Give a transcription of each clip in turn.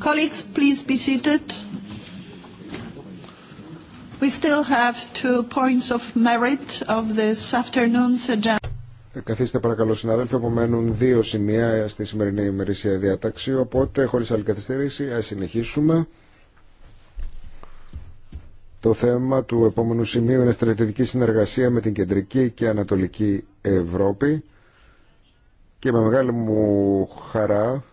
Colleagues, please be seated. We still have two points of merit of this afternoon's agenda. Ε, καθίστε παρακαλώ συνάδελφοι, απομένουν δύο σημεία στη σημερινή ημερήσια διάταξη, οπότε χωρίς άλλη καθυστερήση ας συνεχίσουμε. Το θέμα του επόμενου σημείου είναι στρατιωτική συνεργασία με την Κεντρική και Ανατολική Ευρώπη και με μεγάλη μου χαρά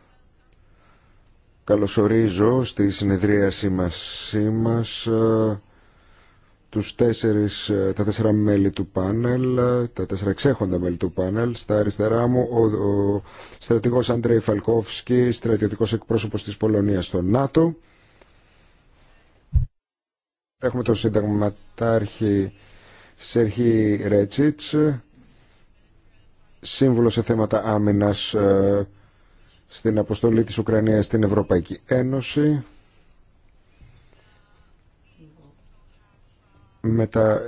καλωσορίζω στη συνεδρίαση μας, μας ε, τους τέσσερις, ε, τα τέσσερα μέλη του πάνελ, ε, τα τέσσερα εξέχοντα μέλη του πάνελ. Στα αριστερά μου ο, ο στρατηγός Αντρέι Φαλκόφσκι, στρατιωτικός εκπρόσωπος της Πολωνίας στο ΝΑΤΟ. Έχουμε τον συνταγματάρχη Σερχή Ρέτσιτς, σύμβουλο σε θέματα άμυνας ε, στην αποστολή της Ουκρανίας στην Ευρωπαϊκή Ένωση. Μετά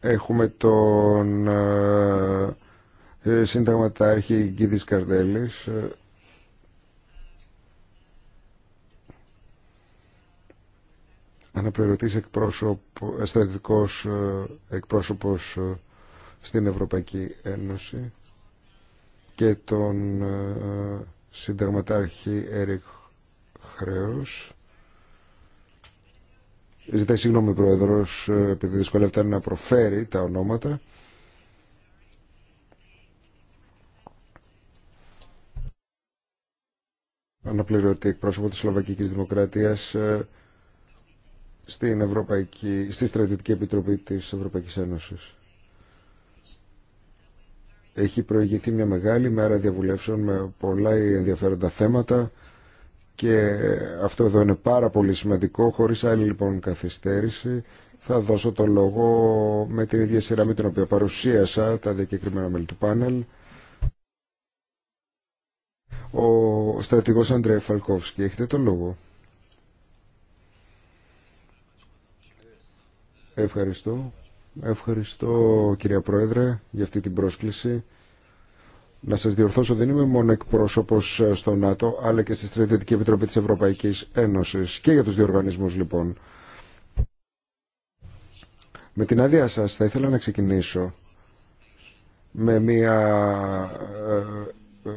έχουμε τον ε, συνταγματάρχη Γκίδης Καρδέλης, ε, αναπληρωτής εκπρόσωπο, στρατηγικός ε, εκπρόσωπος ε, στην Ευρωπαϊκή Ένωση και τον ε, συνταγματάρχη Έρικ Χρέος. Ζητάει συγγνώμη Πρόεδρος επειδή δυσκολεύεται να προφέρει τα ονόματα. Αναπληρωτή εκπρόσωπο της Σλοβακικής Δημοκρατίας στην Ευρωπαϊκή, στη Στρατιωτική Επιτροπή της Ευρωπαϊκής Ένωσης. Έχει προηγηθεί μια μεγάλη μέρα διαβουλεύσεων με πολλά ενδιαφέροντα θέματα και αυτό εδώ είναι πάρα πολύ σημαντικό. Χωρίς άλλη λοιπόν καθυστέρηση θα δώσω το λόγο με την ίδια σειρά με την οποία παρουσίασα τα διακεκριμένα μέλη του πάνελ. Ο στρατηγός Αντρέα Φαλκόφσκι, έχετε το λόγο. Ευχαριστώ. Ευχαριστώ κυρία Πρόεδρε για αυτή την πρόσκληση. Να σας διορθώσω, δεν είμαι μόνο εκπρόσωπος ε, στο ΝΑΤΟ, αλλά και στη Στρατιωτική Επιτροπή της Ευρωπαϊκής Ένωσης και για τους δύο λοιπόν. Με την άδεια σας θα ήθελα να ξεκινήσω με, μια, ε, ε,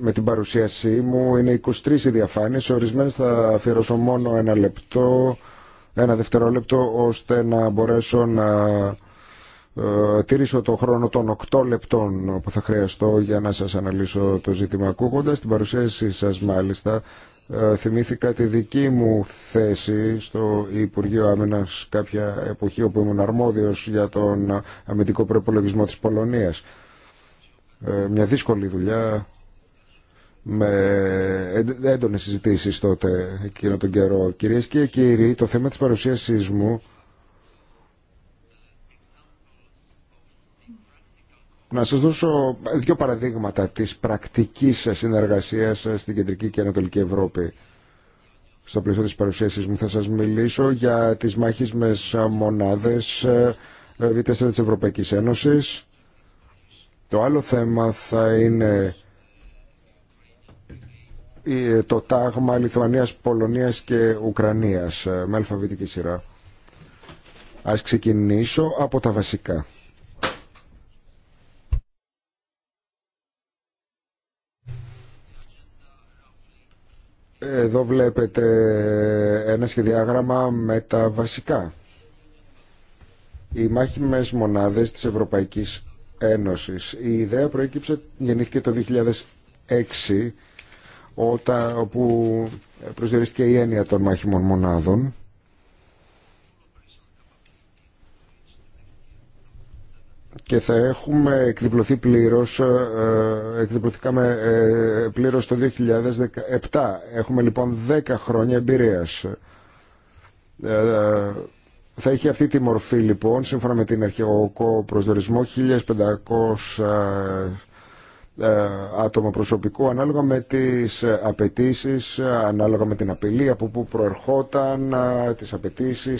με την παρουσίασή μου. Είναι 23 οι διαφάνειες, ορισμένες θα αφιερώσω μόνο ένα λεπτό ένα δευτερόλεπτο ώστε να μπορέσω να ε, τηρήσω το χρόνο των 8 λεπτών που θα χρειαστώ για να σας αναλύσω το ζήτημα. Ακούγοντα την παρουσίασή σας μάλιστα, ε, θυμήθηκα τη δική μου θέση στο Υπουργείο Άμυνας κάποια εποχή όπου ήμουν αρμόδιος για τον αμυντικό προπολογισμό της Πολωνίας. Ε, μια δύσκολη δουλειά, με έντονες συζητήσει τότε εκείνο τον καιρό. Κυρίες και κύριοι, το θέμα της παρουσίασής μου Να σας δώσω δύο παραδείγματα της πρακτικής συνεργασίας στην Κεντρική και Ανατολική Ευρώπη. Στο πλαίσιο της παρουσίασης μου θα σας μιλήσω για τις μάχισμες ε, ε, Β' της Ευρωπαϊκής Ένωσης. Το άλλο θέμα θα είναι το τάγμα Λιθουανίας, Πολωνίας και Ουκρανίας ε, με αλφαβητική σειρά. Ας ξεκινήσω από τα βασικά. Εδώ βλέπετε ένα σχεδιάγραμμα με τα βασικά. Οι μάχημες μονάδες της Ευρωπαϊκής Ένωσης. Η ιδέα προέκυψε, γεννήθηκε το 2006 όταν, όπου προσδιορίστηκε η έννοια των μάχημων μονάδων και θα έχουμε εκδιπλωθεί πλήρως, ε, εκδιπλωθήκαμε ε, πλήρως το 2017. Έχουμε λοιπόν 10 χρόνια εμπειρίας. Ε, θα έχει αυτή τη μορφή λοιπόν, σύμφωνα με την αρχαιοκό προσδορισμό, 1500 ε, άτομα προσωπικού, ανάλογα με τις ε, απαιτήσει, ε, ανάλογα με την απειλή από που προερχόταν, τις απαιτήσει,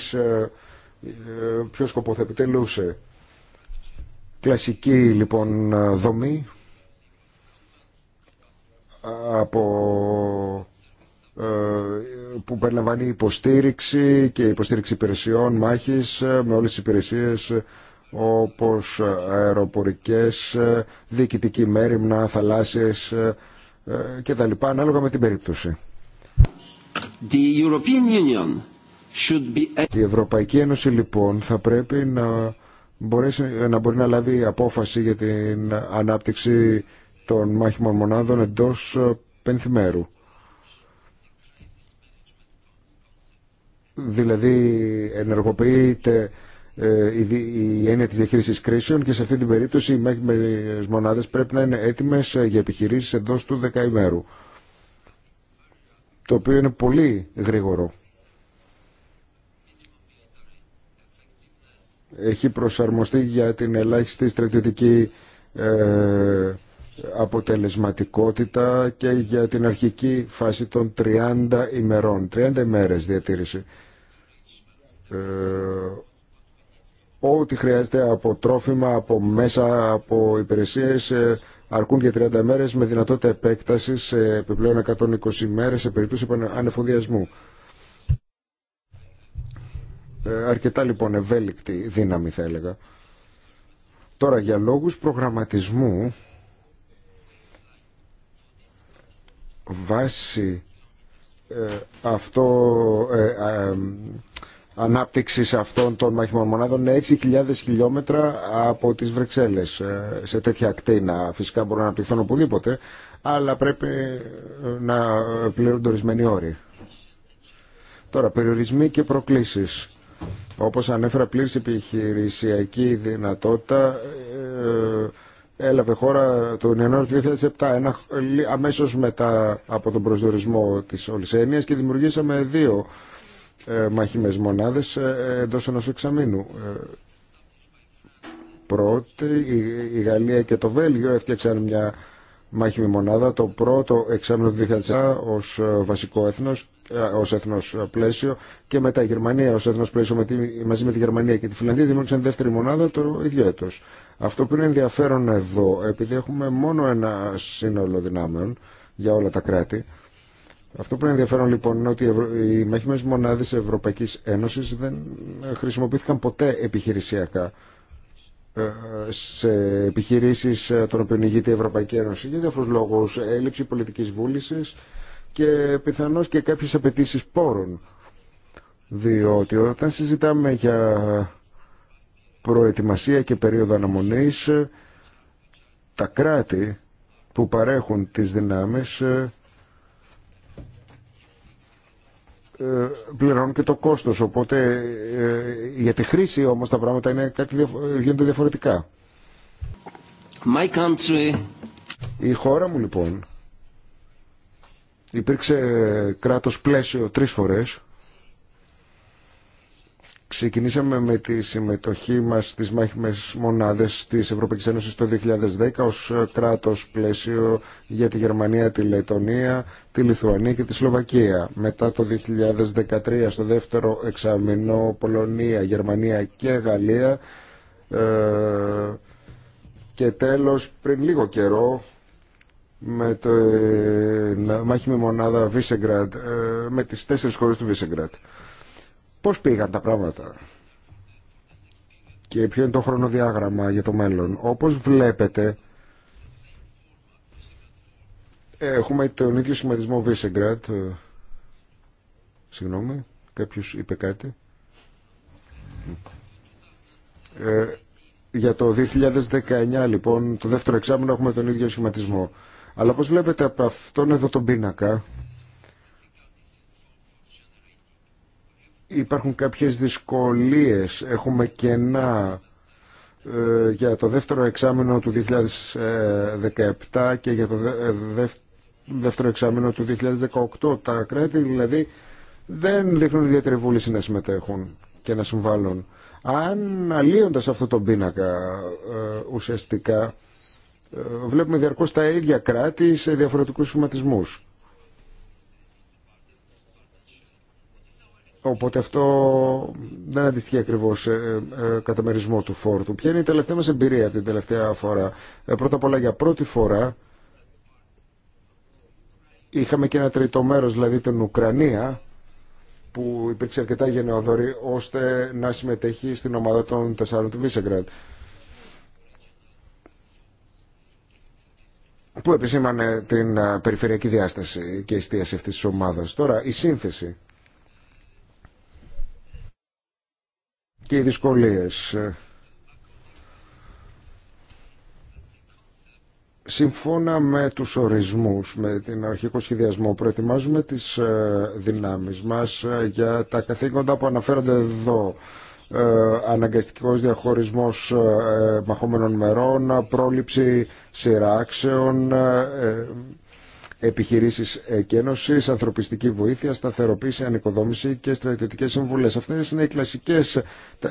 ποιο σκοπό θα επιτελούσε. Κλασική λοιπόν δομή από που περιλαμβάνει υποστήριξη και υποστήριξη υπηρεσιών μάχης με όλες τις υπηρεσίες όπως αεροπορικές, διοικητική μέρημνα, θαλάσσιες ε, και τα λοιπά, ανάλογα με την περίπτωση. The European Union should be... Η Ευρωπαϊκή Ένωση λοιπόν θα πρέπει να, μπορέσει, να μπορεί να λάβει απόφαση για την ανάπτυξη των μάχημων μονάδων εντός ε, πενθυμέρου. Δηλαδή ενεργοποιείται ε, η έννοια της διαχείρισης κρίσεων και σε αυτή την περίπτωση οι μονάδες πρέπει να είναι έτοιμες για επιχειρήσεις εντός του δεκαημέρου το οποίο είναι πολύ γρήγορο. Έχει προσαρμοστεί για την ελάχιστη στρατιωτική ε, αποτελεσματικότητα και για την αρχική φάση των 30 ημερών, 30 ημέρες διατήρηση. Ε, ό,τι χρειάζεται από τρόφιμα, από μέσα, από υπηρεσίες ε, αρκούν για 30 μέρες με δυνατότητα επέκτασης σε επιπλέον 120 μέρες σε περίπτωση ανεφοδιασμού. Ε, αρκετά λοιπόν ευέλικτη δύναμη θα έλεγα. Τώρα για λόγους προγραμματισμού βάσει ε, αυτό Ανάπτυξη αυτών των μαχημών μονάδων είναι 6.000 χιλιόμετρα από τι Βρυξέλλε ε, σε τέτοια ακτίνα. Φυσικά μπορούν να αναπτυχθούν οπουδήποτε, αλλά πρέπει ε, να πληρούνται ορισμένοι όροι. Τώρα, περιορισμοί και προκλήσει. Όπω ανέφερα πλήρη επιχειρησιακή δυνατότητα ε, έλαβε χώρα τον Ιανουάριο του 2007, αμέσω αμέσως μετά από τον προσδιορισμό της Ολυσένειας και δημιουργήσαμε δύο ε, μαχημές μονάδες ε, εντός ενός εξαμήνου. Ε, πρώτη, η Γαλλία και το Βέλγιο έφτιαξαν μια μάχημη μονάδα το πρώτο εξάμεινο του 2004 ως βασικό έθνος ως έθνος πλαίσιο και μετά η Γερμανία ως έθνος πλαίσιο μαζί με τη Γερμανία και τη Φιλανδία δημιούργησαν δεύτερη μονάδα το ίδιο έτος. Αυτό που είναι ενδιαφέρον εδώ, επειδή έχουμε μόνο ένα σύνολο δυνάμεων για όλα τα κράτη, αυτό που είναι ενδιαφέρον λοιπόν είναι ότι οι μαχημένες μονάδες Ευρωπαϊκής Ένωσης δεν χρησιμοποιήθηκαν ποτέ επιχειρησιακά ε, σε επιχειρήσεις ε, των οποίων ηγείται η Ευρωπαϊκή Ένωση για διάφορους λόγους, έλλειψη πολιτικής βούλησης και πιθανώς και κάποιες απαιτήσει πόρων. Διότι όταν συζητάμε για προετοιμασία και περίοδο αναμονής, τα κράτη που παρέχουν τις δυνάμεις ε, Ε, πληρώνουν και το κόστος. Οπότε ε, για τη χρήση όμως τα πράγματα είναι κάτι, γίνονται διαφορετικά. My country. Η χώρα μου λοιπόν υπήρξε ε, κράτος πλαίσιο τρεις φορές Ξεκινήσαμε με τη συμμετοχή μας στις μάχημες μονάδες της Ευρωπαϊκής Ένωσης το 2010 ως ε, κράτος πλαίσιο για τη Γερμανία, τη Λετωνία, τη Λιθουανία και τη Σλοβακία. Μετά το 2013 στο δεύτερο εξαμεινό Πολωνία, Γερμανία και Γαλλία ε, και τέλος πριν λίγο καιρό με το ε, μάχημη μονάδα ε, με τις τέσσερις χώρες του Βίσσεγκραντ. Πώς πήγαν τα πράγματα και ποιο είναι το χρονοδιάγραμμα για το μέλλον. Όπως βλέπετε, έχουμε τον ίδιο σχηματισμό Βίσεγκρατ. Ε, συγγνώμη, κάποιος είπε κάτι. Ε, για το 2019 λοιπόν, το δεύτερο εξάμεινο έχουμε τον ίδιο σχηματισμό. Αλλά όπως βλέπετε από αυτόν εδώ τον πίνακα, υπάρχουν κάποιες δυσκολίες. Έχουμε κενά ε, για το δεύτερο εξάμεινο του 2017 και για το ε, δεύτερο εξάμεινο του 2018. Τα κράτη δηλαδή δεν δείχνουν ιδιαίτερη βούληση να συμμετέχουν και να συμβάλλουν. Αν αλλίοντας αυτό το πίνακα ε, ουσιαστικά ε, βλέπουμε διαρκώς τα ίδια κράτη σε διαφορετικούς σχηματισμούς. Οπότε αυτό δεν αντιστοιχεί ακριβώ ε, ε, καταμερισμό του φόρτου. Ποια είναι η τελευταία μα εμπειρία την τελευταία φορά. Ε, πρώτα απ' όλα για πρώτη φορά είχαμε και ένα τρίτο μέρο, δηλαδή την Ουκρανία, που υπήρξε αρκετά γενναιοδορή ώστε να συμμετέχει στην ομάδα των τεσσάρων του Βίσεγκραντ. Που επισήμανε την ε, περιφερειακή διάσταση και εστίαση αυτή τη ομάδα. Τώρα η σύνθεση και οι δυσκολίες. Σύμφωνα με τους ορισμούς, με την αρχικό σχεδιασμό, προετοιμάζουμε τις ε, δυνάμεις μας ε, για τα καθήκοντα που αναφέρονται εδώ. Ε, αναγκαστικός διαχωρισμός μαχόμενων μερών, πρόληψη σειράξεων, επιχειρήσεις εκένωση, ανθρωπιστική βοήθεια, σταθεροποίηση, ανοικοδόμηση και στρατιωτικές συμβουλές. Αυτές είναι οι κλασικές ε,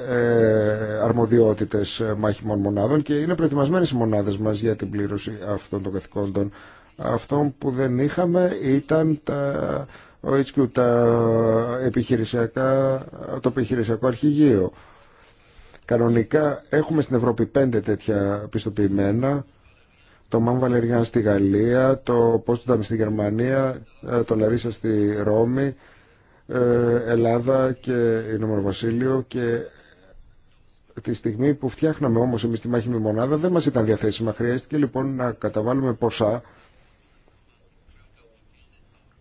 αρμοδιότητες ε, μάχημων μονάδων και είναι προετοιμασμένες οι μονάδες μας για την πλήρωση αυτών των καθηκόντων. Αυτό που δεν είχαμε ήταν τα, HQ, τα επιχειρησιακά, το επιχειρησιακό αρχηγείο. Κανονικά έχουμε στην Ευρώπη πέντε τέτοια πιστοποιημένα το Μαν Βαλεριάν στη Γαλλία, το Πόστονταμ στη Γερμανία, ε, το Λαρίσα στη Ρώμη, ε, Ελλάδα και Ηνωμένο Βασίλειο και τη στιγμή που φτιάχναμε όμως εμείς τη με μονάδα δεν μας ήταν διαθέσιμα. Χρειάστηκε λοιπόν να καταβάλουμε ποσά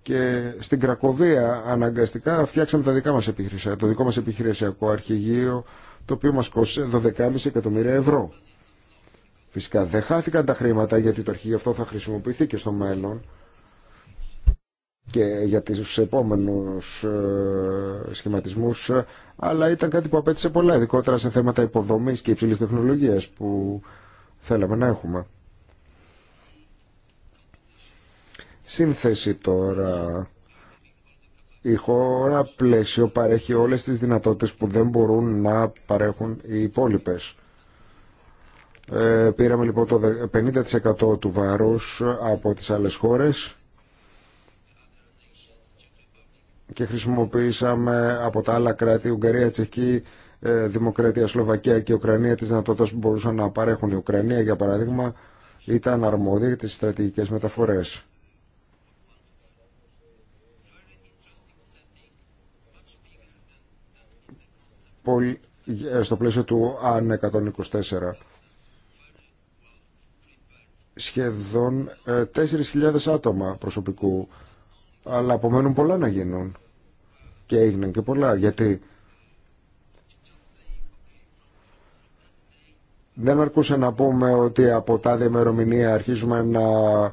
και στην Κρακοβία αναγκαστικά φτιάξαμε τα δικά μας το δικό μας επιχειρησιακό αρχηγείο το οποίο μας κόστησε 12,5 εκατομμύρια ευρώ. Φυσικά δεν χάθηκαν τα χρήματα γιατί το αρχείο αυτό θα χρησιμοποιηθεί και στο μέλλον και για τους επόμενους ε, σχηματισμούς ε, αλλά ήταν κάτι που απέτυσε πολλά ειδικότερα σε θέματα υποδομής και υψηλής τεχνολογίας που θέλαμε να έχουμε. Σύνθεση τώρα. Η χώρα πλαίσιο παρέχει όλες τις δυνατότητες που δεν μπορούν να παρέχουν οι υπόλοιπες. Ε, πήραμε λοιπόν το 50% του βάρους από τις άλλες χώρες και χρησιμοποιήσαμε από τα άλλα κράτη, Ουγγαρία, Τσεχική, ε, Δημοκρατία, Σλοβακία και Ουκρανία, τις δυνατότητες που μπορούσαν να παρέχουν. Η Ουκρανία, για παράδειγμα, ήταν αρμόδια για τις στρατηγικές μεταφορές. Πολύ, ε, στο πλαίσιο του ΑΝ 124 σχεδόν 4.000 ε, άτομα προσωπικού, αλλά απομένουν πολλά να γίνουν. Και έγιναν και πολλά, γιατί δεν αρκούσε να πούμε ότι από τα ημερομηνία αρχίζουμε να ε,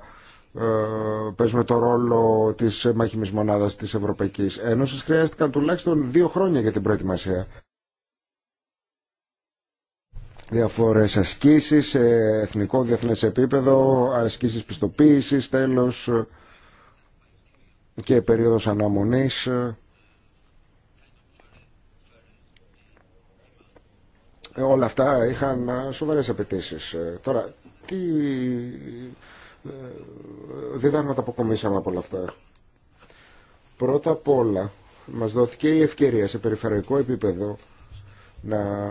παίζουμε το ρόλο της μαχημής μονάδας της Ευρωπαϊκής Ένωσης. Χρειάστηκαν τουλάχιστον δύο χρόνια για την προετοιμασία διαφορές ασκήσεις σε εθνικό διεθνές επίπεδο, ασκήσεις πιστοποίησης τέλος και περίοδος αναμονής. Όλα αυτά είχαν σοβαρές απαιτήσει. Τώρα, τι ε, διδάγματα αποκομίσαμε από όλα αυτά. Πρώτα απ' όλα, μας δόθηκε η ευκαιρία σε περιφερειακό επίπεδο να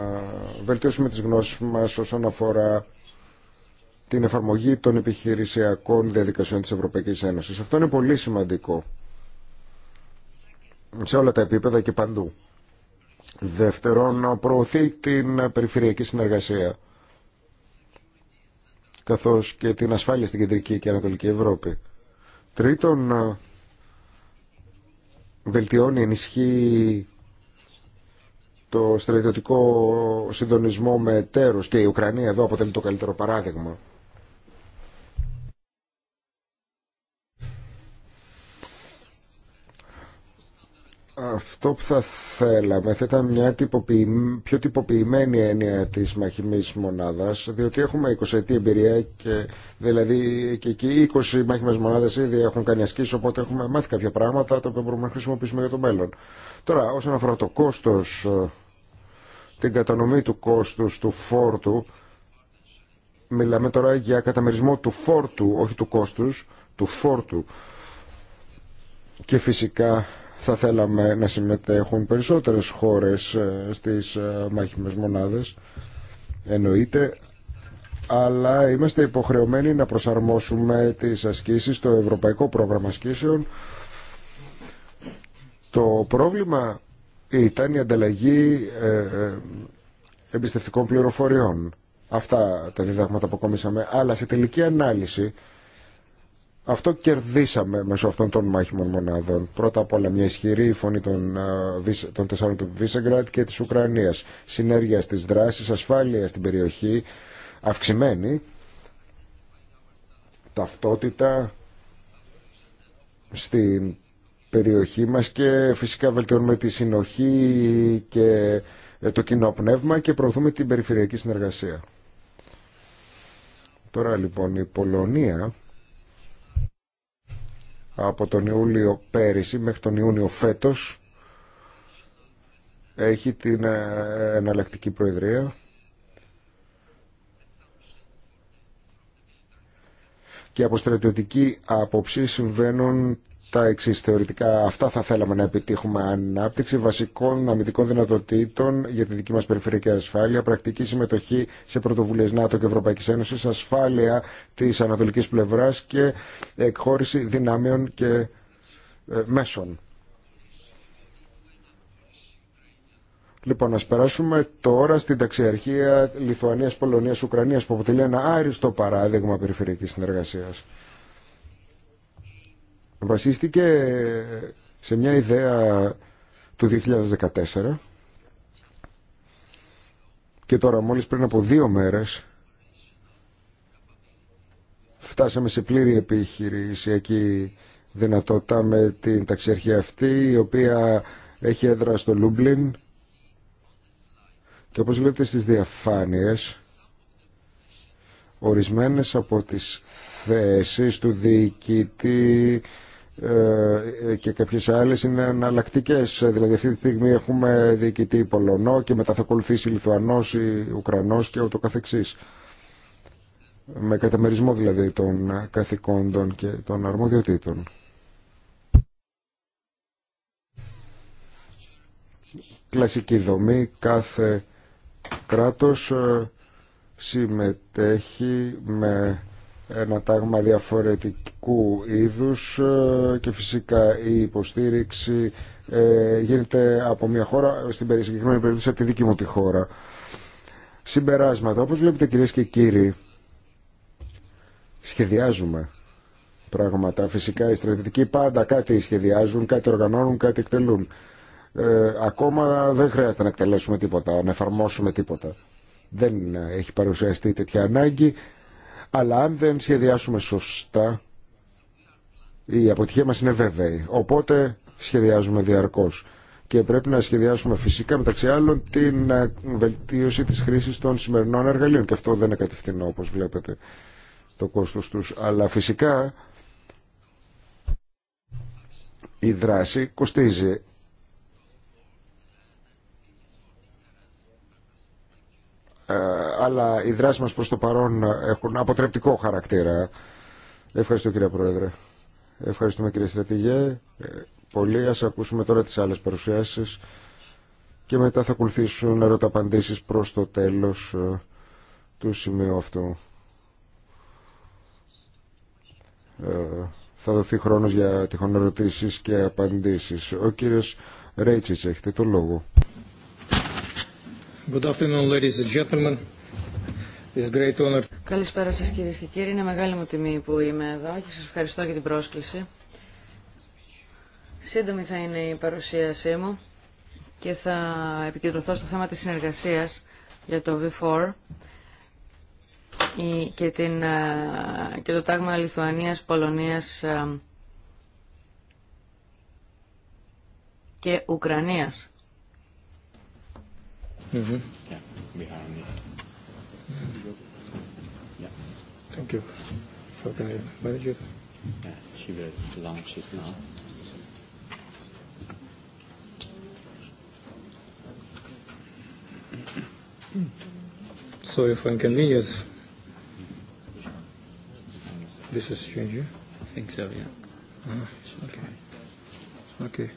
βελτιώσουμε τις γνώσεις μας όσον αφορά την εφαρμογή των επιχειρησιακών διαδικασιών της Ευρωπαϊκής Ένωσης. Αυτό είναι πολύ σημαντικό σε όλα τα επίπεδα και παντού. Δεύτερον, να προωθεί την περιφερειακή συνεργασία καθώς και την ασφάλεια στην Κεντρική και Ανατολική Ευρώπη. Τρίτον, βελτιώνει, ενισχύει το στρατιωτικό συντονισμό με τέρους και η Ουκρανία εδώ αποτελεί το καλύτερο παράδειγμα. Αυτό που θα θέλαμε θα ήταν μια πιο τυποποιημένη έννοια της μαχημής μονάδας διότι έχουμε 20 ετή εμπειρία και δηλαδή και εκεί 20 μαχημές μονάδες ήδη έχουν κάνει ασκήσεις οπότε έχουμε μάθει κάποια πράγματα τα οποία μπορούμε να χρησιμοποιήσουμε για το μέλλον. Τώρα όσον αφορά το κόστος ε, την κατανομή του κόστους του φόρτου. Μιλάμε τώρα για καταμερισμό του φόρτου, όχι του κόστους, του φόρτου. Και φυσικά θα θέλαμε να συμμετέχουν περισσότερες χώρες ε, στις ε, μάχημες μονάδες, εννοείται, αλλά είμαστε υποχρεωμένοι να προσαρμόσουμε τις ασκήσεις στο Ευρωπαϊκό Πρόγραμμα Ασκήσεων. Το πρόβλημα ήταν η ανταλλαγή ε, ε, εμπιστευτικών πληροφοριών. Αυτά τα διδάγματα που κομίσαμε. Αλλά σε τελική ανάλυση αυτό κερδίσαμε μέσω αυτών των μάχημων μονάδων. Πρώτα απ' όλα μια ισχυρή φωνή των, ε, τεσσάρων του Βίσεγκρατ και της Ουκρανίας. Συνέργεια στις δράσεις, ασφάλεια στην περιοχή, αυξημένη. Ταυτότητα στην περιοχή μας και φυσικά βελτιώνουμε τη συνοχή και ε, το κοινό πνεύμα και προωθούμε την περιφερειακή συνεργασία. Τώρα λοιπόν η Πολωνία από τον Ιούλιο πέρυσι μέχρι τον Ιούνιο φέτος έχει την ε, εναλλακτική προεδρία και από στρατιωτική άποψη συμβαίνουν τα εξή θεωρητικά. Αυτά θα θέλαμε να επιτύχουμε. Ανάπτυξη βασικών αμυντικών δυνατοτήτων για τη δική μα περιφερειακή ασφάλεια, πρακτική συμμετοχή σε πρωτοβουλίε ΝΑΤΟ και Ευρωπαϊκή Ένωση, ασφάλεια τη ανατολική πλευρά και εκχώρηση δυνάμεων και ε, μέσων. Λοιπόν, α περάσουμε τώρα στην ταξιαρχία Λιθουανίας, Πολωνία, Ουκρανίας που αποτελεί ένα άριστο παράδειγμα περιφερειακή συνεργασία βασίστηκε σε μια ιδέα του 2014 και τώρα μόλις πριν από δύο μέρες φτάσαμε σε πλήρη επιχειρησιακή δυνατότητα με την ταξιαρχία αυτή η οποία έχει έδρα στο Λούμπλιν και όπως βλέπετε στις διαφάνειες ορισμένες από τις θέσεις του διοικητή ε, και κάποιες άλλες είναι εναλλακτικέ. Δηλαδή αυτή τη στιγμή έχουμε διοικητή Πολωνό και μετά θα ακολουθήσει Λιθουανός ή Ουκρανός και ούτω καθεξής. Με καταμερισμό δηλαδή των καθηκόντων και των αρμοδιοτήτων. Κλασική δομή, κάθε κράτος ε, συμμετέχει με ένα τάγμα διαφορετικού είδους ε, και φυσικά η υποστήριξη ε, γίνεται από μια χώρα, στην συγκεκριμένη περίπτωση από τη δική μου τη χώρα. Συμπεράσματα, όπως βλέπετε κυρίες και κύριοι, σχεδιάζουμε πράγματα. Φυσικά οι στρατιωτικοί πάντα κάτι σχεδιάζουν, κάτι οργανώνουν, κάτι εκτελούν. Ε, ακόμα δεν χρειάζεται να εκτελέσουμε τίποτα, να εφαρμόσουμε τίποτα. Δεν έχει παρουσιαστεί τέτοια ανάγκη αλλά αν δεν σχεδιάσουμε σωστά η αποτυχία μας είναι βέβαιη. Οπότε σχεδιάζουμε διαρκώς και πρέπει να σχεδιάσουμε φυσικά μεταξύ άλλων την ε, βελτίωση της χρήσης των σημερινών εργαλείων και αυτό δεν είναι κατευθυνό όπως βλέπετε το κόστος τους αλλά φυσικά η δράση κοστίζει ε, αλλά οι δράσει μας προς το παρόν έχουν αποτρεπτικό χαρακτήρα. Ευχαριστώ κύριε Πρόεδρε. Ευχαριστούμε κύριε Στρατηγέ. Ε, πολύ ας ακούσουμε τώρα τις άλλες παρουσιάσεις και μετά θα ακολουθήσουν ερωταπαντήσεις προς το τέλος ε, του σημείου αυτού. Ε, θα δοθεί χρόνος για τυχόν ερωτήσει και απαντήσεις. Ο κύριος Ρέιτσιτς έχετε το λόγο. Good afternoon, ladies and gentlemen. Καλησπέρα σας κυρίες και κύριοι. Είναι μεγάλη μου τιμή που είμαι εδώ και σας ευχαριστώ για την πρόσκληση. Σύντομη θα είναι η παρουσίασή μου και θα επικεντρωθώ στο θέμα της συνεργασίας για το V4 και, την, ε, και το τάγμα Λιθουανίας, Πολωνίας ε, και Ουκρανίας. Mm -hmm. yeah. Thank you. So can I manage it? Yeah, she will launch it now. So if inconvenience, this is changing? I think so, yeah. Uh okay. Okay.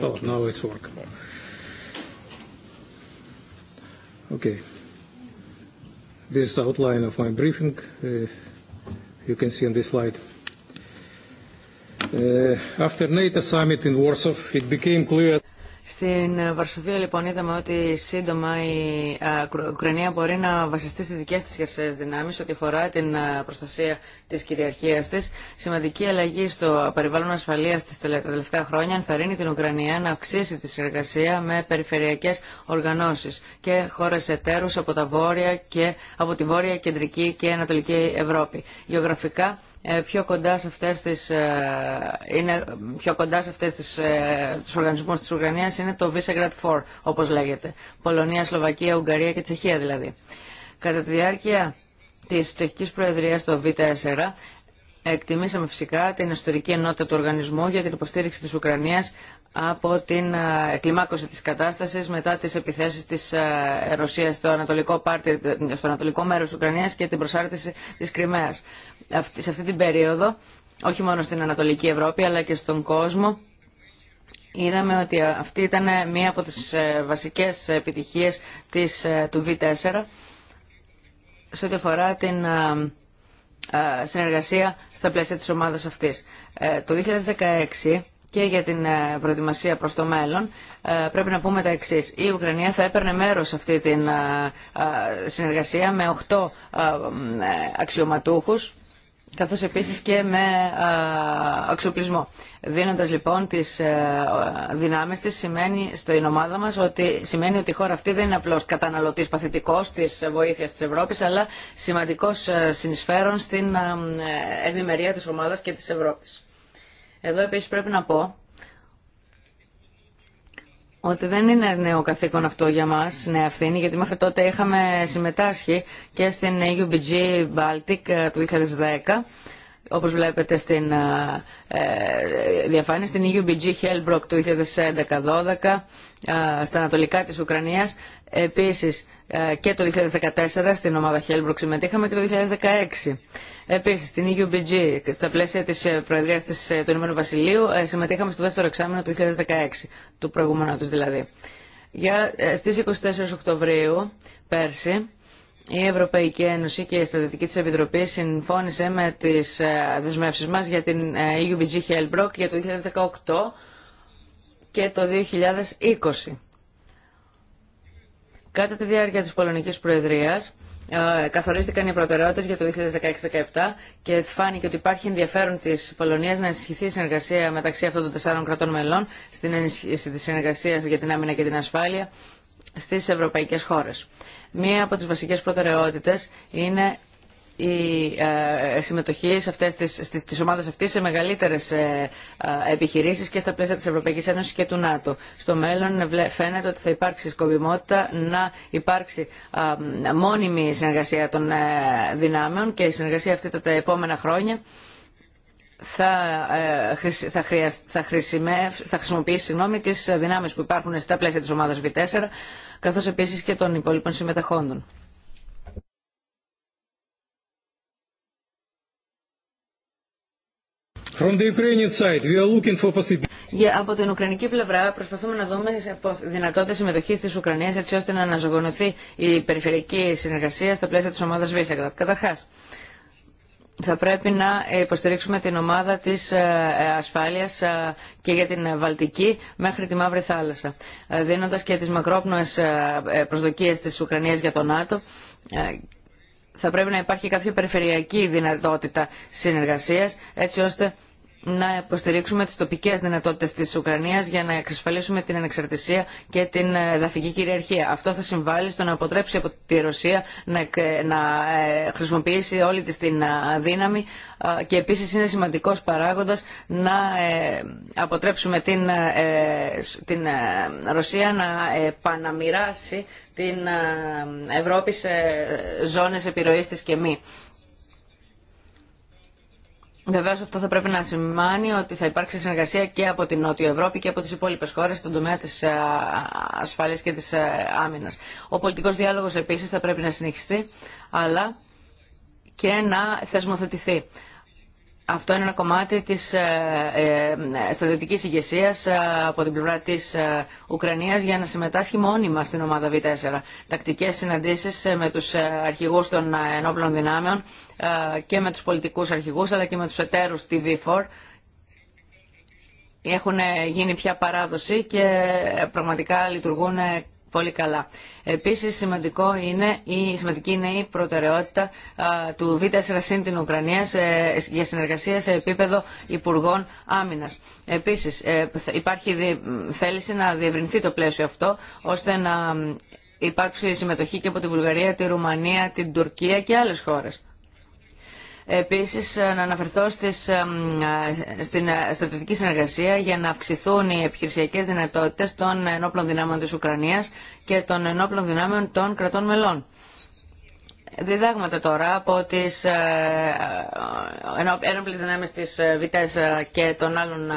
Oh, now it's working. Okay. This is the outline of my briefing. You can see on this slide. After NATO summit in Warsaw, it became clear στην Βαρσοβία λοιπόν είδαμε ότι σύντομα η Ουκρανία μπορεί να βασιστεί στις δικές της χερσαίες δυνάμεις ό,τι αφορά την προστασία της κυριαρχίας της. Σημαντική αλλαγή στο περιβάλλον ασφαλείας της τα τελευταία χρόνια ενθαρρύνει την Ουκρανία να αυξήσει τη συνεργασία με περιφερειακές οργανώσεις και χώρες εταίρους από, τα και, από τη Βόρεια, Κεντρική και Ανατολική Ευρώπη. Γεωγραφικά ε, πιο κοντά σε αυτές τις, ε, είναι πιο κοντά αυτές τις, ε, τους οργανισμούς της Ουγγρανίας είναι το Visegrad 4, όπως λέγεται. Πολωνία, Σλοβακία, Ουγγαρία και Τσεχία δηλαδή. Κατά τη διάρκεια της Τσεχικής Προεδρίας το V4, εκτιμήσαμε φυσικά την ιστορική ενότητα του οργανισμού για την υποστήριξη της Ουκρανίας από την κλιμάκωση της κατάστασης μετά τις επιθέσεις της Ρωσίας στο ανατολικό, πάρτι, στο ανατολικό μέρος της Ουκρανίας και την προσάρτηση της Κρυμαίας σε αυτή την περίοδο, όχι μόνο στην Ανατολική Ευρώπη αλλά και στον κόσμο, είδαμε ότι αυτή ήταν μία από τις ε, βασικές επιτυχίες της, ε, του V4 σε ό,τι αφορά την ε, συνεργασία στα πλαίσια της ομάδας αυτής. Το 2016 και για την προετοιμασία προς το μέλλον, πρέπει να πούμε τα εξή. Η Ουκρανία θα έπαιρνε μέρος σε αυτή τη συνεργασία με 8 αξιωματούχους καθώς επίσης και με αξιοπλισμό. Δίνοντας λοιπόν τις δυνάμεις της σημαίνει στο ομάδα μας ότι, σημαίνει ότι η χώρα αυτή δεν είναι απλώς καταναλωτής παθητικός της βοήθειας της Ευρώπης αλλά σημαντικός συνεισφέρον στην ευημερία της ομάδας και της Ευρώπης. Εδώ επίσης πρέπει να πω ότι δεν είναι νέο καθήκον αυτό για μας, νέα ευθύνη, γιατί μέχρι τότε είχαμε συμμετάσχει και στην UBG Baltic ε, του 2010 όπως βλέπετε στην ε, ε, διαφάνεια, στην e UBG Hellbrook του 2011 2012 ε, στα ανατολικά της Ουκρανίας. Επίσης και το 2014 στην ομάδα Hellbrook συμμετείχαμε και το 2016. Επίσης στην e UBG, στα πλαίσια της Προεδρίας της, του Ηνωμένου Βασιλείου συμμετείχαμε στο δεύτερο εξάμεινο του 2016, του προηγούμενου τους δηλαδή. Για, στις 24 Οκτωβρίου πέρσι η Ευρωπαϊκή Ένωση και η Στρατιωτική της Επιτροπή συμφώνησε με τις ε, δεσμεύσεις μας για την ε, e UBG Hellbrock για το 2018 και το 2020. Κατά τη διάρκεια της Πολωνικής Προεδρίας ε, καθορίστηκαν οι προτεραιότητες για το 2016-2017 και φάνηκε ότι υπάρχει ενδιαφέρον της Πολωνίας να ενισχυθεί η συνεργασία μεταξύ αυτών των τεσσάρων κρατών μελών στην ενίσχυση της συνεργασίας για την άμυνα και την ασφάλεια στις ευρωπαϊκές χώρες. Μία από τις βασικές προτεραιότητες είναι η ε, συμμετοχή σε αυτές τις, στις, ομάδες σε μεγαλύτερες επιχειρήσει επιχειρήσεις και στα πλαίσια της Ευρωπαϊκής Ένωσης και του ΝΑΤΟ. Στο μέλλον φαίνεται ότι θα υπάρξει σκοπιμότητα να υπάρξει μόνιμη συνεργασία των ε, δυνάμεων και η συνεργασία αυτή τα επόμενα χρόνια θα, ε, θα, θα χρησιμοποιήσει συγγνώμη, τις δυνάμεις που υπάρχουν στα πλαίσια της ομαδας Β' V4, καθώς επίσης και των υπόλοιπων συμμετεχόντων. From the Ukrainian side, we are looking for από την Ουκρανική πλευρά προσπαθούμε να δούμε δυνατότητες συμμετοχής της Ουκρανίας έτσι ώστε να αναζωογονωθεί η περιφερειακή συνεργασία στα πλαίσια της ομάδας Βίσσεγκρατ. Καταρχάς, θα πρέπει να υποστηρίξουμε την ομάδα της ε, ε, ασφάλειας ε, και για την Βαλτική μέχρι τη Μαύρη Θάλασσα, δίνοντας και τις μακρόπνοες προσδοκίες της Ουκρανίας για το ΝΑΤΟ. Θα πρέπει να υπάρχει κάποια περιφερειακή δυνατότητα συνεργασίας, έτσι ώστε να υποστηρίξουμε τις τοπικές δυνατότητες της Ουκρανίας για να εξασφαλίσουμε την ανεξαρτησία και την εδαφική κυριαρχία. Αυτό θα συμβάλλει στο να αποτρέψει από τη Ρωσία να, ε, ε, χρησιμοποιήσει όλη της την ε, δύναμη και επίσης είναι σημαντικός παράγοντας να αποτρέψουμε την, την Ρωσία να επαναμοιράσει την Ευρώπη σε ζώνες επιρροής της και μη. Βεβαίω αυτό θα πρέπει να σημαίνει ότι θα υπάρξει συνεργασία και από την Νότια Ευρώπη και από τι υπόλοιπε χώρε στον τομέα τη ε, ασφάλεια και τη ε, άμυνα. Ο πολιτικό διάλογο επίση θα πρέπει να συνεχιστεί αλλά και να θεσμοθετηθεί. Αυτό είναι ένα κομμάτι της ε, ε στρατιωτικής ηγεσία ε, από την πλευρά της ε, Ουκρανίας για να συμμετάσχει μόνιμα στην ομαδα β V4. Τακτικές συναντήσεις με τους αρχηγούς των ενόπλων δυνάμεων και με τους πολιτικούς αρχηγούς αλλά και με τους εταίρους tv 4 έχουν γίνει πια παράδοση και πραγματικά λειτουργούν πολύ καλά. Επίσης είναι, η, σημαντική είναι η προτεραιότητα του Β4 την Ουκρανία για συνεργασία σε επίπεδο Υπουργών Άμυνας. Επίσης ε, υπάρχει θέληση να διευρυνθεί το πλαίσιο αυτό ώστε να υπάρξει συμμετοχή και από τη Βουλγαρία, τη Ρουμανία, την Τουρκία και άλλες χώρες. Επίσης, ε, να αναφερθώ ε, ε, στην στρατιωτική συνεργασία για να αυξηθούν οι επιχειρησιακές δυνατότητες των ενόπλων δυνάμεων της Ουκρανίας και των ενόπλων δυνάμεων των κρατών μελών. Διδάγματα τώρα από τις ενόπλες δυνάμεις της ΒΙΤΕΣ και των άλλων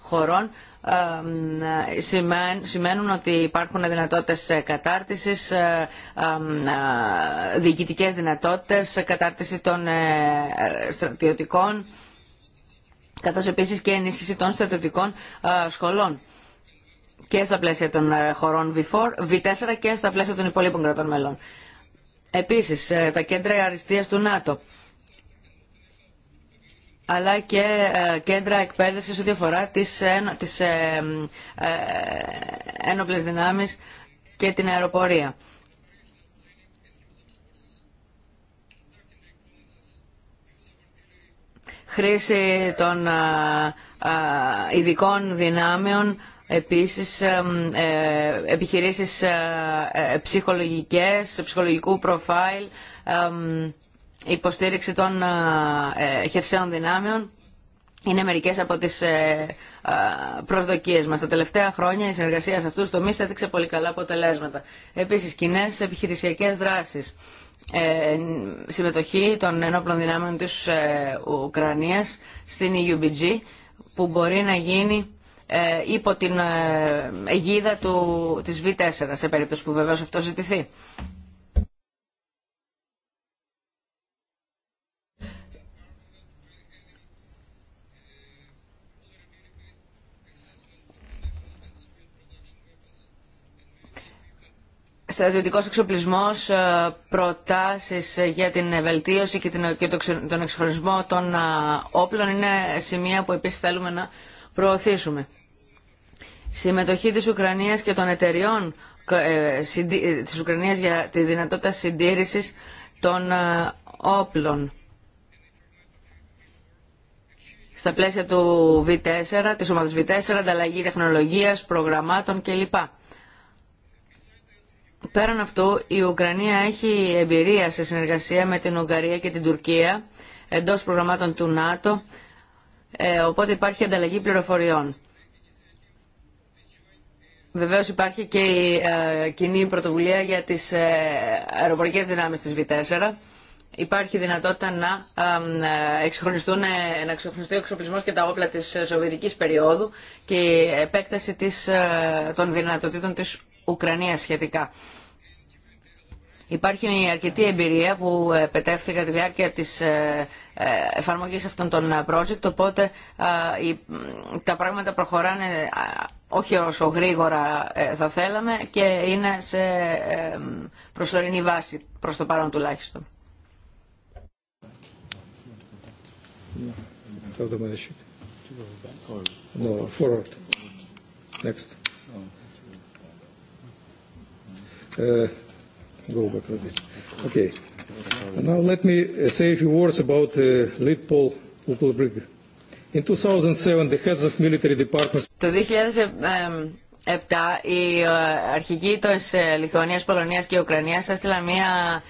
χωρών ε, σημαίνουν ότι υπάρχουν δυνατότητες κατάρτισης, ε, ε, διοικητικές δυνατότητες, κατάρτιση των στρατιωτικών, καθώς επίσης και ενίσχυση των στρατιωτικών σχολών και στα πλαίσια των χωρών 4 και στα πλαίσια των υπολείπων κρατών μελών. Επίσης, τα κέντρα αριστείας του ΝΑΤΟ αλλά και ε, κέντρα εκπαίδευσης ό,τι αφορά τις, τις ε, ε, ένοπλες δυνάμεις και την αεροπορία. Χρήση των ειδικών δυνάμεων, επίσης επιχειρήσεις ψυχολογικές, ψυχολογικού προφάιλ, η υποστήριξη των ε, ε, χερσαίων δυνάμεων είναι μερικές από τις ε, προσδοκίες μας. Τα τελευταία χρόνια η συνεργασία σε αυτούς τομείς έδειξε πολύ καλά αποτελέσματα. Επίσης, κοινέ επιχειρησιακές δράσεις. συμμετοχή των ενόπλων δυνάμεων της Ουκρανίας στην EUBG που μπορεί να γίνει υπό την αιγίδα του, της V4 σε περίπτωση που βεβαίως αυτό ζητηθεί. στρατιωτικός εξοπλισμός, ε, προτάσεις ε, για την βελτίωση και τον εξοπλισμό των ε, όπλων είναι σημεία που επίσης θέλουμε να προωθήσουμε. Συμμετοχή της Ουκρανίας και των εταιριών της Ουκρανίας για τη δυνατότητα συντήρησης των όπλων. Στα πλαίσια του V4, της ομάδας V4, ανταλλαγή τεχνολογίας, προγραμμάτων κλπ. Πέραν αυτού, η Ουκρανία έχει εμπειρία σε συνεργασία με την Ουγγαρία και την Τουρκία εντός προγραμμάτων του ΝΑΤΟ, ε, οπότε υπάρχει ανταλλαγή πληροφοριών. Βεβαίως υπάρχει και η ε, κοινή πρωτοβουλία για τις ε, αεροπορικές δυνάμεις της Β4. Υπάρχει δυνατότητα να εξυγχρονιστούν, να εξυγχρονιστεί ο εξοπλισμός και τα όπλα της Σοβιετικής περίοδου και η επέκταση της, των δυνατοτήτων της Ουκρανία σχετικά. Υπάρχει αρκετή εμπειρία που πετέυθηκε τη διάρκεια της εφαρμογής αυτών των project, οπότε τα πράγματα προχωράνε όχι όσο γρήγορα θα θέλαμε και είναι σε προσωρινή βάση προς το παρόν τουλάχιστον. Uh, go back a bit. Okay. Now let me uh, say a few words about uh, Litpol Utlbrig. In 2007, the heads of military departments... Το 2007 οι ε, αρχηγοί της ε, Λιθουανίας, Πολωνίας και Ουκρανίας έστειλαν μια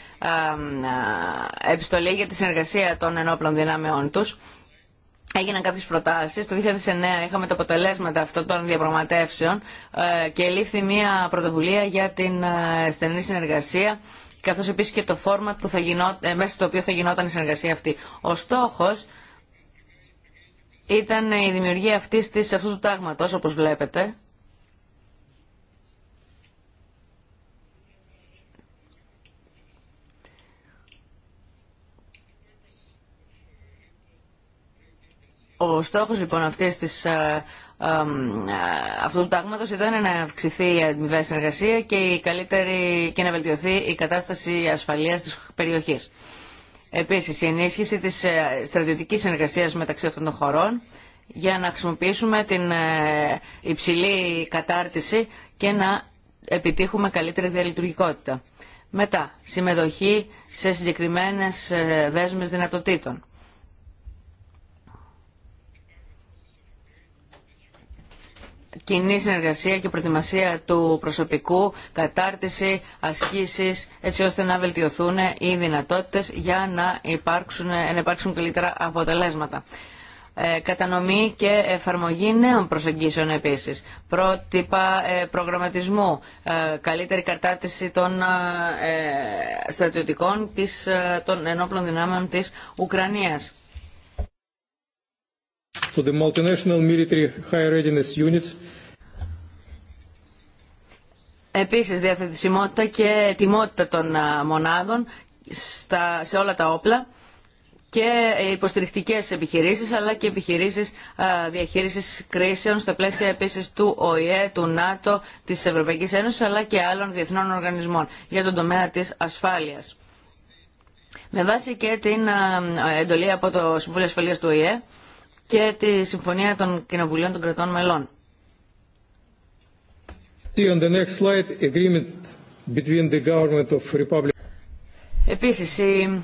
ε, επιστολή για τη συνεργασία των ενόπλων δυνάμεών τους Έγιναν κάποιες προτάσεις. Το 2009 είχαμε τα αποτελέσματα αυτών των διαπραγματεύσεων ε, και λήφθη μια πρωτοβουλία για την ε, στενή συνεργασία καθώς επίσης και το φόρμα που θα γινό, ε, μέσα στο οποίο θα γινόταν η συνεργασία αυτή. Ο στόχος ήταν η δημιουργία αυτής της, αυτού του τάγματος, όπως βλέπετε, Ο στόχος λοιπόν αυτής ε, ε, ε, αυτού του τάγματο ήταν να αυξηθεί η αμοιβαία συνεργασία και, η καλύτερη, και να βελτιωθεί η κατάσταση ασφαλείας της περιοχής. Επίσης, η ενίσχυση της στρατιωτικής συνεργασίας μεταξύ αυτών των χωρών για να χρησιμοποιήσουμε την υψηλή κατάρτιση και να επιτύχουμε καλύτερη διαλειτουργικότητα. Μετά, συμμετοχή σε συγκεκριμένες δέσμες δυνατοτήτων κοινή συνεργασία και προετοιμασία του προσωπικού, κατάρτιση, ασκήσεις, έτσι ώστε να βελτιωθούν οι δυνατότητες για να υπάρξουν, να καλύτερα αποτελέσματα. Ε, κατανομή και εφαρμογή νέων προσεγγίσεων επίσης, πρότυπα ε, προγραμματισμού, ε, καλύτερη κατάρτιση των ε, στρατιωτικών της, των ενόπλων δυνάμεων της Ουκρανίας. the multinational high units Επίσης διαθετησιμότητα και τιμότητα των μονάδων στα, σε όλα τα όπλα και υποστηρικτικές επιχειρήσεις αλλά και επιχειρήσεις διαχείρισης κρίσεων στα πλαίσια επίσης του ΟΗΕ, του ΝΑΤΟ, της Ευρωπαϊκής Ένωσης αλλά και άλλων διεθνών οργανισμών για τον τομέα της ασφάλειας. Με βάση και την εντολή από το Συμβούλιο Ασφαλείας του ΟΗΕ και τη Συμφωνία των Κοινοβουλίων των Κρατών Μελών. Επίσης, η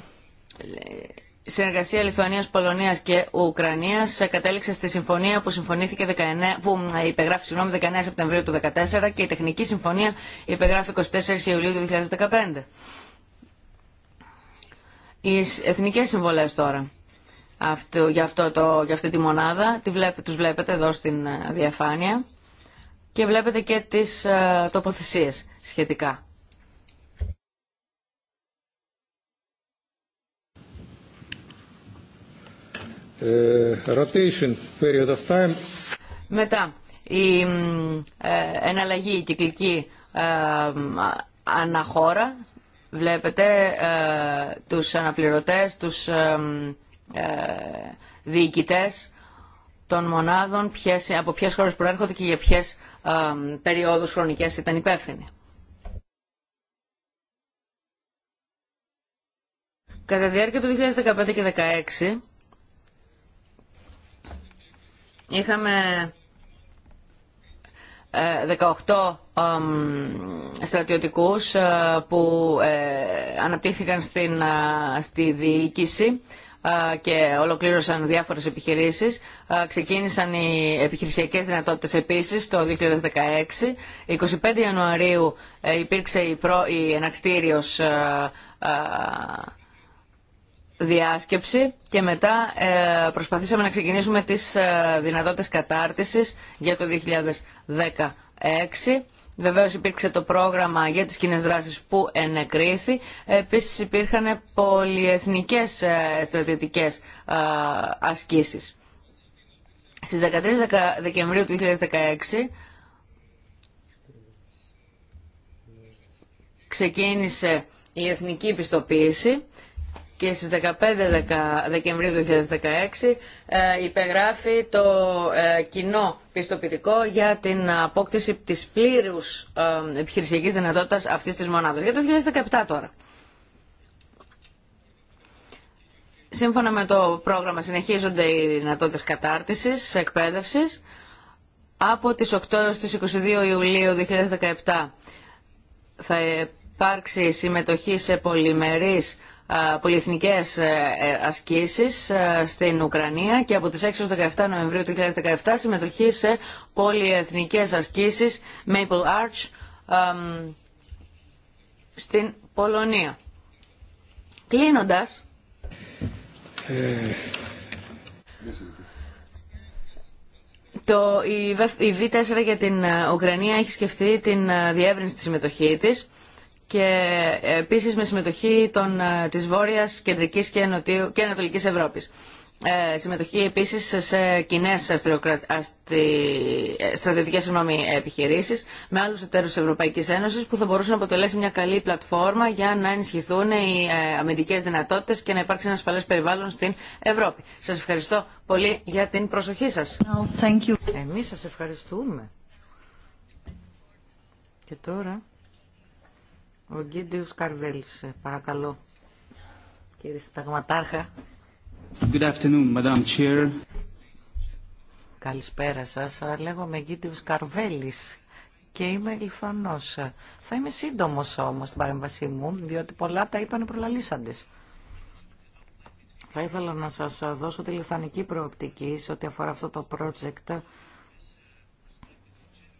συνεργασία Λιθουανίας, Πολωνίας και Ουκρανίας κατέληξε στη συμφωνία που, συμφωνήθηκε 19, που ε, υπεγράφει 19 Σεπτεμβρίου του 2014 και η τεχνική συμφωνία υπεγράφει 24 Ιουλίου του 2015. Οι εθνικές συμβολές τώρα για, αυτό το, για αυτή τη μονάδα, τη βλέπε, τους βλέπετε εδώ στην ε, διαφάνεια και βλέπετε και τις ε, τοποθεσίες σχετικά. Ε, rotation, period of time. Μετά, η ε, εναλλαγή η κυκλική ε, αναχώρα. Βλέπετε τους αναπληρωτές, τους διοικητές των μονάδων, από ποιες χώρες προέρχονται και για ποιες περιόδους χρονικές ήταν υπεύθυνη. Κατά διάρκεια του 2015 και 2016 είχαμε 18 ε, στρατιωτικούς ε, που ε, αναπτύχθηκαν στην, στη διοίκηση και ολοκλήρωσαν διάφορες επιχειρήσεις. Ξεκίνησαν οι επιχειρησιακές δυνατότητες επίσης το 2016. 25 Ιανουαρίου ε, υπήρξε η, προ... Ε, ε, διάσκεψη και μετά προσπαθήσαμε να ξεκινήσουμε τις δυνατότητες κατάρτισης για το 2016 Βεβαίως υπήρξε το πρόγραμμα για τις κοινέ δράσεις που ενεκρίθη. Επίσης υπήρχαν πολυεθνικές ε, στρατιωτικές ε, ασκήσεις. Στις 13 Δεκεμβρίου του 2016 ξεκίνησε η εθνική επιστοποίηση και στις 15 Δεκεμβρίου 2016 ε, υπεγράφει το ε, κοινό πιστοποιητικό για την απόκτηση της πλήρους ε, επιχειρησιακής δυνατότητας αυτής της μονάδας. Για το 2017 τώρα. Σύμφωνα με το πρόγραμμα συνεχίζονται οι δυνατότητες κατάρτισης, εκπαίδευσης. Από τις 8 στις 22 Ιουλίου 2017 θα υπάρξει συμμετοχή σε πολυμερείς πολυεθνικές ε, ε, ασκήσεις ε, στην Ουκρανία και από τις 6 17 Νοεμβρίου 2017 συμμετοχή σε πολυεθνικές ασκήσεις Maple Arch στην Πολωνία. Κλείνοντας, το, η, η V4 για την Ουκρανία έχει σκεφτεί την διεύρυνση της συμμετοχή της και επίσης με συμμετοχή των, ε, της Βόρειας, Κεντρικής και, Νοτιού, και Ανατολικής Ευρώπης. Ε, συμμετοχή επίσης σε κοινέ αστι... Ε, στρατιωτικές συγνώμη, επιχειρήσεις με άλλους εταίρους της Ευρωπαϊκής Ένωσης που θα μπορούσαν να αποτελέσει μια καλή πλατφόρμα για να ενισχυθούν οι ε, αμυντικές δυνατότητες και να υπάρξει ένα ασφαλές περιβάλλον στην Ευρώπη. Σας ευχαριστώ πολύ για την προσοχή σας. thank Εμείς σας ευχαριστούμε. Και τώρα... Ο Γκίντιος Καρβέλης, ε, παρακαλώ. Κύριε Σταγματάρχα. Good afternoon, Madam Chair. Καλησπέρα σας. Λέγομαι Γκίντιος Καρβέλης και είμαι Λιφανός. Θα είμαι σύντομος όμως στην παρέμβασή μου, διότι πολλά τα είπαν προλαλήσαντες. Θα ήθελα να σας δώσω τη λιθανική προοπτική σε ό,τι αφορά αυτό το project.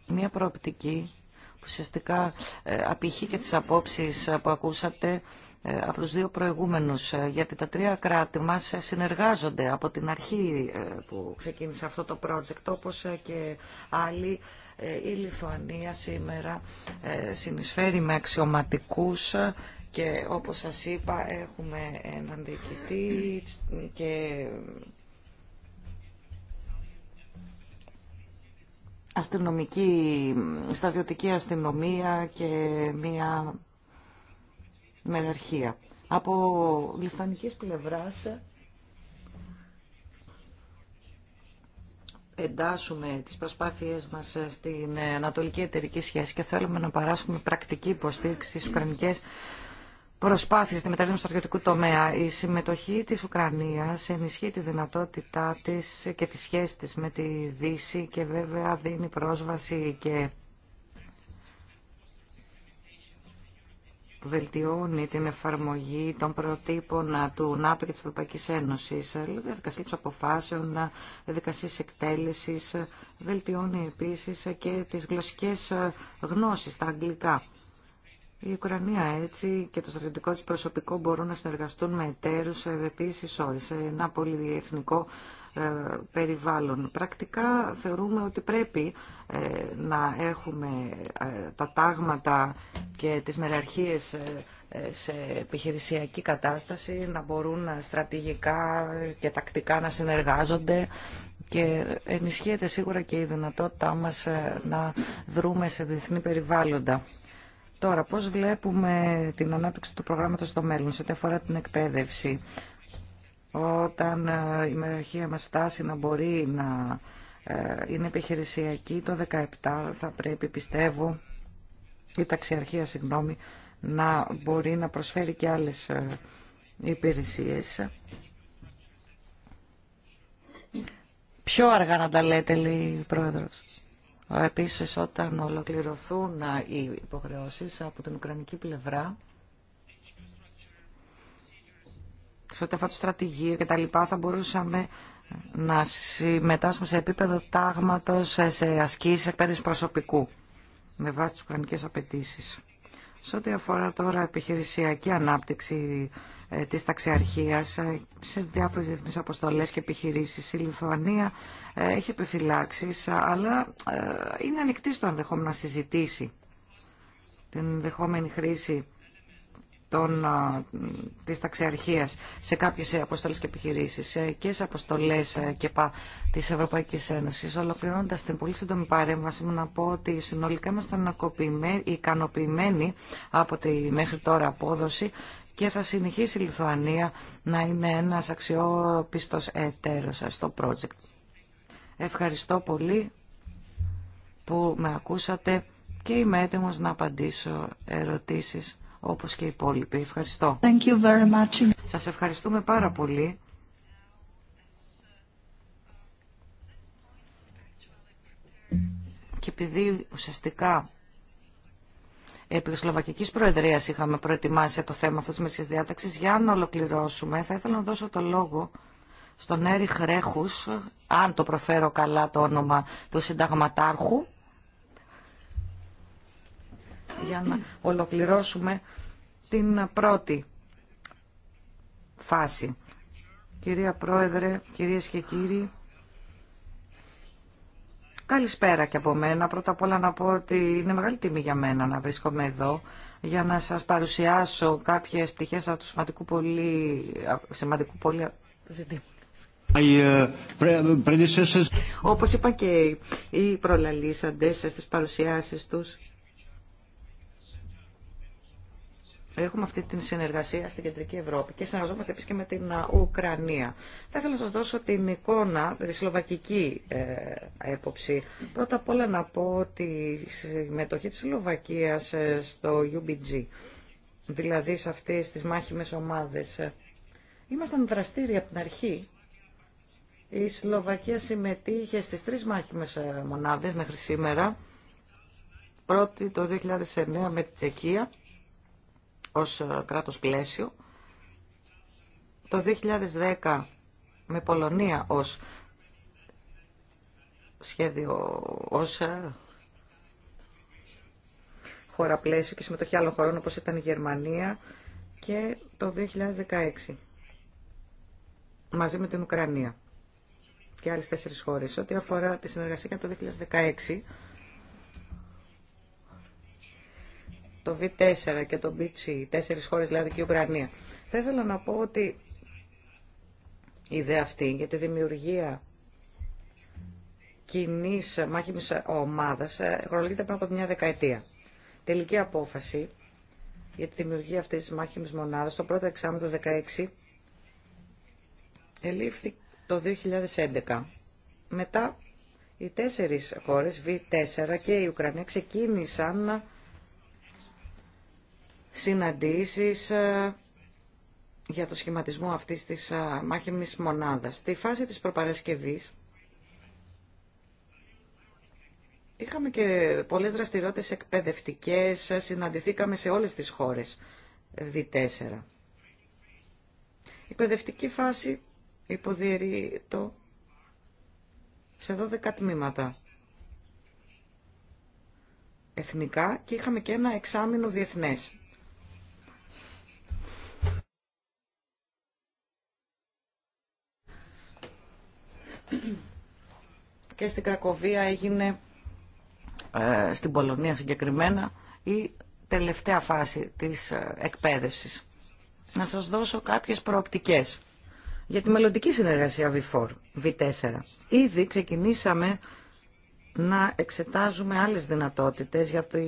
Μια προοπτική που ουσιαστικά ε, απηχεί και τις απόψεις ε, που ακούσατε ε, από τους δύο προηγούμενους, γιατί τα τρία κράτη μας συνεργάζονται από την αρχή που ξεκίνησε αυτό το project, όπως και άλλοι. Η Λιθουανία σήμερα συνεισφέρει με αξιωματικούς και όπως σας είπα έχουμε έναν διοικητή και αστυνομική, στρατιωτική αστυνομία και μια μεραρχία. Από λιθανικής πλευράς εντάσσουμε τις προσπάθειές μας στην ανατολική εταιρική σχέση και θέλουμε να παράσουμε πρακτική υποστήριξη στις ουκρανικές προσπάθειες τη μεταρρύθμιση του στρατιωτικού τομέα. Η συμμετοχή της Ουκρανίας ενισχύει τη δυνατότητά της και τη σχέση της με τη Δύση και βέβαια δίνει πρόσβαση και βελτιώνει την εφαρμογή των προτύπων του ΝΑΤΟ και της Ευρωπαϊκής Ένωσης, του αποφάσεων, διαδικασίες εκτέλεσης, βελτιώνει επίσης και τις γλωσσικές γνώσεις, στα αγγλικά. Η Ουκρανία έτσι και το στρατιωτικό της προσωπικό μπορούν να συνεργαστούν με εταίρους σε επίσης σε ένα πολυεθνικό ε, περιβάλλον. Πρακτικά θεωρούμε ότι πρέπει ε, να έχουμε ε, τα τάγματα και τις μεραρχίες σε επιχειρησιακή κατάσταση, να μπορούν στρατηγικά και τακτικά να συνεργάζονται και ενισχύεται σίγουρα και η δυνατότητά μας να δρούμε σε διεθνή περιβάλλοντα. Τώρα, πώς βλέπουμε την ανάπτυξη του προγράμματος στο μέλλον, σε ό,τι αφορά την εκπαίδευση, όταν ε, η μεραρχία μας φτάσει να μπορεί να ε, είναι επιχειρησιακή, το 2017 θα πρέπει, πιστεύω, η ταξιαρχία, συγγνώμη, να μπορεί να προσφέρει και άλλες ε, υπηρεσίες. Πιο αργά να τα λέτε, λέει η Πρόεδρος. Επίσης όταν ολοκληρωθούν οι υποχρεώσεις από την Ουκρανική πλευρά σε ό,τι αφορά το στρατηγείο και τα λοιπά θα μπορούσαμε να συμμετάσχουμε σε επίπεδο τάγματος σε ασκήσεις εκπαίδευση προσωπικού με βάση τις ουκρανικές απαιτήσει. Σε ό,τι αφορά τώρα επιχειρησιακή ανάπτυξη ε, της ταξιαρχίας ε, σε διάφορες διεθνείς αποστολές και επιχειρήσεις. Η Λιθουανία ε, έχει επιφυλάξεις, αλλά είναι ανοιχτή στο ενδεχόμενο να συζητήσει την ενδεχόμενη χρήση των, της ταξιαρχίας σε κάποιες αποστολές και επιχειρήσεις και σε αποστολές και πα της Ευρωπαϊκής Ένωσης. Ολοκληρώνοντας την πολύ σύντομη παρέμβαση μου να πω ότι συνολικά είμαστε ικανοποιημένοι από τη μέχρι τώρα απόδοση και θα συνεχίσει η Λιθουανία να είναι ένας αξιόπιστος εταίρος στο project. Ευχαριστώ πολύ που με ακούσατε και είμαι έτοιμος να απαντήσω ερωτήσεις όπως και οι υπόλοιποι. Ευχαριστώ. Thank you very much. Σας ευχαριστούμε πάρα πολύ. Και επειδή ουσιαστικά επί Σλοβακικής Προεδρίας είχαμε προετοιμάσει το θέμα αυτό της μεσικής διάταξης. Για να ολοκληρώσουμε, θα ήθελα να δώσω το λόγο στον Έρη Χρέχους, αν το προφέρω καλά το όνομα του συνταγματάρχου, για να ολοκληρώσουμε την πρώτη φάση. Κυρία Πρόεδρε, κυρίες και κύριοι, Καλησπέρα και από μένα. Πρώτα απ' όλα να πω ότι είναι μεγάλη τιμή για μένα να βρίσκομαι εδώ για να σας παρουσιάσω κάποιες πτυχές από του σημαντικού πολύ, σημαντικού πολύ ε, Όπως είπαν και οι προλαλήσαντες στις παρουσιάσεις τους, Έχουμε αυτή την συνεργασία στην Κεντρική Ευρώπη και συνεργαζόμαστε επίσης και με την Ουκρανία. Θα ήθελα να σας δώσω την εικόνα, τη σλοβακική ε, έποψη. Πρώτα απ' όλα να πω ότι η συμμετοχή της Σλοβακίας ε, στο UBG, δηλαδή σε αυτέ τι μάχημες ομάδες, ε, ήμασταν δραστήριοι από την αρχή. Η Σλοβακία συμμετείχε στις τρεις μάχημες μονάδες μέχρι σήμερα. Πρώτη το 2009 με τη Τσεχία ως ε, κράτος πλαίσιο. Το 2010 με Πολωνία ως σχέδιο, ως ε, χώρα πλαίσιο και συμμετοχή άλλων χωρών όπως ήταν η Γερμανία και το 2016 μαζί με την Ουκρανία και άλλες τέσσερις χώρες. Ό,τι αφορά τη συνεργασία για το 2016 το V4 και το BC, τέσσερις χώρες δηλαδή και η Ουκρανία. Θα ήθελα να πω ότι η ιδέα αυτή για τη δημιουργία κοινή μάχημη ομάδα χρονολογείται πριν από μια δεκαετία. Τελική απόφαση για τη δημιουργία αυτή τη μάχημη μονάδα το πρώτο εξάμεινο του 2016 ελήφθη το 2011. Μετά οι τέσσερι χώρες, V4 και η Ουκρανία, ξεκίνησαν συναντήσεις ε, για το σχηματισμό αυτής της ε, μάχημης μονάδας. Στη φάση της προπαρασκευής είχαμε και πολλές δραστηριότητες εκπαιδευτικές, ε, συναντηθήκαμε σε όλες τις χωρες δ V4. Η εκπαιδευτική φάση υποδιαιρεί το σε 12 τμήματα εθνικά και είχαμε και ένα εξάμεινο διεθνές. και στην Κρακοβία έγινε ε, στην Πολωνία συγκεκριμένα η τελευταία φάση της ε, εκπαίδευσης. Να σας δώσω κάποιες προοπτικές για τη μελλοντική συνεργασία V4, V4. Ήδη ξεκινήσαμε να εξετάζουμε άλλες δυνατότητες για τη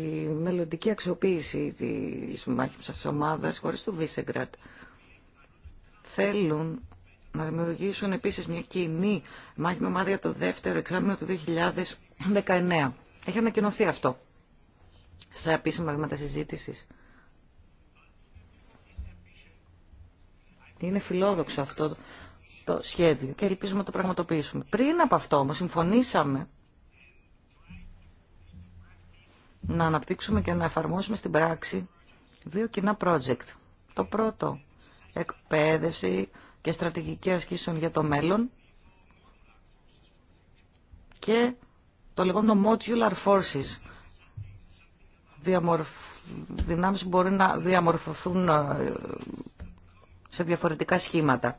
μελλοντική αξιοποίηση της μάχης αυτής της ομάδας χωρίς του Βίσεγκρατ. Θέλουν να δημιουργήσουν επίσης μια κοινή μάχη με για το δεύτερο εξάμεινο του 2019. Έχει ανακοινωθεί αυτό στα επίσημα βήματα συζήτηση. Είναι φιλόδοξο αυτό το σχέδιο και ελπίζουμε να το πραγματοποιήσουμε. Πριν από αυτό όμως συμφωνήσαμε να αναπτύξουμε και να εφαρμόσουμε στην πράξη δύο κοινά project. Το πρώτο, εκπαίδευση και στρατηγική ασκήσεων για το μέλλον και το λεγόμενο modular forces, δυνάμεις που μπορεί να διαμορφωθούν ε, σε διαφορετικά σχήματα.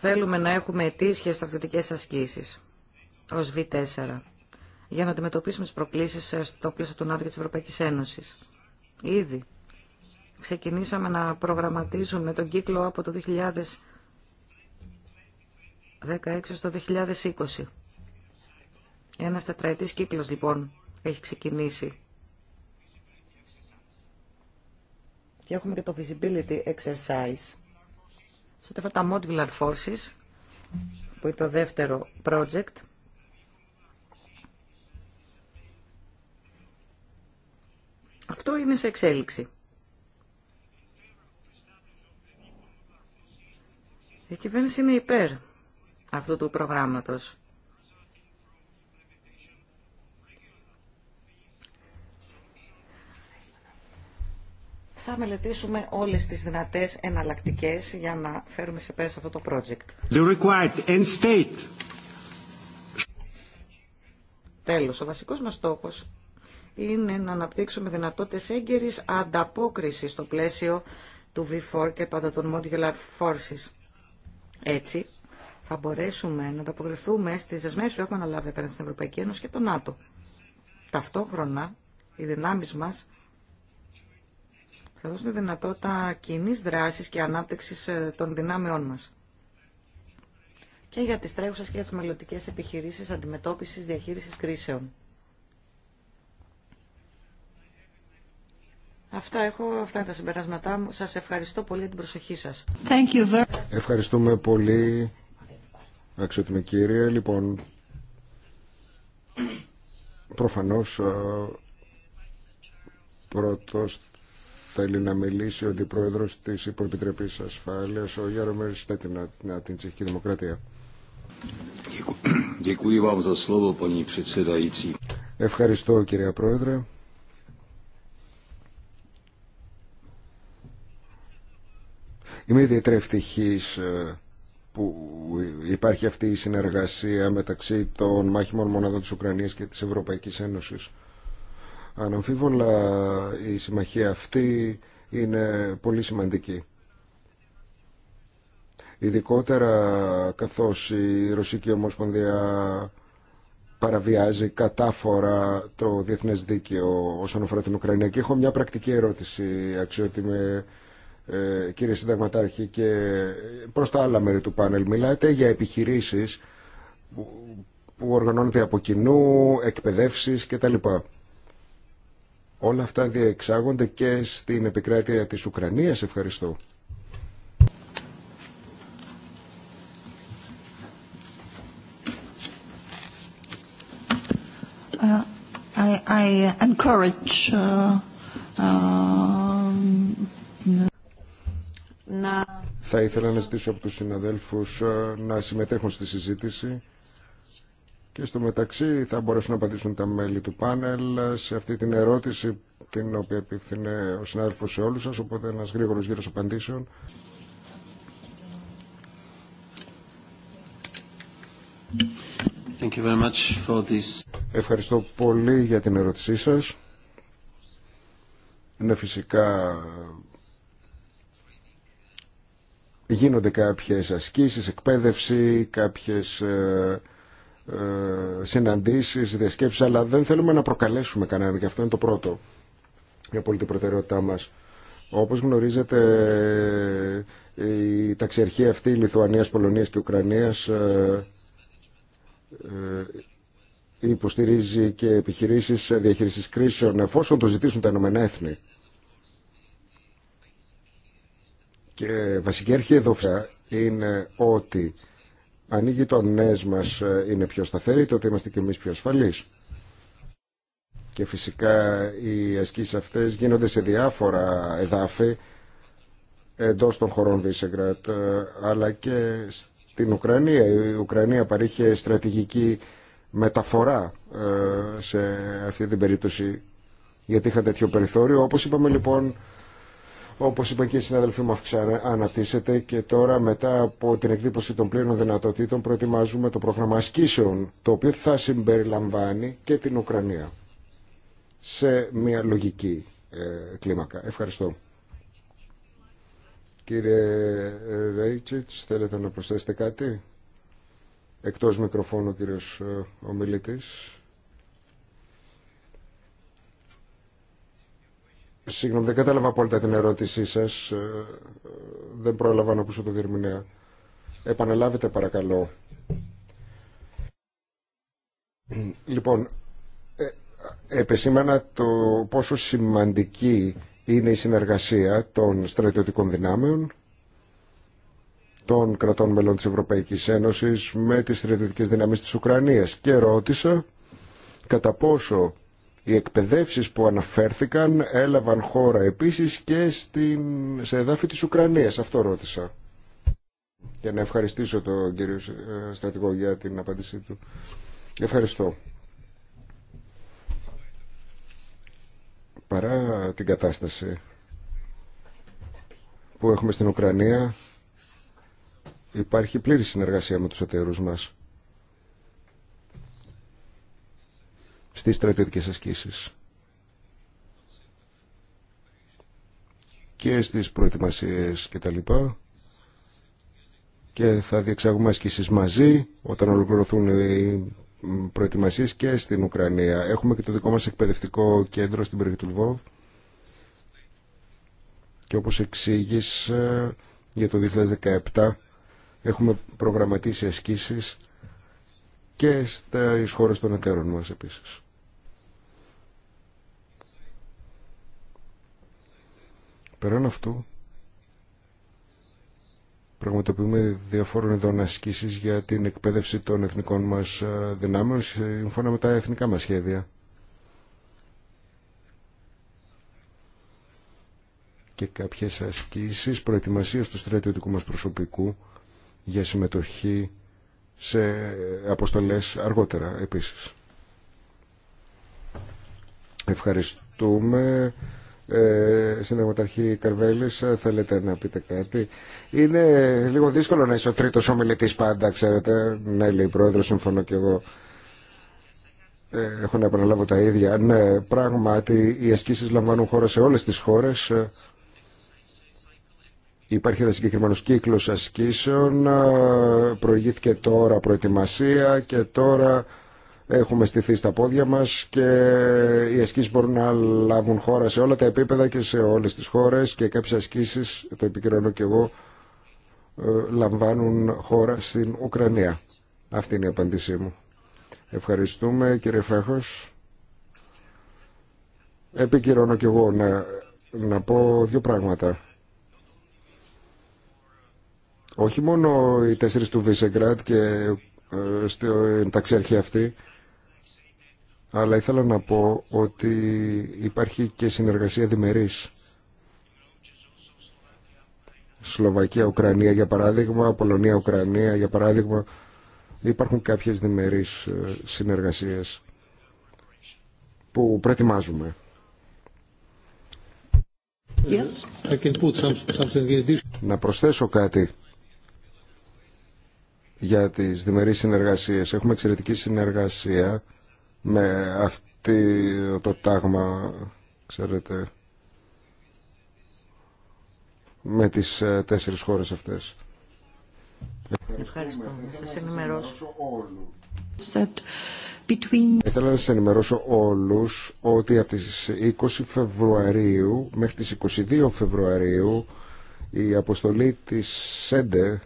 Θέλουμε να έχουμε ετήσιες στρατιωτικές ασκήσεις ως V4 για να αντιμετωπίσουμε τις προκλήσεις ε, στο πλαίσιο του ΝΑΤΟ και της Ευρωπαϊκής Ένωσης. Ήδη ξεκινήσαμε να προγραμματίζουμε τον κύκλο από το 2016 στο 2020. Ένας τετραετής κύκλος λοιπόν έχει ξεκινήσει. Και έχουμε και το visibility exercise. Σε αυτά τα modular forces, που είναι το δεύτερο project, αυτό είναι σε εξέλιξη. Η κυβέρνηση είναι υπέρ αυτού του προγράμματος. Θα μελετήσουμε όλες τις δυνατές εναλλακτικές για να φέρουμε σε πέρα σε αυτό το project. The required state. Τέλος, ο βασικός μας στόχος είναι να αναπτύξουμε δυνατότητες έγκαιρης ανταπόκρισης στο πλαίσιο του V4 και πάντα των Modular Forces. Έτσι θα μπορέσουμε να ανταποκριθούμε στις ζεσμές που έχουμε αναλάβει απέναντι στην Ευρωπαϊκή Ένωση και το ΝΑΤΟ. Ταυτόχρονα οι δυνάμει μας θα δώσουν τη δυνατότητα κοινή δράση και ανάπτυξη ε, των δυνάμεών μα. Και για τι τρέχουσε και για τι μελλοντικέ επιχειρήσει αντιμετώπιση διαχείριση κρίσεων. Αυτά έχω, αυτά είναι τα συμπεράσματά μου. Σας ευχαριστώ πολύ για την προσοχή σας. Thank you very... Ευχαριστούμε πολύ, αξιότιμη κύριε. Λοιπόν, προφανώς ε, πρώτος θέλει να μιλήσει ο αντιπρόεδρος της Υποεπιτρεπής Ασφάλειας, ο Γιάρομερ Στέτινα, την Τσεχική Δημοκρατία. Ευχαριστώ, κύριε Πρόεδρε. Είμαι ιδιαίτερα ευτυχής ε, που υπάρχει αυτή η συνεργασία μεταξύ των μάχημων μονάδων της Ουκρανίας και της Ευρωπαϊκής Ένωσης. Αναμφίβολα η συμμαχία αυτή είναι πολύ σημαντική. Ειδικότερα καθώς η Ρωσική Ομοσπονδία παραβιάζει κατάφορα το διεθνές δίκαιο όσον αφορά την Ουκρανία. Και έχω μια πρακτική ερώτηση αξιότιμη. Ε, κύριε Συνταγματάρχη και προς τα άλλα μέρη του πάνελ μιλάτε για επιχειρήσεις που οργανώνεται από κοινού, τα κτλ. Όλα αυτά διεξάγονται και στην επικράτεια της Ουκρανίας. Ευχαριστώ. Uh, I, encourage uh, uh, θα ήθελα να ζητήσω από τους συναδέλφους ε, να συμμετέχουν στη συζήτηση και στο μεταξύ θα μπορέσουν να απαντήσουν τα μέλη του πάνελ σε αυτή την ερώτηση την οποία επιθυνέ ο συνάδελφος σε όλους σας, οπότε ένας γρήγορος γύρος απαντήσεων. Thank Ευχαριστώ πολύ για την ερώτησή σας. Είναι φυσικά γίνονται κάποιες ασκήσεις, εκπαίδευση, κάποιες ε, ε, συναντήσεις, διασκέψεις, αλλά δεν θέλουμε να προκαλέσουμε κανέναν και αυτό είναι το πρώτο για πολύ την προτεραιότητά μας. Όπως γνωρίζετε, η ταξιαρχία αυτή Λιθουανίας, Πολωνίας και Ουκρανίας ε, ε, υποστηρίζει και επιχειρήσεις διαχείρισης κρίσεων εφόσον το ζητήσουν τα Ηνωμένα Έθνη. Και βασική αρχή εδώ είναι ότι αν οι γειτονέ μας ε, είναι πιο σταθεροί, τότε είμαστε και εμείς πιο ασφαλείς. Και φυσικά οι ασκήσεις αυτές γίνονται σε διάφορα εδάφη εντός των χωρών Βίσεγκρατ ε, αλλά και στην Ουκρανία. Η Ουκρανία παρήχε στρατηγική μεταφορά ε, σε αυτή την περίπτωση γιατί είχα τέτοιο περιθώριο. Όπως είπαμε λοιπόν όπως είπα και οι συναδελφοί μου αναπτύσσεται και τώρα μετά από την εκτύπωση των πλήρων δυνατοτήτων προετοιμάζουμε το πρόγραμμα ασκήσεων το οποίο θα συμπεριλαμβάνει και την Ουκρανία σε μια λογική ε, κλίμακα. Ευχαριστώ. Κύριε Ρέιτσιτς, θέλετε να προσθέσετε κάτι. Εκτός μικροφώνου ο κύριος ε, ομιλητής. Συγγνώμη, δεν κατάλαβα απόλυτα την ερώτησή σας. Ε, ε, δεν προέλαβα να ακούσω το διερμηνέα. Επαναλάβετε παρακαλώ. Λοιπόν, ε, επεσήμανα το πόσο σημαντική είναι η συνεργασία των στρατιωτικών δυνάμεων των κρατών μελών της Ευρωπαϊκής Ένωσης με τις στρατιωτικές δυνάμεις της Ουκρανίας και ρώτησα κατά πόσο οι εκπαιδεύσεις που αναφέρθηκαν έλαβαν χώρα επίσης και στην, σε εδάφη της Ουκρανίας. Αυτό ρώτησα. Για να ευχαριστήσω τον κύριο ε, στρατηγό για την απάντησή του. Ευχαριστώ. Παρά την κατάσταση που έχουμε στην Ουκρανία, υπάρχει πλήρη συνεργασία με τους εταίρους μας. στις στρατιωτικές ασκήσεις και στις προετοιμασίες λοιπά Και θα διεξάγουμε ασκήσεις μαζί όταν ολοκληρωθούν οι προετοιμασίες και στην Ουκρανία. Έχουμε και το δικό μας εκπαιδευτικό κέντρο στην περιοχή του Λβόβ. Και όπως εξήγησε για το 2017 έχουμε προγραμματίσει ασκήσεις και στις χώρες των εταίρων μας επίσης. Πέραν αυτού, πραγματοποιούμε διαφόρων ειδών ασκήσεις για την εκπαίδευση των εθνικών μας ε, δυνάμεων σύμφωνα με τα εθνικά μας σχέδια. και κάποιες ασκήσεις προετοιμασίας του στρατιωτικού μας προσωπικού για συμμετοχή σε αποστολές αργότερα επίσης. Ευχαριστούμε ε, συνταγματαρχή Καρβέλης, ε, θέλετε να πείτε κάτι. Είναι λίγο δύσκολο να είσαι ο τρίτος ομιλητής πάντα, ξέρετε. Ναι, λέει η Πρόεδρος, συμφωνώ και εγώ. Ε, έχω να επαναλάβω τα ίδια. Ναι, πράγματι, οι ασκήσεις λαμβάνουν χώρα σε όλες τις χώρες. Ε, υπάρχει ένα συγκεκριμένο κύκλος ασκήσεων. Προηγήθηκε τώρα προετοιμασία και τώρα έχουμε στηθεί στα πόδια μας και οι ασκήσεις μπορούν να λάβουν χώρα σε όλα τα επίπεδα και σε όλες τις χώρες και κάποιες ασκήσεις, το επικυρώνω και εγώ, ε, λαμβάνουν χώρα στην Ουκρανία. Αυτή είναι η απάντησή μου. Ευχαριστούμε κύριε Φέχος. Επικυρώνω και εγώ να, να πω δύο πράγματα. Όχι μόνο οι τέσσερις του Βίσεγκράτ και ε, στην ταξιαρχή αυτή, αλλά ήθελα να πω ότι υπάρχει και συνεργασία διμερής. Σλοβακία, Ουκρανία για παράδειγμα, Πολωνία, Ουκρανία για παράδειγμα, υπάρχουν κάποιες διμερείς ε, συνεργασίες που προετοιμάζουμε. Να προσθέσω κάτι για τις διμερείς συνεργασίες. Έχουμε εξαιρετική συνεργασία με αυτή το τάγμα, ξέρετε, με τις ε, τέσσερις χώρες αυτές. Ευχαριστώ. Θα σας ενημερώσω. Ήθελα να σας ενημερώσω όλους ότι από τις 20 Φεβρουαρίου μέχρι τις 22 Φεβρουαρίου η αποστολή της ΣΕΝΤΕ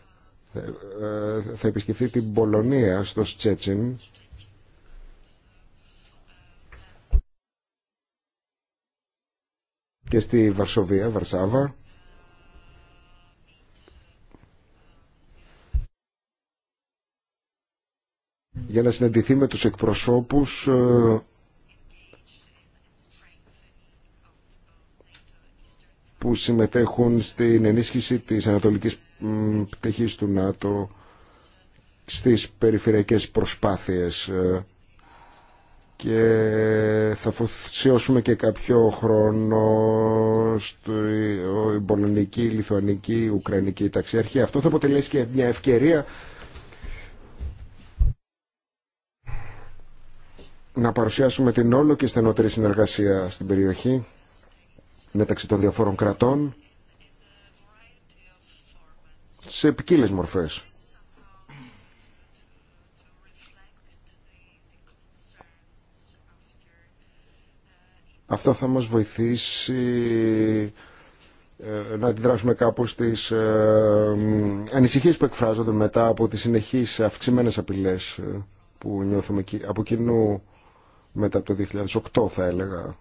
ε, ε, θα επισκεφθεί την Πολωνία στο Στσέτσιν και στη Βαρσοβία, Βαρσάβα. για να συναντηθεί με τους εκπροσώπους ε, που συμμετέχουν στην ενίσχυση της ανατολικής πτυχής του ΝΑΤΟ στις περιφερειακές προσπάθειες ε, και θα φωσιώσουμε και κάποιο χρόνο στην πολωνική, λιθουανική, ουκρανική ταξιαρχή. Αυτό θα αποτελέσει και μια ευκαιρία να παρουσιάσουμε την όλο και στενότερη συνεργασία στην περιοχή μεταξύ των διαφόρων κρατών σε ποικίλε μορφές. Αυτό θα μας βοηθήσει ε, να αντιδράσουμε κάπως στις ε, ανησυχίες που εκφράζονται μετά από τις συνεχείς αυξημένες απειλές ε, που νιώθουμε από κοινού μετά από το 2008 θα έλεγα.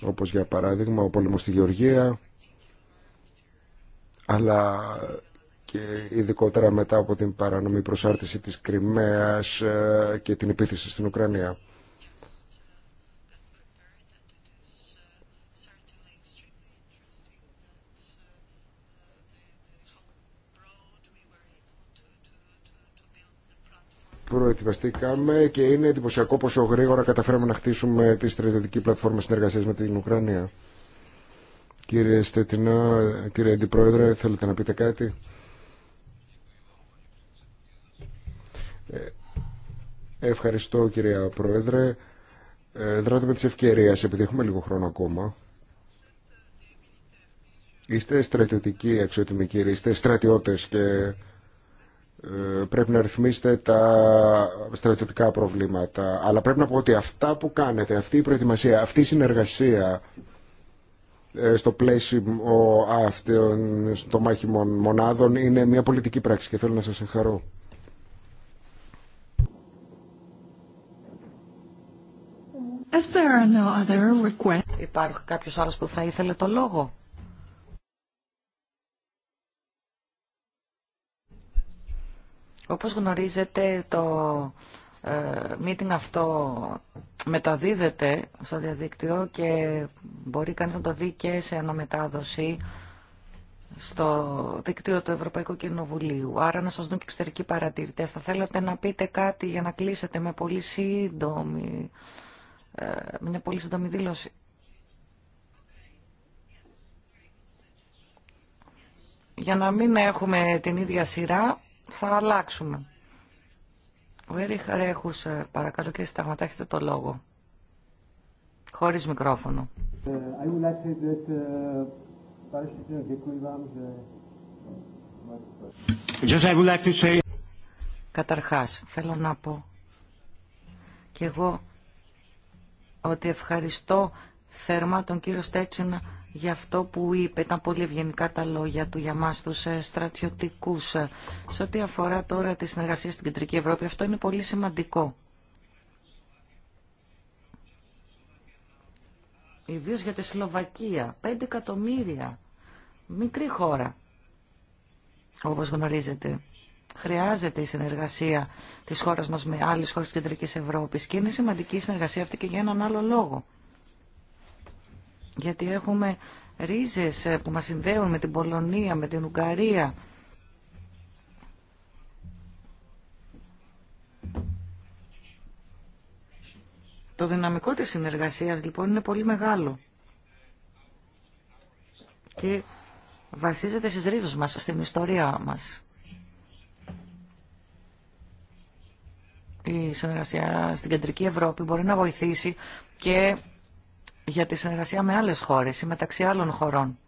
Όπως για παράδειγμα ο πόλεμος στη Γεωργία αλλά και ειδικότερα μετά από την παρανομή προσάρτηση της Κρυμαίας ε, και την επίθεση στην Ουκρανία. Προετοιμαστήκαμε και είναι εντυπωσιακό πόσο γρήγορα καταφέραμε να χτίσουμε τη στρατιωτική πλατφόρμα συνεργασίας με την Ουκρανία. Κύριε Στετινά, κύριε Αντιπρόεδρε, θέλετε να πείτε κάτι. Ευχαριστώ κυρία Πρόεδρε. Ε, δράτε με τις ευκαιρίες, επειδή έχουμε λίγο χρόνο ακόμα. Είστε στρατιωτικοί αξιότιμοι κύριοι, είστε στρατιώτες και ε, πρέπει να ρυθμίσετε τα στρατιωτικά προβλήματα. Αλλά πρέπει να πω ότι αυτά που κάνετε, αυτή η προετοιμασία, αυτή η συνεργασία ε, στο πλαίσιο αυτών των μάχημων μονάδων είναι μια πολιτική πράξη και θέλω να σας ευχαρώ. Υπάρχει κάποιος άλλος που θα ήθελε το λόγο. Όπως γνωρίζετε το ε, meeting αυτό μεταδίδεται στο διαδίκτυο και μπορεί κανείς να το δει και σε αναμετάδοση στο δίκτυο του Ευρωπαϊκού Κοινοβουλίου. Άρα να σας δουν και εξωτερικοί παρατηρητές. Θα θέλατε να πείτε κάτι για να κλείσετε με πολύ σύντομη ε, μια πολύ σύντομη δήλωση. Για να μην έχουμε την ίδια σειρά, θα αλλάξουμε. Βέρι Ρέχους, ε, παρακαλώ και σταγματά, το λόγο. Χωρίς μικρόφωνο. Καταρχάς, θέλω να πω και εγώ ότι ευχαριστώ θερμά τον κύριο Στέτσινα για αυτό που είπε. Ήταν πολύ ευγενικά τα λόγια του για μας τους ε, στρατιωτικούς. Ε, σε ό,τι αφορά τώρα τη συνεργασία στην Κεντρική Ευρώπη, αυτό είναι πολύ σημαντικό. Ιδίως για τη Σλοβακία. 5 εκατομμύρια. Μικρή χώρα, όπως γνωρίζετε. Χρειάζεται η συνεργασία τη χώρα μα με άλλε χώρε τη Κεντρική Ευρώπη και είναι σημαντική η συνεργασία αυτή και για έναν άλλο λόγο. Γιατί έχουμε ρίζες ε, που μας συνδέουν με την Πολωνία, με την Ουγγαρία. Το δυναμικό της συνεργασίας λοιπόν είναι πολύ μεγάλο και βασίζεται στις ρίζες μας, στην ιστορία μας. η συνεργασία στην κεντρική Ευρώπη μπορεί να βοηθήσει και για τη συνεργασία με άλλες χώρες ή μεταξύ άλλων χωρών.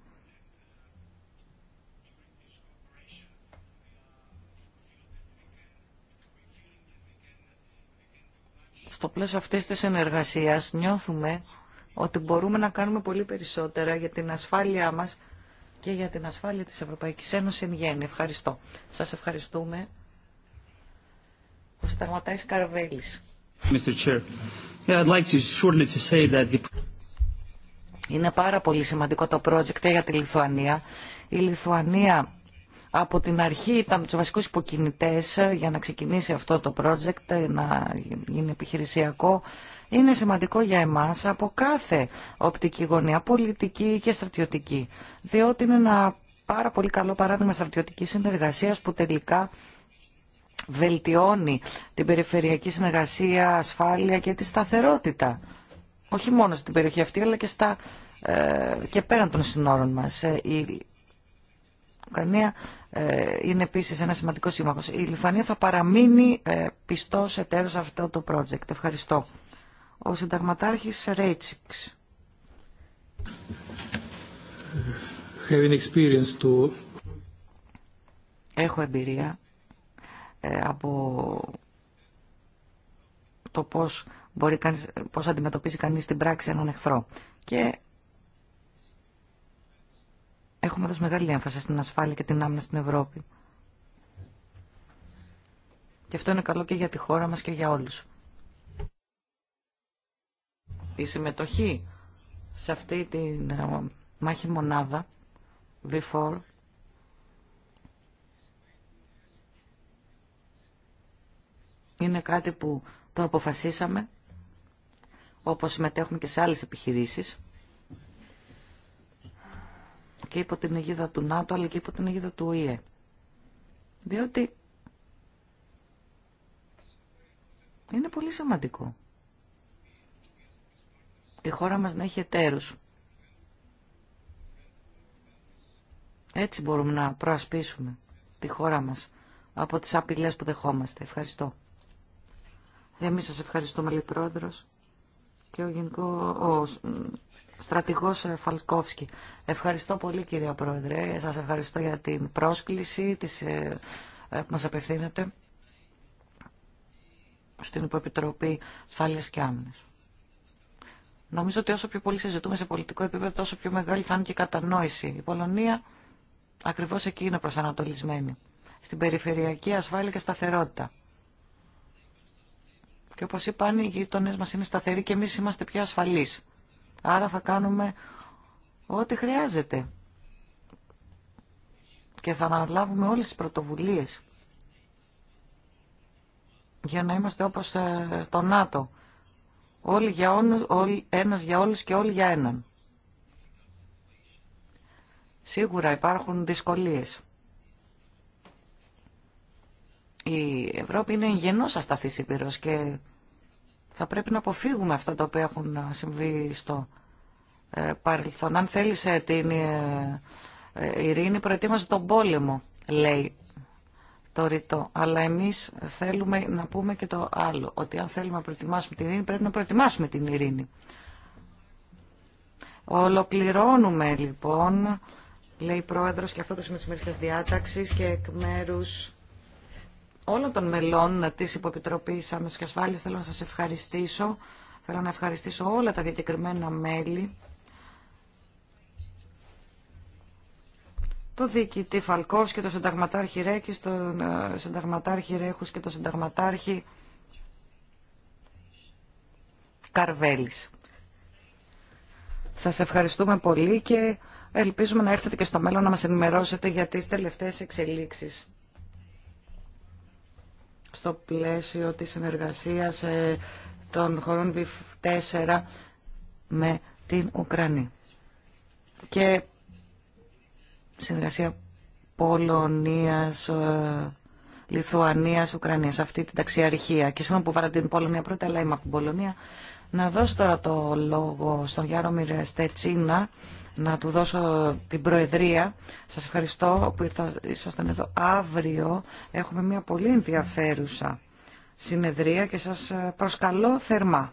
Στο πλαίσιο αυτής της συνεργασίας νιώθουμε ότι μπορούμε να κάνουμε πολύ περισσότερα για την ασφάλειά μας και για την ασφάλεια της Ευρωπαϊκής Ένωσης εν γέννη. Ευχαριστώ. Σας ευχαριστούμε. Είναι πάρα πολύ σημαντικό το project για τη Λιθουανία. Η Λιθουανία από την αρχή ήταν του βασικού υποκινητέ για να ξεκινήσει αυτό το project, να γίνει επιχειρησιακό. Είναι σημαντικό για εμάς από κάθε οπτική γωνία, πολιτική και στρατιωτική, διότι είναι ένα πάρα πολύ καλό παράδειγμα στρατιωτική συνεργασία που τελικά βελτιώνει την περιφερειακή συνεργασία, ασφάλεια και τη σταθερότητα. Όχι μόνο στην περιοχή αυτή, αλλά και, στα, ε, και πέραν των συνόρων μας. Ε, η Ουκρανία ε, είναι επίσης ένα σημαντικό σύμμαχος. Η Λιφανία θα παραμείνει ε, πιστός εταίρος αυτό το project. Ευχαριστώ. Ο συνταγματάρχης Ρέιτσιξ. Having experience Έχω εμπειρία ε, από το πώς, μπορεί πώς αντιμετωπίζει κανείς την πράξη έναν εχθρό. Και έχουμε δώσει μεγάλη έμφαση στην ασφάλεια και την άμυνα στην Ευρώπη. Και αυτό είναι καλό και για τη χώρα μας και για όλους. Η συμμετοχή σε αυτή τη ε, μάχη μονάδα, V4, Είναι κάτι που το αποφασίσαμε, όπως συμμετέχουμε και σε άλλες επιχειρήσεις και υπό την αιγίδα του ΝΑΤΟ αλλά και υπό την αιγίδα του ΟΗΕ. Διότι είναι πολύ σημαντικό η χώρα μας να έχει εταίρους. Έτσι μπορούμε να προασπίσουμε τη χώρα μας από τις απειλές που δεχόμαστε. Ευχαριστώ. Εμείς σας ευχαριστούμε, λέει πρόεδρος. Και ο, γενικό, ο στρατηγός ε, Φαλκόφσκι. Ευχαριστώ πολύ, κύριε Πρόεδρε. Σας ευχαριστώ για την πρόσκληση της, ε, ε, που μας απευθύνεται στην Υποεπιτροπή Ασφάλειας και Άμυνας. Νομίζω ότι όσο πιο πολύ συζητούμε σε πολιτικό επίπεδο, τόσο πιο μεγάλη θα είναι και η κατανόηση. Η Πολωνία ακριβώς εκεί είναι προσανατολισμένη. Στην περιφερειακή ασφάλεια και σταθερότητα. Και όπως είπαν, οι γείτονες μας είναι σταθεροί και εμείς είμαστε πιο ασφαλείς. Άρα θα κάνουμε ό,τι χρειάζεται. Και θα αναλάβουμε όλες τις πρωτοβουλίες για να είμαστε όπως ε, το ΝΑΤΟ. Όλοι για όλους, όλοι, ένας για όλους και όλοι για έναν. Σίγουρα υπάρχουν δυσκολίες. Η Ευρώπη είναι γενός ασταθής ήπειρος και θα πρέπει να αποφύγουμε αυτά τα οποία έχουν συμβεί στο ε, παρελθόν. Αν θέλεις την ε, ε, ειρήνη, προετοίμαζε τον πόλεμο, λέει το ρητό. Αλλά εμείς θέλουμε να πούμε και το άλλο, ότι αν θέλουμε να προετοιμάσουμε την ειρήνη, πρέπει να προετοιμάσουμε την ειρήνη. Ολοκληρώνουμε λοιπόν, λέει η Πρόεδρος, και αυτό το σημείο της διάταξης και εκ μέρους όλων των μελών της υποπιτροπή Άμεσης και Ασφάλειας θέλω να σας ευχαριστήσω. Θέλω να ευχαριστήσω όλα τα διακεκριμένα μέλη. Το διοικητή Φαλκός και το συνταγματάρχη Ρέκη, τον ε, συνταγματάρχη Ρέχους και το συνταγματάρχη Καρβέλης. Σας ευχαριστούμε πολύ και ελπίζουμε να έρθετε και στο μέλλον να μας ενημερώσετε για τις τελευταίες εξελίξεις στο πλαίσιο της συνεργασίας ε, των χωρων ΒΙΦ V4 με την Ουκρανία. Και συνεργασία Πολωνίας, ε, Λιθουανίας, Ουκρανίας, αυτή την ταξιαρχία. Και συγγνώμη που βάλα την Πολωνία πρώτα, αλλά είμαι από την Πολωνία. Να δώσω τώρα το λόγο στον Γιάρο Στετσίνα, να του δώσω την Προεδρία. Σας ευχαριστώ που ήρθα, ήσασταν εδώ αύριο. Έχουμε μια πολύ ενδιαφέρουσα συνεδρία και σας προσκαλώ θερμά.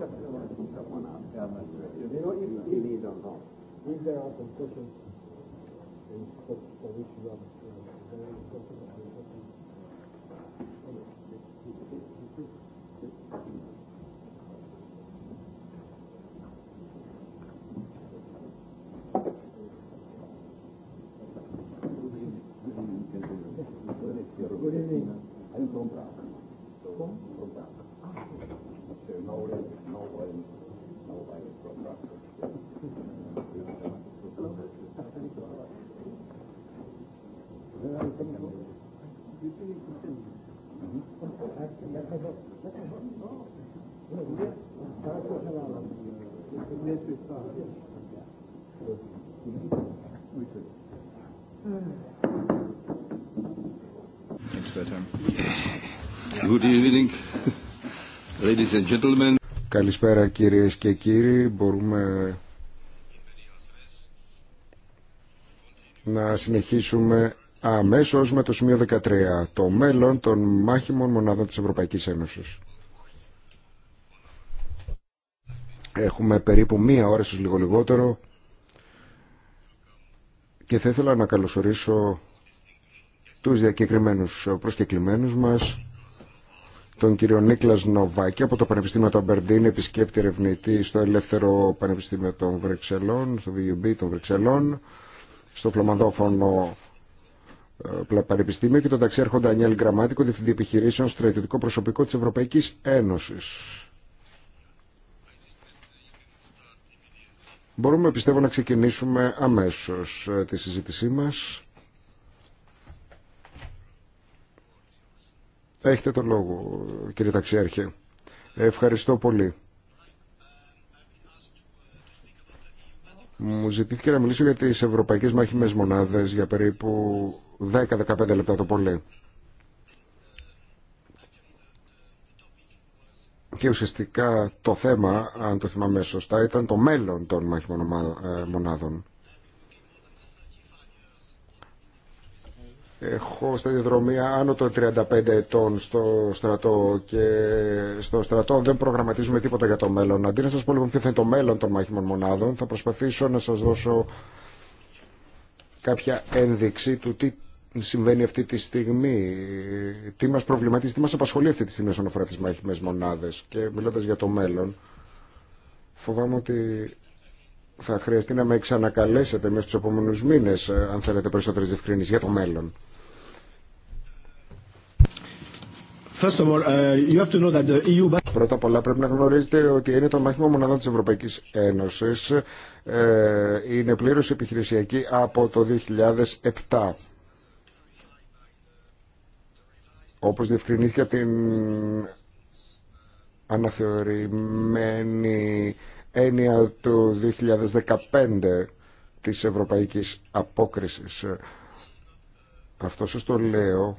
just want to need there are and Good evening, ladies and gentlemen. Καλησπέρα κυρίες και κύριοι. Μπορούμε να συνεχίσουμε αμέσως με το σημείο 13, το μέλλον των μάχημων μονάδων της Ευρωπαϊκής Ένωσης. Έχουμε περίπου μία ώρα, στους λίγο λιγότερο, και θα ήθελα να καλωσορίσω τους διακεκριμένους προσκεκλημένους μας τον κύριο Νίκλα Νοβάκη από το Πανεπιστήμιο του Μπερντίν, επισκέπτη ερευνητή στο Ελεύθερο Πανεπιστήμιο των Βρυξελών, στο VUB των Βρυξελών, στο Φλαμανδόφωνο ε, Πανεπιστήμιο και τον ταξιάρχο Ντανιέλ Γραμμάτικο διευθυντή επιχειρήσεων, στρατιωτικό προσωπικό τη Ευρωπαϊκή Ένωση. Μπορούμε πιστεύω να ξεκινήσουμε αμέσως ε, τη συζήτησή μας. Έχετε τον λόγο, κύριε Ταξιάρχε. Ευχαριστώ πολύ. Μου ζητήθηκε να μιλήσω για τις ευρωπαϊκές μάχημες μονάδες για περίπου 10-15 λεπτά το πολύ. Και ουσιαστικά το θέμα, αν το θυμάμαι σωστά, ήταν το μέλλον των μάχημων ε, μονάδων. Έχω σταδιοδρομία άνω των 35 ετών στο στρατό και στο στρατό δεν προγραμματίζουμε τίποτα για το μέλλον. Αντί να σας πω λοιπόν ποιο θα είναι το μέλλον των μάχημων μονάδων, θα προσπαθήσω να σας δώσω κάποια ένδειξη του τι συμβαίνει αυτή τη στιγμή, τι μας προβληματίζει, τι μας απασχολεί αυτή τη στιγμή όσον αφορά τις μάχημες μονάδες και μιλώντας για το μέλλον φοβάμαι ότι θα χρειαστεί να με ξανακαλέσετε μέσα στους επόμενους μήνες ε, αν θέλετε περισσότερες διευκρινήσεις για το μέλλον. Πρώτα απ' όλα πρέπει να γνωρίζετε ότι είναι το μάχημα Μονάδων της Ευρωπαϊκής Ένωσης. Ε, είναι πλήρως επιχειρησιακή από το 2007. Όπως διευκρινήθηκε την αναθεωρημένη έννοια του 2015 της Ευρωπαϊκής Απόκρισης. Αυτό σας το λέω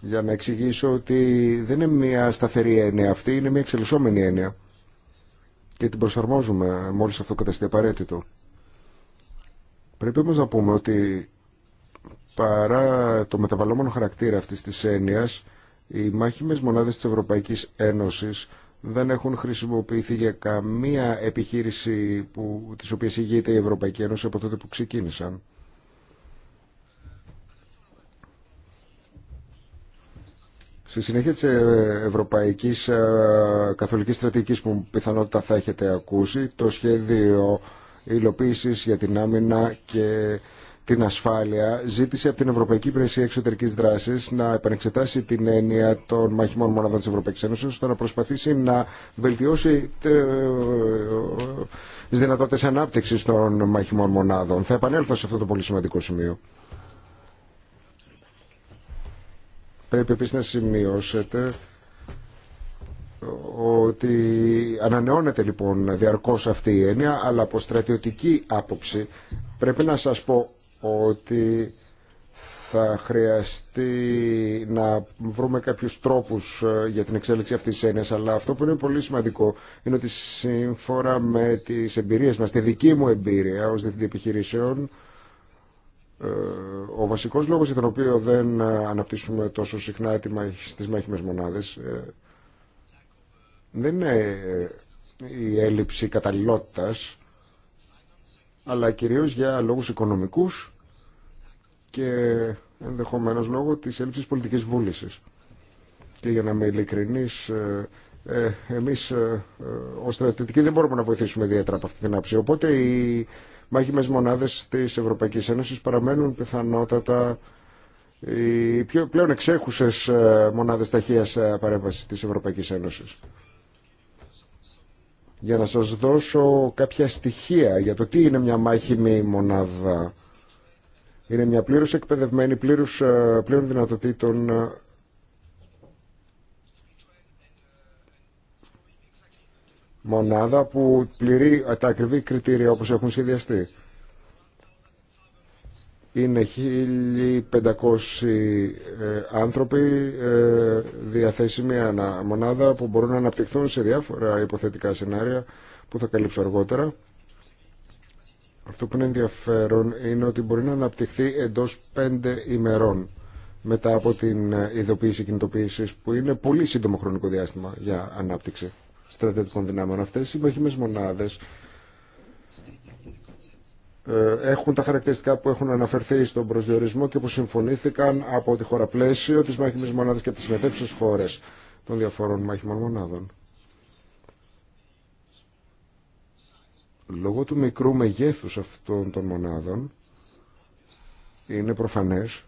για να εξηγήσω ότι δεν είναι μια σταθερή έννοια αυτή, είναι μια εξελισσόμενη έννοια και την προσαρμόζουμε μόλις αυτό καταστεί απαραίτητο. Πρέπει όμως να πούμε ότι παρά το μεταβαλλόμενο χαρακτήρα αυτής της έννοιας, οι μάχημες μονάδες της Ευρωπαϊκής Ένωσης δεν έχουν χρησιμοποιηθεί για καμία επιχείρηση που, της οποίας ηγείται η Ευρωπαϊκή Ένωση από τότε που ξεκίνησαν. Στη συνέχεια της ε, Ευρωπαϊκής ε, Καθολικής Στρατηγικής που πιθανότητα θα έχετε ακούσει, το σχέδιο υλοποίησης για την άμυνα και την ασφάλεια ζήτησε από την Ευρωπαϊκή Υπηρεσία Εξωτερική Δράση να επανεξετάσει την έννοια των μαχημών μονάδων τη Ευρωπαϊκή Ένωση ώστε να προσπαθήσει να βελτιώσει ε, τι δυνατότητε ανάπτυξη των μαχημών μονάδων. Θα επανέλθω σε αυτό το πολύ σημαντικό σημείο. Πρέπει επίσης να σημειώσετε ότι ανανεώνεται λοιπόν διαρκώς αυτή η έννοια, αλλά από στρατιωτική άποψη πρέπει να σας πω ότι θα χρειαστεί να βρούμε κάποιους τρόπους ε, για την εξέλιξη αυτής της έννοιας, αλλά αυτό που είναι πολύ σημαντικό είναι ότι σύμφωνα με τις εμπειρίες μας, τη δική μου εμπειρία ως διευθυντή επιχειρήσεων, ο βασικός λόγος για τον οποίο δεν ε, αναπτύσσουμε τόσο συχνά στις μάχημες μονάδες ε, δεν είναι ε, η έλλειψη καταλληλότητας αλλά κυρίως για λόγους οικονομικούς και ενδεχομένως λόγω της έλλειψης πολιτικής βούλησης. Και για να είμαι ειλικρινής, εμείς ως στρατητικοί δεν μπορούμε να βοηθήσουμε ιδιαίτερα από αυτή την άψη. Οπότε η μάχημες μονάδες της Ευρωπαϊκής Ένωσης παραμένουν πιθανότατα οι πιο, πλέον εξέχουσες ε, μονάδες ταχείας ε, παρέμβασης της Ευρωπαϊκής Ένωσης. Για να σας δώσω κάποια στοιχεία για το τι είναι μια μάχημη μονάδα. Είναι μια πλήρως εκπαιδευμένη, πλήρως, ε, πλήρων δυνατοτήτων μονάδα που πληρεί τα ακριβή κριτήρια όπως έχουν σχεδιαστεί. Είναι 1.500 ε, άνθρωποι ε, διαθέσιμοι ανά μονάδα που μπορούν να αναπτυχθούν σε διάφορα υποθετικά σενάρια που θα καλύψω αργότερα. Αυτό που είναι ενδιαφέρον είναι ότι μπορεί να αναπτυχθεί εντός πέντε ημερών μετά από την ε, ειδοποίηση κινητοποίησης που είναι πολύ σύντομο χρονικό διάστημα για ανάπτυξη στρατιωτικών δυνάμεων. Αυτές οι μαχημές μονάδες ε, έχουν τα χαρακτηριστικά που έχουν αναφερθεί στον προσδιορισμό και που συμφωνήθηκαν από τη χώρα πλαίσιο της μάχημης μονάδας και από τις χώρε χώρες των διαφορών μάχημων μονάδων. Λόγω του μικρού μεγέθους αυτών των μονάδων είναι προφανές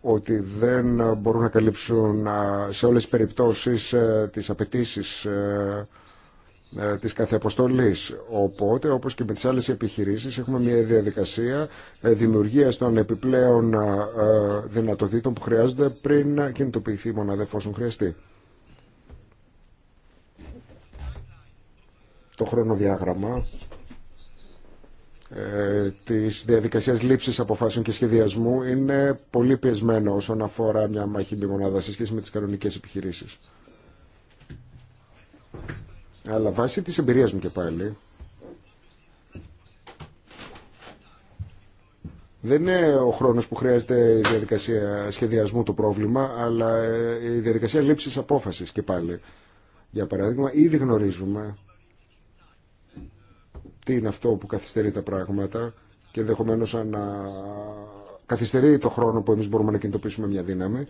ότι δεν μπορούν να καλύψουν σε όλες τις περιπτώσεις ε, τις απαιτήσει ε, ε, της κάθε Οπότε, όπως και με τις άλλες επιχειρήσεις, έχουμε μια διαδικασία δημιουργίας των επιπλέον δυνατοτήτων που χρειάζονται πριν να κινητοποιηθεί η μονάδα εφόσον χρειαστεί. Το χρονοδιάγραμμα ε, της διαδικασίας λήψης αποφάσεων και σχεδιασμού είναι πολύ πιεσμένο όσον αφορά μια μάχημη μονάδα σε σχέση με τις κανονικές επιχειρήσεις. Αλλά βάσει της εμπειρίας μου και πάλι, δεν είναι ο χρόνος που χρειάζεται η διαδικασία σχεδιασμού το πρόβλημα, αλλά ε, η διαδικασία λήψης απόφασης και πάλι. Για παράδειγμα, ήδη γνωρίζουμε τι είναι αυτό που καθυστερεί τα πράγματα και ενδεχομένω να καθυστερεί το χρόνο που εμείς μπορούμε να κινητοποιήσουμε μια δύναμη.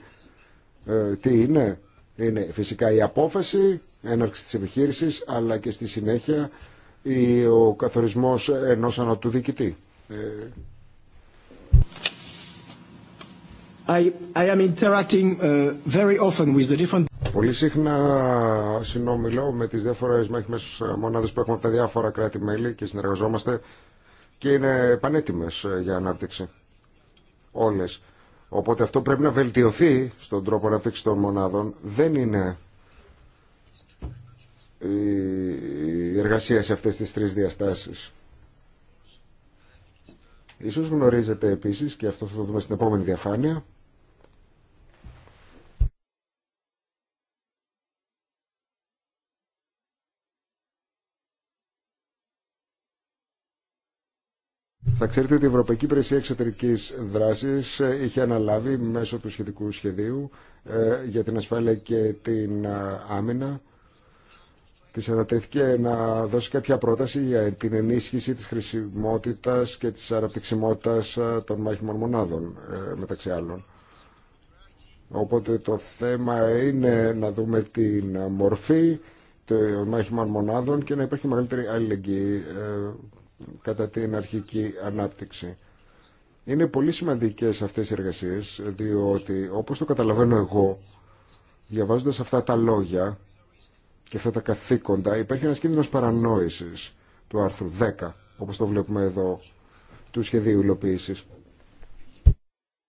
Ε, τι είναι, είναι φυσικά η απόφαση έναρξη της επιχείρησης αλλά και στη συνέχεια η, ο καθορισμός ενός ανατού διοικητή. Ε, I, am interacting uh, very often with the different Πολύ συχνά συνομιλώ με τις διάφορες μέχμες ε, μονάδες που έχουμε από τα διάφορα κράτη-μέλη και συνεργαζόμαστε και είναι πανέτοιμες ε, για ανάπτυξη όλες. Οπότε αυτό πρέπει να βελτιωθεί στον τρόπο ανάπτυξη των μονάδων. Δεν είναι η εργασία σε αυτές τις τρεις διαστάσεις. Ίσως γνωρίζετε επίσης, και αυτό θα το δούμε στην επόμενη διαφάνεια, Θα ξέρετε ότι η Ευρωπαϊκή Υπηρεσία Εξωτερική Δράση ε, είχε αναλάβει μέσω του σχετικού σχεδίου ε, για την ασφάλεια και την ε, άμυνα. Τη ανατέθηκε να δώσει κάποια πρόταση για την ενίσχυση τη χρησιμότητα και τη αναπτυξιμότητα των μάχημων μονάδων, μεταξύ άλλων. Οπότε το θέμα είναι να δούμε την μορφή των μάχημων μονάδων και να υπάρχει μεγαλύτερη αλληλεγγύη κατά την αρχική ανάπτυξη. Είναι πολύ σημαντικές αυτές οι εργασίες, διότι όπως το καταλαβαίνω εγώ, διαβάζοντας αυτά τα λόγια και αυτά τα καθήκοντα, υπάρχει ένας κίνδυνος παρανόησης του άρθρου 10, όπως το βλέπουμε εδώ, του σχεδίου υλοποίηση.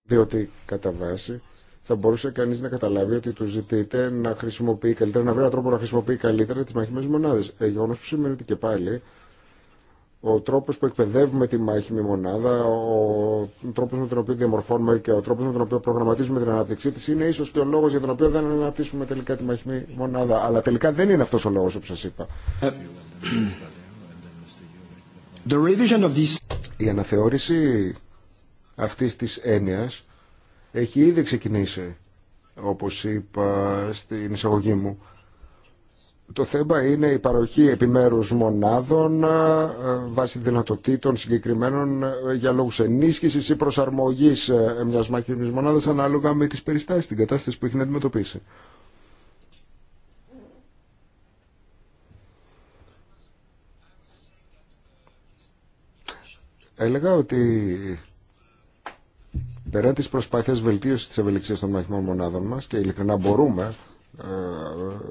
Διότι κατά βάση θα μπορούσε κανεί να καταλάβει ότι του ζητείτε να χρησιμοποιεί καλύτερα, να βρει έναν τρόπο να χρησιμοποιεί καλύτερα τι μαχημένε μονάδε. Ε, που σημαίνει και πάλι ο τρόπος που εκπαιδεύουμε τη μάχημη μονάδα, ο τρόπος με τον οποίο διαμορφώνουμε και ο τρόπος με τον οποίο προγραμματίζουμε την ανάπτυξή της είναι ίσως και ο λόγος για τον οποίο δεν αναπτύσσουμε τελικά τη μάχημη μονάδα. Αλλά τελικά δεν είναι αυτός ο λόγος όπως σας είπα. Ε, this... Η αναθεώρηση αυτής της έννοιας έχει ήδη ξεκινήσει, όπως είπα στην εισαγωγή μου. Το θέμα είναι η παροχή επιμέρους μονάδων ε, βάσει δυνατοτήτων συγκεκριμένων ε, για λόγους ενίσχυσης ή προσαρμογής ε, μιας μαχημής μονάδας ανάλογα με τις περιστάσεις, την κατάσταση που έχει να αντιμετωπίσει. Έλεγα ότι πέρα τις προσπάθειες βελτίωσης της ευελιξίας των μαχημών μονάδων μας και ειλικρινά μπορούμε ε,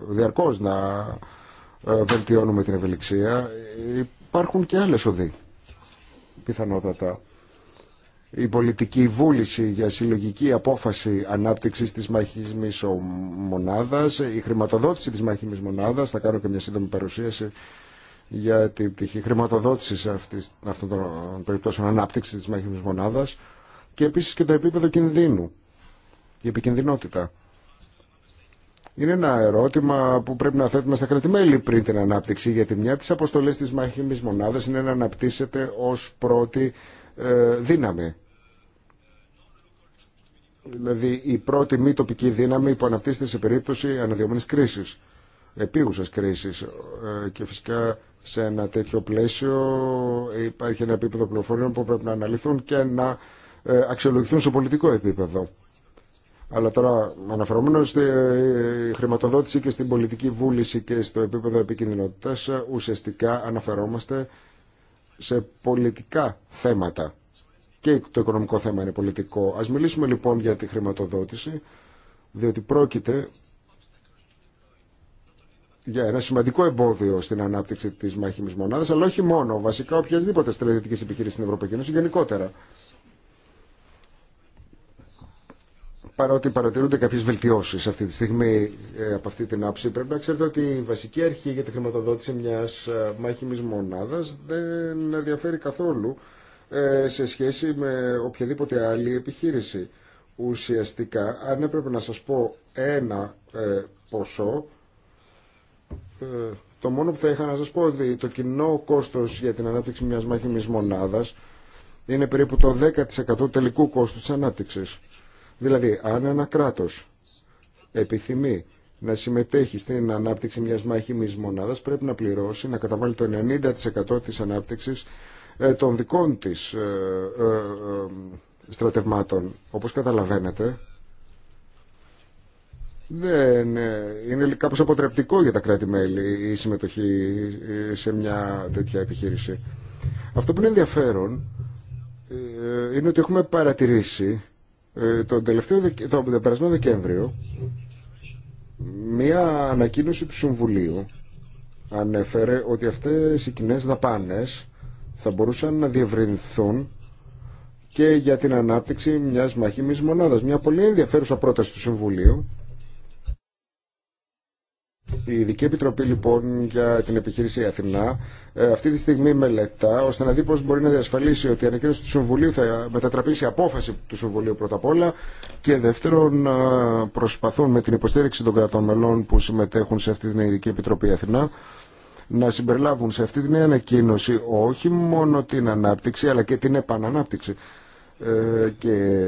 διαρκώς να ε, βελτιώνουμε την ευελιξία. Υπάρχουν και άλλες οδοί, πιθανότατα. Η πολιτική βούληση για συλλογική απόφαση ανάπτυξης της μαχημής μονάδας, η χρηματοδότηση της μαχημής μονάδας, θα κάνω και μια σύντομη παρουσίαση για την πτυχή χρηματοδότησης αυτών των περιπτώσεων ανάπτυξης της μαχημής μονάδας και επίσης και το επίπεδο κινδύνου, η επικινδυνότητα. Είναι ένα ερώτημα που πρέπει να θέτουμε στα κρατημέλη πριν την ανάπτυξη, γιατί μια από τις αποστολές της μάχημης μονάδας είναι να αναπτύσσεται ως πρώτη ε, δύναμη. Δηλαδή η πρώτη μη τοπική δύναμη που αναπτύσσεται σε περίπτωση αναδιωμένης κρίσης, επίγουσας κρίσης ε, και φυσικά σε ένα τέτοιο πλαίσιο υπάρχει ένα επίπεδο πληροφοριών που πρέπει να αναλυθούν και να ε, αξιολογηθούν σε πολιτικό επίπεδο. Αλλά τώρα αναφερόμενο στη ε, χρηματοδότηση και στην πολιτική βούληση και στο επίπεδο επικίνδυνοτητας ε, ουσιαστικά αναφερόμαστε σε πολιτικά θέματα και το οικονομικό θέμα είναι πολιτικό. Ας μιλήσουμε λοιπόν για τη χρηματοδότηση διότι πρόκειται για ένα σημαντικό εμπόδιο στην ανάπτυξη της μάχημης μονάδας αλλά όχι μόνο, βασικά οποιασδήποτε στρατιωτικής επιχείρησης στην Ευρωπαϊκή Ένωση γενικότερα. παρότι παρατηρούνται κάποιες βελτιώσεις αυτή τη στιγμή ε, από αυτή την άψη. Πρέπει να ξέρετε ότι η βασική αρχή για τη χρηματοδότηση μιας ε, μάχημης μονάδας δεν διαφέρει καθόλου ε, σε σχέση με οποιαδήποτε άλλη επιχείρηση. Ουσιαστικά, αν έπρεπε να σας πω ένα ποσό, το μόνο που θα είχα να σας πω ότι το κοινό κόστος για την ανάπτυξη μιας μάχημης μονάδας είναι περίπου το 10% τελικού κόστου της ανάπτυξης. Δηλαδή, αν ένα κράτος επιθυμεί να συμμετέχει στην ανάπτυξη μιας μάχημη μονάδα, πρέπει να πληρώσει, να καταβάλει το 90% της ανάπτυξης ε, των δικών της ε, ε, στρατευμάτων. Όπως καταλαβαίνετε, δεν είναι κάπω αποτρεπτικό για τα κράτη-μέλη η συμμετοχή σε μια τέτοια επιχείρηση. Αυτό που είναι ενδιαφέρον είναι ότι έχουμε παρατηρήσει ε, το τελευταίο, τον περασμένο Δεκέμβριο μία ανακοίνωση του Συμβουλίου ανέφερε ότι αυτές οι κοινέ δαπάνες θα μπορούσαν να διευρυνθούν και για την ανάπτυξη μιας μαχήμης μονάδας. Μια πολύ ενδιαφέρουσα πρόταση του Συμβουλίου η Ειδική Επιτροπή λοιπόν για την επιχείρηση Αθηνά ε, αυτή τη στιγμή μελετά ώστε να δει πώ μπορεί να διασφαλίσει ότι η ανακοίνωση του Συμβουλίου θα μετατραπεί σε απόφαση του Συμβουλίου πρώτα απ' όλα και δεύτερον ε, προσπαθούν με την υποστήριξη των κρατών μελών που συμμετέχουν σε αυτή την Ειδική Επιτροπή Αθηνά να συμπεριλάβουν σε αυτή την ανακοίνωση όχι μόνο την ανάπτυξη αλλά και την επανανάπτυξη ε, και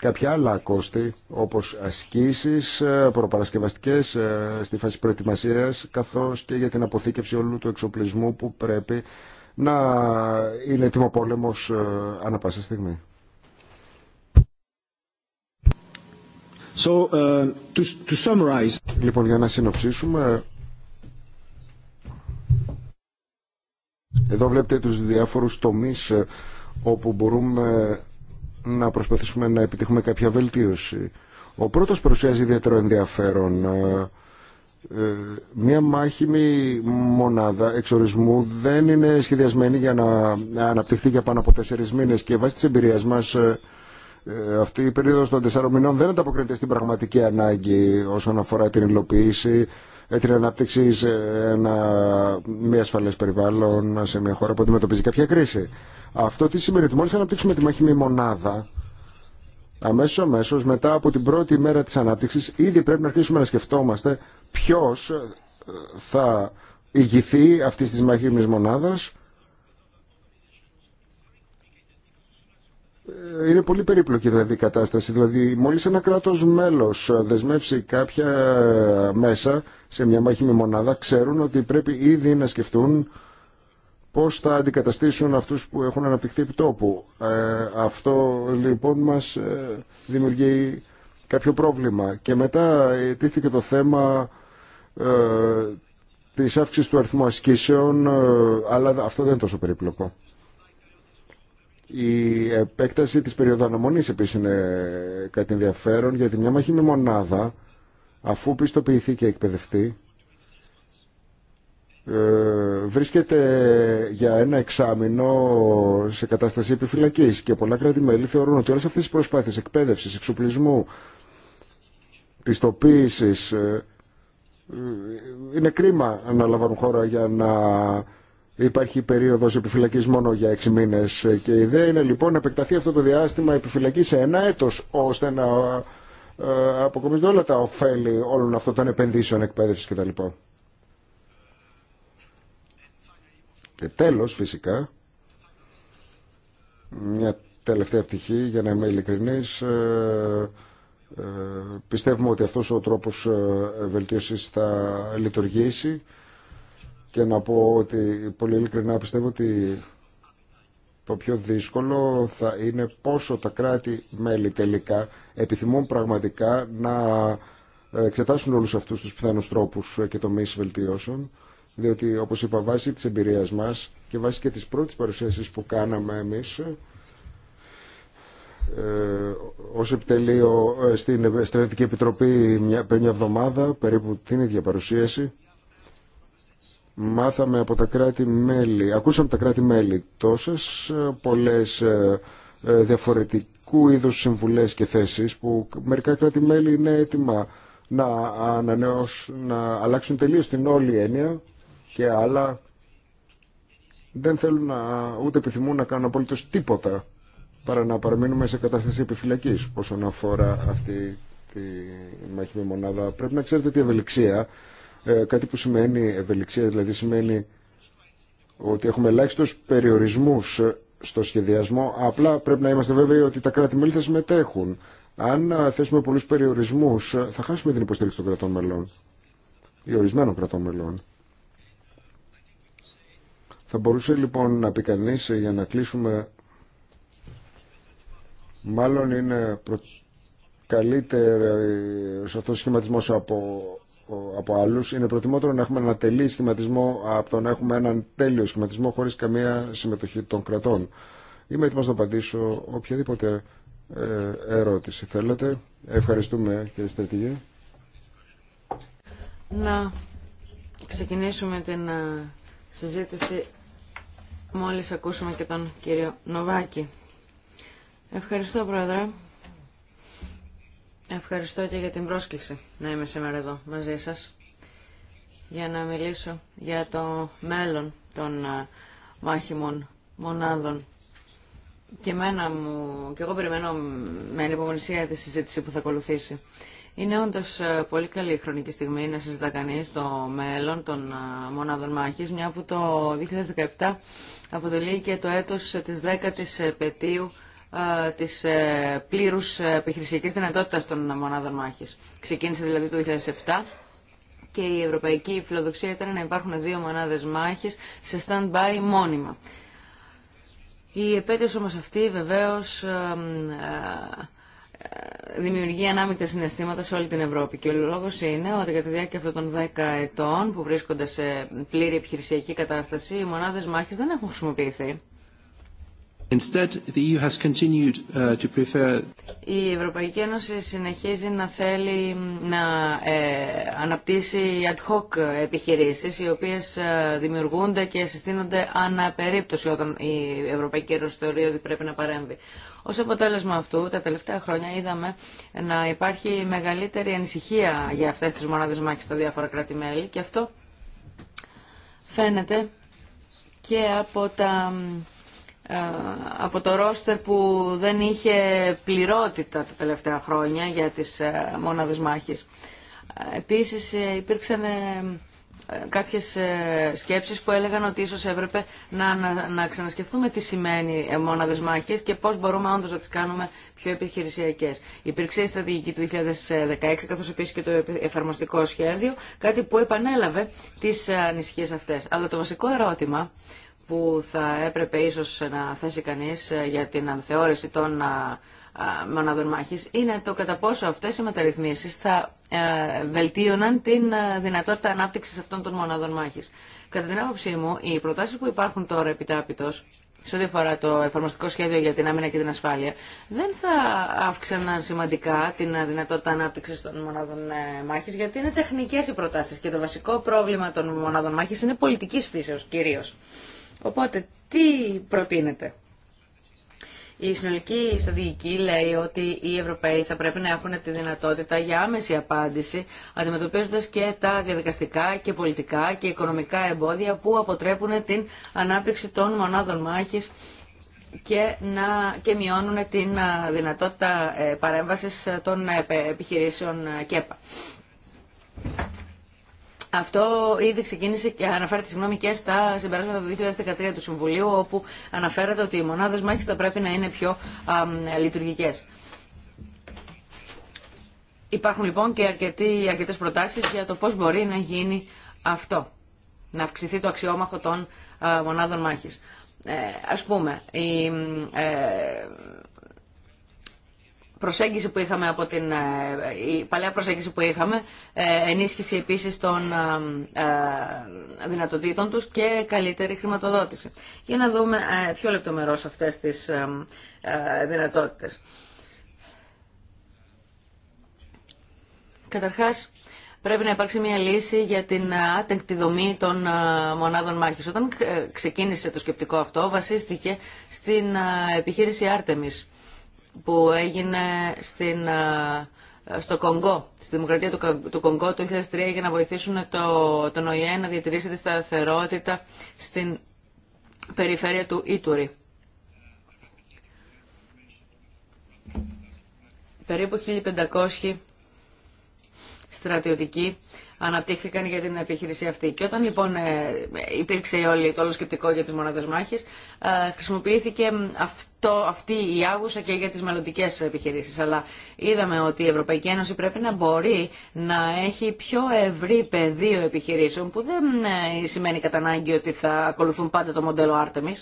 κάποια άλλα κόστη όπως ασκήσεις, ε, προπαρασκευαστικές ε, στη φάση προετοιμασίας καθώς και για την αποθήκευση όλου του εξοπλισμού που πρέπει να είναι έτοιμο πόλεμος ε, ανά πάσα στιγμή. So, uh, to, summarize... Λοιπόν, για να συνοψίσουμε, εδώ βλέπετε τους διάφορους τομείς όπου μπορούμε να προσπαθήσουμε να επιτύχουμε κάποια βελτίωση. Ο πρώτος παρουσιάζει ιδιαίτερο ενδιαφέρον. Ε, ε, μία μάχημη μονάδα εξορισμού δεν είναι σχεδιασμένη για να αναπτυχθεί για πάνω από τέσσερις μήνες και βάσει της εμπειρία μας ε, αυτή η περίοδος των τεσσάρων μηνών δεν ανταποκρίνεται στην πραγματική ανάγκη όσον αφορά την υλοποίηση ε, την ανάπτυξη σε ένα μη περιβάλλον σε μια χώρα που αντιμετωπίζει κάποια κρίση. Αυτό τι σημαίνει ότι μόλις αναπτύξουμε τη μάχημη μονάδα αμέσως αμέσω, μετά από την πρώτη μέρα της ανάπτυξης ήδη πρέπει να αρχίσουμε να σκεφτόμαστε ποιος ε, θα ηγηθεί αυτής της μαχήμης μονάδας είναι πολύ περίπλοκη δηλαδή η κατάσταση. Δηλαδή, μόλις ένα κράτος μέλος δεσμεύσει κάποια μέσα σε μια μάχη με μονάδα, ξέρουν ότι πρέπει ήδη να σκεφτούν πώς θα αντικαταστήσουν αυτούς που έχουν αναπτυχθεί επί τόπου. Ε, αυτό λοιπόν μας ε, δημιουργεί κάποιο πρόβλημα. Και μετά τίθηκε το θέμα ε, της αύξησης του αριθμού ασκήσεων, ε, αλλά αυτό δεν είναι τόσο περίπλοκο. Η επέκταση της περίοδου αναμονής επίσης είναι κάτι ενδιαφέρον γιατί μια μαχημή μονάδα αφού πιστοποιηθεί και εκπαιδευτεί ε, βρίσκεται για ένα εξάμεινο σε κατάσταση επιφυλακής και πολλά κράτη-μέλη θεωρούν ότι όλες αυτές οι προσπάθειες εκπαίδευσης, εξοπλισμού, πιστοποίησης ε, ε, είναι κρίμα να λαμβάνουν χώρα για να Υπάρχει περίοδο επιφυλακή μόνο για 6 μήνε και η ιδέα είναι λοιπόν να επεκταθεί αυτό το διάστημα επιφυλακή σε ένα έτο ώστε να ε, αποκομίζονται όλα τα ωφέλη όλων αυτών των επενδύσεων εκπαίδευση κτλ. Και τέλο, φυσικά, μια τελευταία πτυχή για να είμαι ειλικρινής, ε, ε, πιστεύουμε ότι αυτός ο τρόπος βελτίωσης θα λειτουργήσει και να πω ότι πολύ ειλικρινά πιστεύω ότι το πιο δύσκολο θα είναι πόσο τα κράτη-μέλη τελικά επιθυμούν πραγματικά να εξετάσουν όλους αυτούς τους πιθανούς τρόπους και τομείς βελτιώσεων διότι όπως είπα βάσει της εμπειρίας μας και βάσει και της πρώτης παρουσίασης που κάναμε εμείς ε, ως επιτελείο ε, στην Στρατιωτική Επιτροπή μια, πριν μια εβδομάδα περίπου την ίδια παρουσίαση μάθαμε από τα κράτη-μέλη, ακούσαμε από τα κράτη-μέλη τόσες ε, πολλές ε, ε, διαφορετικού είδους συμβουλές και θέσεις που μερικά κράτη-μέλη είναι έτοιμα να, να αλλάξουν τελείως την όλη έννοια και άλλα δεν θέλουν να, ούτε επιθυμούν να κάνουν απολύτως τίποτα παρά να παραμείνουμε σε κατάσταση επιφυλακής όσον αφορά αυτή τη μάχημη μονάδα. Πρέπει να ξέρετε ότι η ευελιξία ε, κάτι που σημαίνει ευελιξία, δηλαδή σημαίνει ότι έχουμε ελάχιστου περιορισμού στο σχεδιασμό. Απλά πρέπει να είμαστε βέβαιοι ότι τα κράτη-μέλη θα συμμετέχουν. Αν ε, θέσουμε πολλού περιορισμού, ε, θα χάσουμε την υποστήριξη των κρατών μελών ή ορισμένων κρατών μελών. Θα μπορούσε λοιπόν να πει κανεί για να κλείσουμε. Μάλλον είναι προ... καλύτερο σε αυτό ο σχηματισμό από από άλλους. Είναι προτιμότερο να έχουμε ένα τελή σχηματισμό από το να έχουμε έναν τέλειο σχηματισμό χωρίς καμία συμμετοχή των κρατών. Είμαι έτοιμος να απαντήσω οποιαδήποτε ε, ερώτηση θέλετε. Ευχαριστούμε κύριε Στρατηγέ. Να ξεκινήσουμε την ε, συζήτηση μόλις ακούσουμε και τον κύριο Νοβάκη. Ευχαριστώ πρόεδρε. Ευχαριστώ και για την πρόσκληση να είμαι σήμερα εδώ μαζί σας για να μιλήσω για το μέλλον των ε, μάχημων μονάδων. Και, μενα μου, και εγώ περιμένω με ανυπομονησία τη συζήτηση που θα ακολουθήσει. Είναι όντω ε, πολύ καλή χρονική στιγμή να συζητά κανεί το μέλλον των ε, μονάδων μάχη, μια που το 2017 αποτελεί και το έτο τη 10 η επαιτίου της ε, πλήρου επιχειρησιακή δυνατότητα των μονάδων μάχης. Ξεκίνησε δηλαδή το 2007 και η ευρωπαϊκή φιλοδοξία ήταν να υπάρχουν δύο μονάδες μάχης σε stand-by μόνιμα. Η επέτειος όμως αυτή βεβαίως δημιουργεί ανάμεικτα συναισθήματα σε όλη την Ευρώπη. Και ο λόγο είναι ότι κατά τη διάρκεια αυτών των 10 ετών που βρίσκονται σε πλήρη επιχειρησιακή κατάσταση, οι μονάδε μάχη δεν έχουν χρησιμοποιηθεί. E uh, η Ευρωπαϊκή Ένωση συνεχίζει να θέλει να ε, αναπτύσσει ad hoc επιχειρήσεις οι οποίες ε, δημιουργούνται και συστήνονται αναπερίπτωση όταν η Ευρωπαϊκή Ένωση θεωρεί ότι πρέπει να παρέμβει. Ως αποτέλεσμα αυτού, τα τελευταία χρόνια είδαμε να υπάρχει μεγαλύτερη ανησυχία για αυτές τις μονάδες μάχης στα διάφορα κράτη-μέλη και αυτό φαίνεται και από τα από το ρόστερ που δεν είχε πληρότητα τα τελευταία χρόνια για τις ε, μόναδες μάχης. Επίσης ε, υπήρξαν ε, κάποιες σκέψεις που έλεγαν ότι ίσως έπρεπε να, να, ξανασκεφτούμε τι σημαίνει μόναδες μάχης και πώς μπορούμε όντως να τις κάνουμε πιο επιχειρησιακές. Υπήρξε η στρατηγική του 2016 καθώς επίσης και το εφαρμοστικό σχέδιο, κάτι που επανέλαβε τις ανησυχίες αυτές. Αλλά το βασικό ερώτημα που θα έπρεπε ίσως να θέσει κανείς ε, για την ανθεώρηση των ε, ε, μονάδων μάχης είναι το κατά πόσο αυτές οι μεταρρυθμίσεις θα βελτίωναν την δυνατότητα ανάπτυξης αυτών των μονάδων μάχης. Κατά την άποψή μου, οι προτάσεις που υπάρχουν τώρα επιτάπητος σε ό,τι αφορά το εφαρμοστικό σχέδιο για την άμυνα και την ασφάλεια, δεν θα αύξαναν σημαντικά την δυνατότητα ανάπτυξη των μονάδων μάχη, γιατί είναι τεχνικέ οι προτάσει και το βασικό πρόβλημα των μονάδων μάχη είναι πολιτική φύσεω κυρίω. Οπότε, τι προτείνετε. Η συνολική στρατηγική λέει ότι οι Ευρωπαίοι θα πρέπει να έχουν τη δυνατότητα για άμεση απάντηση, αντιμετωπίζοντας και τα διαδικαστικά και πολιτικά και οικονομικά εμπόδια που αποτρέπουν την ανάπτυξη των μονάδων μάχης και, να, και μειώνουν την δυνατότητα ε, παρέμβασης ε, των ε, επιχειρήσεων ΚΕΠΑ. Αυτό ήδη ξεκίνησε και αναφέρεται συγγνώμη και στα συμπεράσματα του 2013 του Συμβουλίου, όπου αναφέρεται ότι οι μονάδε μάχη θα πρέπει να είναι πιο λειτουργικέ. Υπάρχουν λοιπόν και αρκετοί, αρκετές προτάσεις για το πώς μπορεί να γίνει αυτό, να αυξηθεί το αξιόμαχο των μονάδων μάχης. Ε, ας πούμε, η, ε, προσέγγιση που είχαμε από την ε, η παλιά προσέγγιση που είχαμε, ε, ενίσχυση επίσης των ε, δυνατοτήτων τους και καλύτερη χρηματοδότηση. Για να δούμε πιο λεπτομερώς αυτές τις δυνατότητες. Καταρχάς, πρέπει να υπάρξει μια λύση για την άτεκτη δομή των μονάδων μάχης. Όταν ξεκίνησε το σκεπτικό αυτό, βασίστηκε στην επιχείρηση Άρτεμις που έγινε στην, ε, στο Κονγκό, στη Δημοκρατία του Κονγκό το 2003 για να βοηθήσουν το, τον ΟΗΕ να διατηρήσει τη σταθερότητα στην περιφέρεια του Ήτουρη. Περίπου 1500 στρατιωτικοί αναπτύχθηκαν για την επιχείρηση αυτή. Και όταν λοιπόν ε, υπήρξε όλη, το όλο σκεπτικό για τις μονάδες μάχης, ε, χρησιμοποιήθηκε αυτό, αυτή η άγουσα και για τις μελλοντικέ επιχειρήσεις. Αλλά είδαμε ότι η Ευρωπαϊκή Ένωση πρέπει να μπορεί να έχει πιο ευρύ πεδίο επιχειρήσεων, που δεν ε, σημαίνει κατά ανάγκη ότι θα ακολουθούν πάντα το μοντέλο Artemis.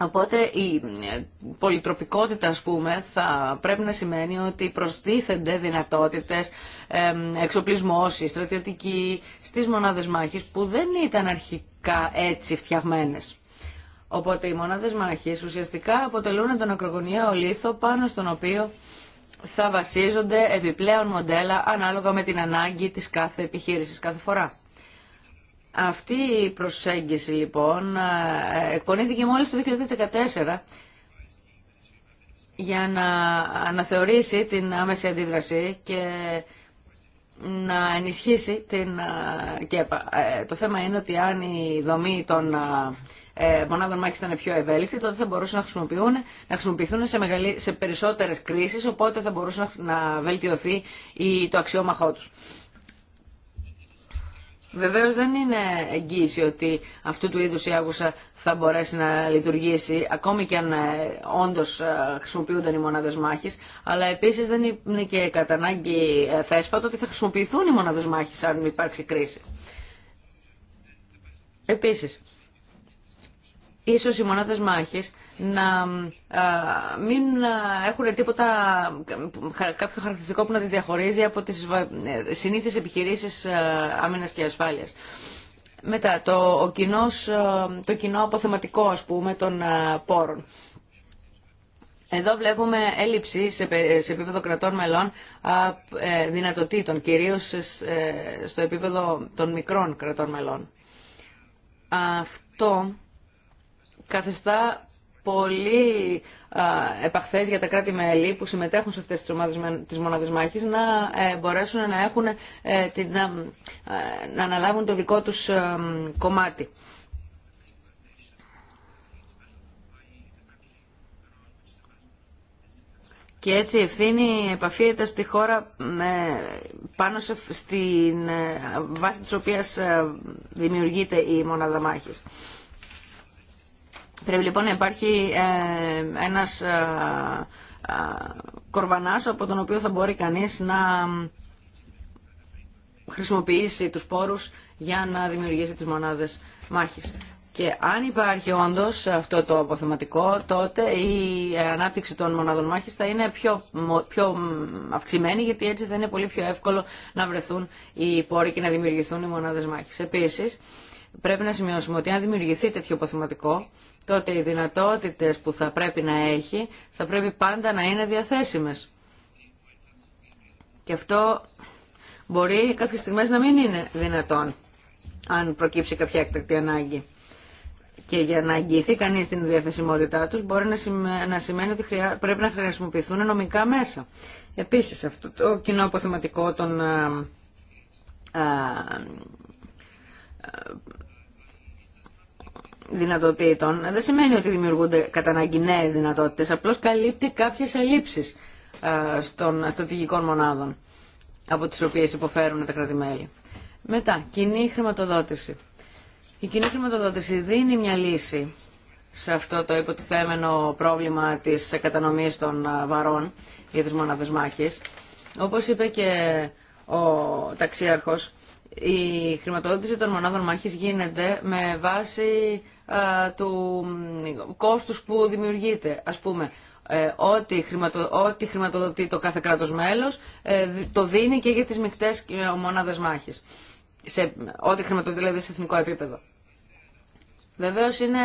Οπότε η ε, πολυτροπικότητα, ας πούμε, θα πρέπει να σημαίνει ότι προστίθενται δυνατότητες εξοπλισμός, στρατιωτική, στις μονάδες μάχης που δεν ήταν αρχικά έτσι φτιαγμένες. Οπότε οι μονάδες μάχης ουσιαστικά αποτελούν τον ακρογωνιαίο λίθο πάνω στον οποίο θα βασίζονται επιπλέον μοντέλα ανάλογα με την ανάγκη της κάθε επιχείρησης κάθε φορά. Αυτή η προσέγγιση λοιπόν ε, εκπονήθηκε μόλις το 2014 για να αναθεωρήσει την άμεση αντίδραση και να ενισχύσει την ε, ΚΕΠΑ. Το θέμα είναι ότι αν η δομή των ε, μονάδων μάχης ήταν πιο ευέλικτη, τότε θα μπορούσαν να, χρησιμοποιούν, να χρησιμοποιηθούν σε, μεγαλύ, σε περισσότερες κρίσεις, οπότε θα μπορούσε να βελτιωθεί το αξιόμαχό τους. Βεβαίω δεν είναι εγγύηση ότι αυτού του είδου η άγουσα θα μπορέσει να λειτουργήσει, ακόμη και αν ε, όντω ε, χρησιμοποιούνταν οι μονάδε μάχη, αλλά επίση δεν είναι και κατά ανάγκη ε, θέσπατο ότι θα χρησιμοποιηθούν οι μονάδε μάχη αν υπάρξει κρίση. Επίση, ίσω οι μονάδε μάχη να μην έχουν τίποτα, κάποιο χαρακτηριστικό που να τις διαχωρίζει από τις ε, συνήθεις επιχειρήσεις ε, άμυνας και ασφάλειας. Μετά, το, ο κοινός, ε, το κοινό αποθεματικό, ας πούμε, των πόρων. Εδώ βλέπουμε έλλειψη σε επίπεδο κρατών μελών δυνατοτήτων, κυρίως στο επίπεδο των μικρών κρατών μελών. Αυτό καθεστά πολύ επαχθές για τα κράτη-μέλη που συμμετέχουν σε αυτές τις, ομάδες, να ε, μπορέσουν να, έχουν, ε, την, ε, να, αναλάβουν το δικό τους κομμάτι. Και έτσι η ευθύνη επαφίεται στη χώρα με, πάνω σε, στην βάση της οποίας δημιουργείται η μονάδα μάχης. Πρέπει λοιπόν να υπάρχει ε, ένας ε, ε, κορβανάς από τον οποίο θα μπορεί κανείς να χρησιμοποιήσει τους πόρους για να δημιουργήσει τις μονάδες μάχης. Και αν υπάρχει όντω αυτό το αποθεματικό, τότε η ανάπτυξη των μονάδων μάχης θα είναι πιο, πιο αυξημένη, γιατί έτσι θα είναι πολύ πιο εύκολο να βρεθούν οι πόροι και να δημιουργηθούν οι μονάδες μάχης. Επίσης πρέπει να σημειώσουμε ότι αν δημιουργηθεί τέτοιο αποθεματικό, τότε οι δυνατότητες που θα πρέπει να έχει θα πρέπει πάντα να είναι διαθέσιμες. Και αυτό μπορεί κάποιες στιγμές να μην είναι δυνατόν, αν προκύψει κάποια έκτακτη ανάγκη. Και για να αγγιηθεί κανείς την διαθεσιμότητά τους μπορεί να σημαίνει ότι πρέπει να χρησιμοποιηθούν νομικά μέσα. Επίσης, αυτό το κοινό αποθεματικό των δυνατοτήτων δεν σημαίνει ότι δημιουργούνται κατά ανάγκη δυνατότητες, απλώς καλύπτει κάποιες ελλείψει των στρατηγικών μονάδων από τις οποίες υποφέρουν τα κράτη-μέλη. Μετά, κοινή χρηματοδότηση. Η κοινή χρηματοδότηση δίνει μια λύση σε αυτό το υποτιθέμενο πρόβλημα της κατανομή των βαρών για τι μοναδέ μάχης. Όπω είπε και ο ταξίαρχος, η χρηματοδότηση των μονάδων μάχης γίνεται με βάση ε, του κόστους που δημιουργείται. Ας πούμε, ε, ό,τι, χρηματο, χρηματοδοτεί το κάθε κράτος μέλος ε, το δίνει και για τις μεικτές μονάδες μάχης. Σε, ό,τι χρηματοδοτεί δηλαδή σε εθνικό επίπεδο. Βεβαίω είναι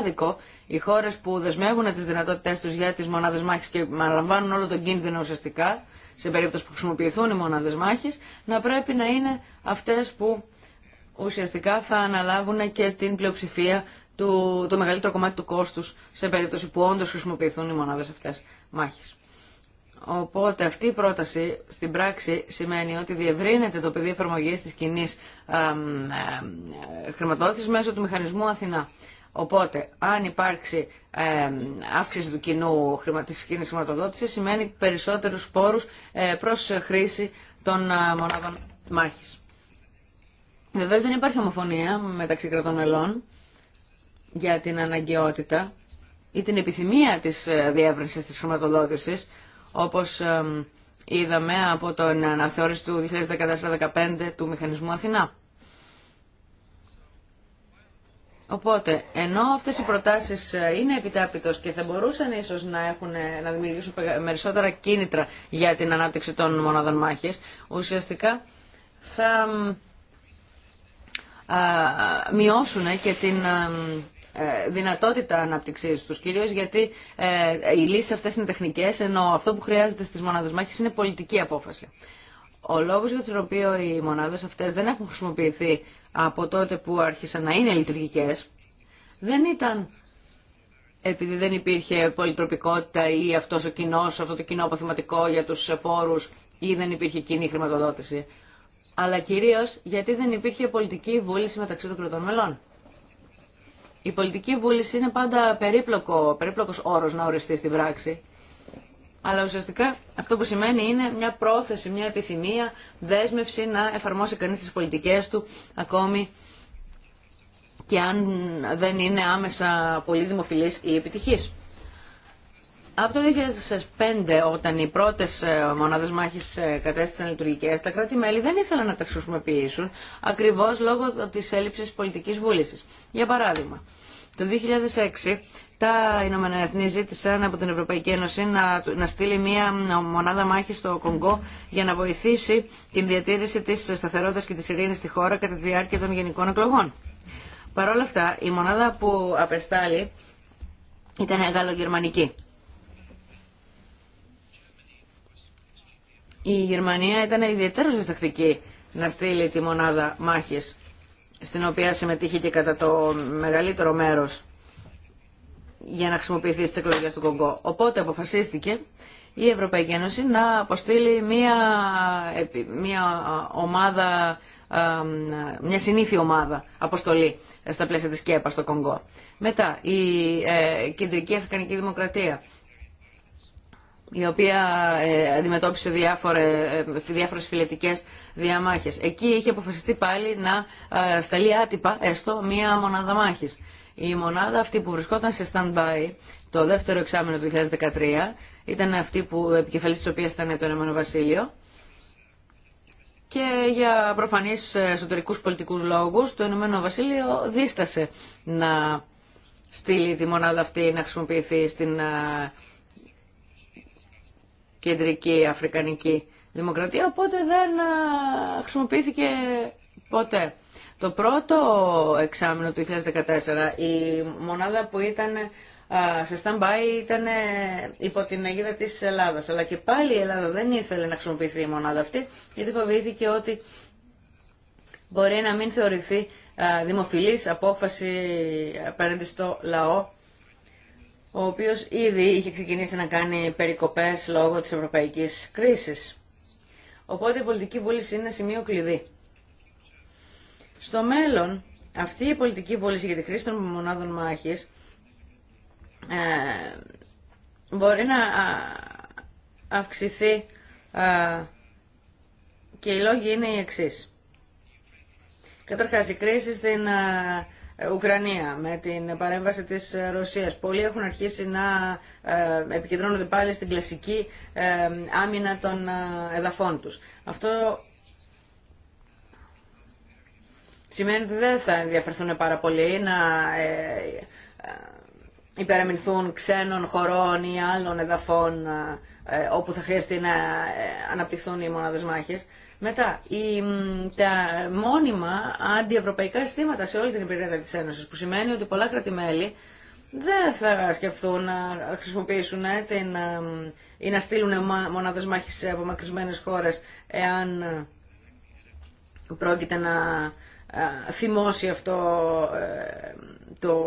άδικο οι χώρε που δεσμεύουν τι δυνατότητέ του για τι μονάδε μάχη και αναλαμβάνουν όλο τον κίνδυνο ουσιαστικά, σε περίπτωση που χρησιμοποιηθούν οι μονάδε μάχη, να πρέπει να είναι αυτέ που ουσιαστικά θα αναλάβουν και την πλειοψηφία του, το μεγαλύτερο κομμάτι του κόστου σε περίπτωση που όντω χρησιμοποιηθούν οι μονάδε αυτέ μάχη. Οπότε αυτή η πρόταση στην πράξη σημαίνει ότι διευρύνεται το πεδίο εφαρμογή τη κοινή χρηματοδότηση μέσω του μηχανισμού Αθηνά. Οπότε, αν υπάρξει αύξηση του κοινού της κοινή χρηματοδότηση, σημαίνει περισσότερου πόρου ε, προ χρήση των ε, μονάδων μάχης. Βεβαίω δεν υπάρχει ομοφωνία μεταξύ κρατών μελών για την αναγκαιότητα ή την επιθυμία της ε, διεύρυνσης της χρηματοδότηση, όπως είδαμε από την αναθεώρηση του 2014-2015 του Μηχανισμού Αθηνά. Οπότε, ενώ αυτέ οι προτάσει ε, είναι επιτάπητο και θα μπορούσαν ίσως να, ε, να δημιουργήσουν περισσότερα κίνητρα για την ανάπτυξη των μονάδων μάχη, ουσιαστικά θα μειώσουν και την ε, δυνατότητα ανάπτυξή του, κυρίω γιατί ε, οι λύσει αυτέ είναι τεχνικέ, ενώ αυτό που χρειάζεται στι μονάδε μάχη είναι πολιτική απόφαση. Ο λόγο για τον οποίο οι μονάδε αυτέ δεν έχουν χρησιμοποιηθεί από τότε που άρχισαν να είναι λειτουργικέ δεν ήταν επειδή δεν υπήρχε πολυτροπικότητα ή αυτός ο κοινός, αυτό το κοινό αποθηματικό για τους πόρους ή δεν υπήρχε κοινή χρηματοδότηση αλλά κυρίω γιατί δεν υπήρχε πολιτική βούληση μεταξύ των κρατών μελών. Η πολιτική βούληση είναι πάντα περίπλοκο, περίπλοκος όρος να οριστεί στην πράξη. Αλλά ουσιαστικά αυτό που σημαίνει είναι μια πρόθεση, μια επιθυμία, δέσμευση να εφαρμόσει κανείς τις πολιτικές του ακόμη και αν δεν είναι άμεσα πολύ δημοφιλής ή επιτυχής. Από το 2005, όταν οι πρώτε μονάδε μάχη ε, κατέστησαν λειτουργικέ, τα κράτη-μέλη δεν ήθελαν να τα χρησιμοποιήσουν ακριβώ λόγω τη έλλειψη πολιτική βούληση. Για παράδειγμα, το 2006 τα Ηνωμένα Εθνή ζήτησαν από την Ευρωπαϊκή Ένωση να, να στείλει μία μονάδα μάχη στο Κονγκό για να βοηθήσει την διατήρηση τη σταθερότητα και τη ειρήνη στη χώρα κατά τη διάρκεια των γενικών εκλογών. Παρ' όλα αυτά, η μονάδα που απεστάλλει ήταν γαλλογερμανική. η Γερμανία ήταν ιδιαίτερως διστακτική να στείλει τη μονάδα μάχης στην οποία συμμετείχε και κατά το μεγαλύτερο μέρος για να χρησιμοποιηθεί στις εκλογές του Κονγκό. Οπότε αποφασίστηκε η Ευρωπαϊκή Ένωση να αποστείλει μια, μια ομάδα μια συνήθη ομάδα αποστολή στα πλαίσια της ΚΕΠΑ στο Κονγκό. Μετά, η ε, Κεντρική Αφρικανική Δημοκρατία η οποία ε, αντιμετώπισε διάφορε, ε, διάφορες φιλετικές διαμάχες. Εκεί είχε αποφασιστεί πάλι να ε, σταλεί άτυπα έστω μία μονάδα μάχης. Η μονάδα αυτή που βρισκόταν σε stand-by το δεύτερο εξάμεινο του 2013 ήταν αυτή που επικεφαλής της οποίας ήταν το Ηνωμένο Βασίλειο και για προφανείς εσωτερικούς πολιτικούς λόγους το Ηνωμένο Βασίλειο δίστασε να στείλει τη μονάδα αυτή να χρησιμοποιηθεί στην κεντρική αφρικανική δημοκρατία, οπότε δεν ε, χρησιμοποιήθηκε ποτέ. Το πρώτο εξάμεινο του 2014 η μονάδα που ήταν ε, σε stand-by ήταν ε, υπό την αιγίδα της Ελλάδας. Αλλά και πάλι η Ελλάδα δεν ήθελε να χρησιμοποιηθεί η μονάδα αυτή, γιατί φοβήθηκε ότι μπορεί να μην θεωρηθεί δημοφιλής απόφαση απέναντι στο λαό ο οποίος ήδη είχε ξεκινήσει να κάνει περικοπές λόγω της ευρωπαϊκής κρίσης. Οπότε η πολιτική βούληση είναι σημείο κλειδί. Στο μέλλον, αυτή η πολιτική βούληση για τη χρήση των μονάδων μάχης ε, μπορεί να αυξηθεί ε, και οι λόγοι είναι οι εξής. Καταρχάς, η κρίση στην ε, ε, Ουκρανία, με την παρέμβαση της ε, Ρωσίας. Πολλοί έχουν αρχίσει να ε, επικεντρώνονται πάλι στην κλασική άμυνα των εδαφών τους. Αυτό σημαίνει ότι δεν θα ενδιαφερθούν πάρα πολύ να υπεραμεινθούν ξένων χωρών ή άλλων εδαφών όπου θα χρειαστεί να αναπτυχθούν οι μονάδες μάχης. Μετά, η, τα μόνιμα αντιευρωπαϊκά αισθήματα σε όλη την υπηρεσία της Ένωση, που σημαίνει ότι πολλά κρατημέλη δεν θα σκεφτούν να χρησιμοποιήσουν ε, την, ε, ή να στείλουν μονάδες μάχης σε απομακρυσμένες χώρες εάν ε, πρόκειται να θυμώσει αυτό το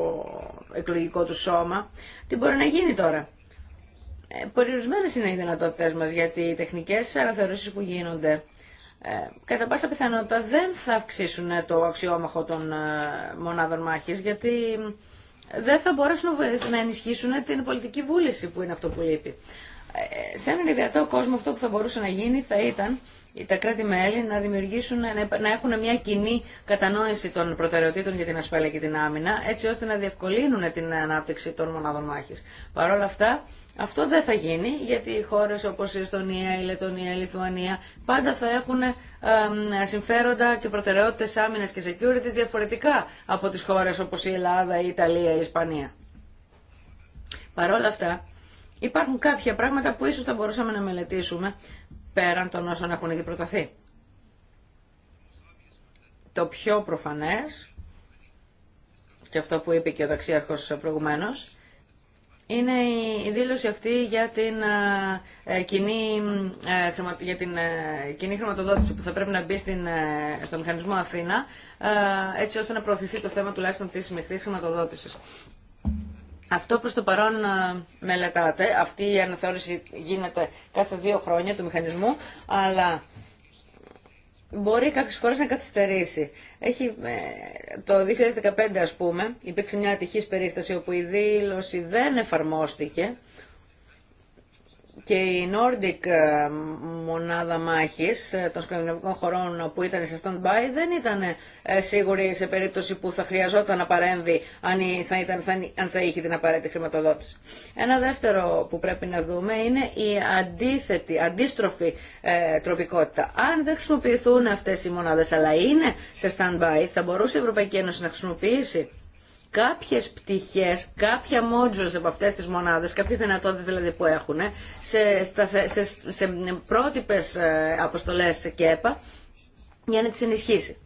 εκλογικό του σώμα. Τι μπορεί να γίνει τώρα. Περιορισμένες είναι οι δυνατότητε μα γιατί οι τεχνικέ αναθεωρήσει που γίνονται ε, κατά πάσα πιθανότητα δεν θα αυξήσουν το αξιόμαχο των ε, μονάδων μάχης γιατί δεν θα μπορέσουν να ενισχύσουν την πολιτική βούληση που είναι αυτό που λείπει. Ε, σε έναν ιδιαίτερο κόσμο αυτό που θα μπορούσε να γίνει θα ήταν τα κράτη-μέλη να, δημιουργήσουν, να έχουν μια κοινή κατανόηση των προτεραιοτήτων για την ασφάλεια και την άμυνα, έτσι ώστε να διευκολύνουν την ανάπτυξη των μονάδων μάχης. αυτά, αυτό δεν θα γίνει γιατί οι χώρες όπως η Εστονία, η Λετωνία, η Λιθουανία πάντα θα έχουν συμφέροντα και προτεραιότητες άμυνας και security διαφορετικά από τις χώρες όπως η Ελλάδα, η Ιταλία, η Ισπανία. Παρ' όλα αυτά υπάρχουν κάποια πράγματα που ίσως θα μπορούσαμε να μελετήσουμε πέραν των όσων έχουν ήδη προταθεί. Το πιο προφανές και αυτό που είπε και ο ταξίαρχος προηγουμένως είναι η δήλωση αυτή για την, ε, ε, κοινή, ε, για την κοινή χρηματοδότηση που θα πρέπει να μπει στην, στο μηχανισμό Αθήνα, έτσι ώστε να προωθηθεί το θέμα τουλάχιστον της μεικτής χρηματοδότησης. Αυτό προς το παρόν μελετάτε. Αυτή η αναθεώρηση γίνεται κάθε δύο χρόνια του μηχανισμού, αλλά μπορεί κάποιε φορέ να καθυστερήσει. Έχει, ε, το 2015 α πούμε υπήρξε μια ατυχή περίσταση όπου η δήλωση δεν εφαρμόστηκε και η Nordic ε, μονάδα μάχης ε, των σκανδιναβικών χωρών που ήταν σε stand-by δεν ήταν ε, σίγουρη σε περίπτωση που θα χρειαζόταν να παρέμβει αν θα, ήταν, αν θα είχε την απαραίτητη χρηματοδότηση. Ένα δεύτερο που πρέπει να δούμε είναι η αντίθετη, αντίστροφη τροπικότητα. Αν δεν χρησιμοποιηθούν αυτές οι μονάδες αλλά είναι σε stand-by θα μπορούσε η Ευρωπαϊκή Ένωση να χρησιμοποιήσει κάποιες πτυχές, κάποια modules από αυτές τις μονάδες, κάποιες δυνατότητες δηλαδή που έχουν, σε, σε, σε, σε πρότυπες ε, αποστολές σε ΚΕΠΑ, για να τις ενισχύσει.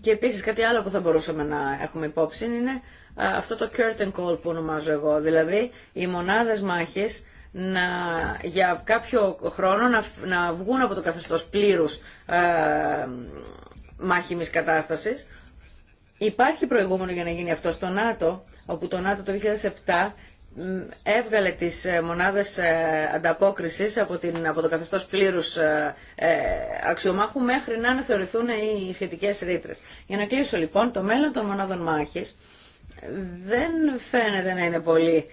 Και επίσης κάτι άλλο που θα μπορούσαμε να έχουμε υπόψη είναι ε, αυτό το curtain call που ονομάζω εγώ, δηλαδή οι μονάδες μάχης να, για κάποιο χρόνο να, να βγουν από το καθεστώς πλήρους ε, μάχημης κατάστασης. Υπάρχει προηγούμενο για να γίνει αυτό στο ΝΑΤΟ, όπου το ΝΑΤΟ το 2007 έβγαλε τις ε, μονάδες ε, ανταπόκρισης από, την, από το καθεστώς πλήρους ε, ε αξιομάχου μέχρι να αναθεωρηθούν οι σχετικές ρήτρε. Για να κλείσω λοιπόν, το μέλλον των μονάδων μάχης δεν φαίνεται να είναι πολύ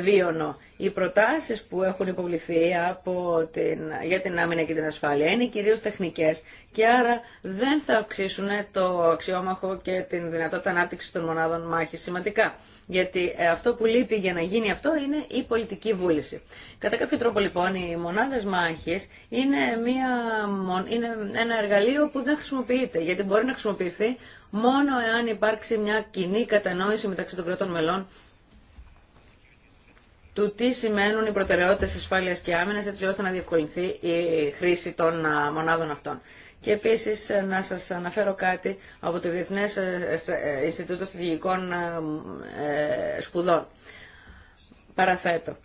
βίωνο. Οι προτάσεις που έχουν υποβληθεί από την, για την άμυνα και την ασφάλεια είναι κυρίως τεχνικές και άρα δεν θα αυξήσουν το αξιόμαχο και την δυνατότητα ανάπτυξης των μονάδων μάχης σημαντικά. Γιατί ε, αυτό που λείπει για να γίνει αυτό είναι η πολιτική βούληση. Κατά κάποιο τρόπο λοιπόν οι μονάδες μάχης είναι, μια, είναι ένα εργαλείο που δεν χρησιμοποιείται γιατί μπορεί να χρησιμοποιηθεί μόνο εάν υπάρξει μια κοινή κατανόηση μεταξύ των κρατών μελών του τι σημαίνουν οι προτεραιότητες ασφάλειας και άμυνας έτσι ώστε να διευκολυνθεί η χρήση των μονάδων αυτών. Και επίσης ε, να σας αναφέρω κάτι από το Διεθνές ε, ε, Ινστιτούτο Στρατηγικών Σπουδών. Παραθέτω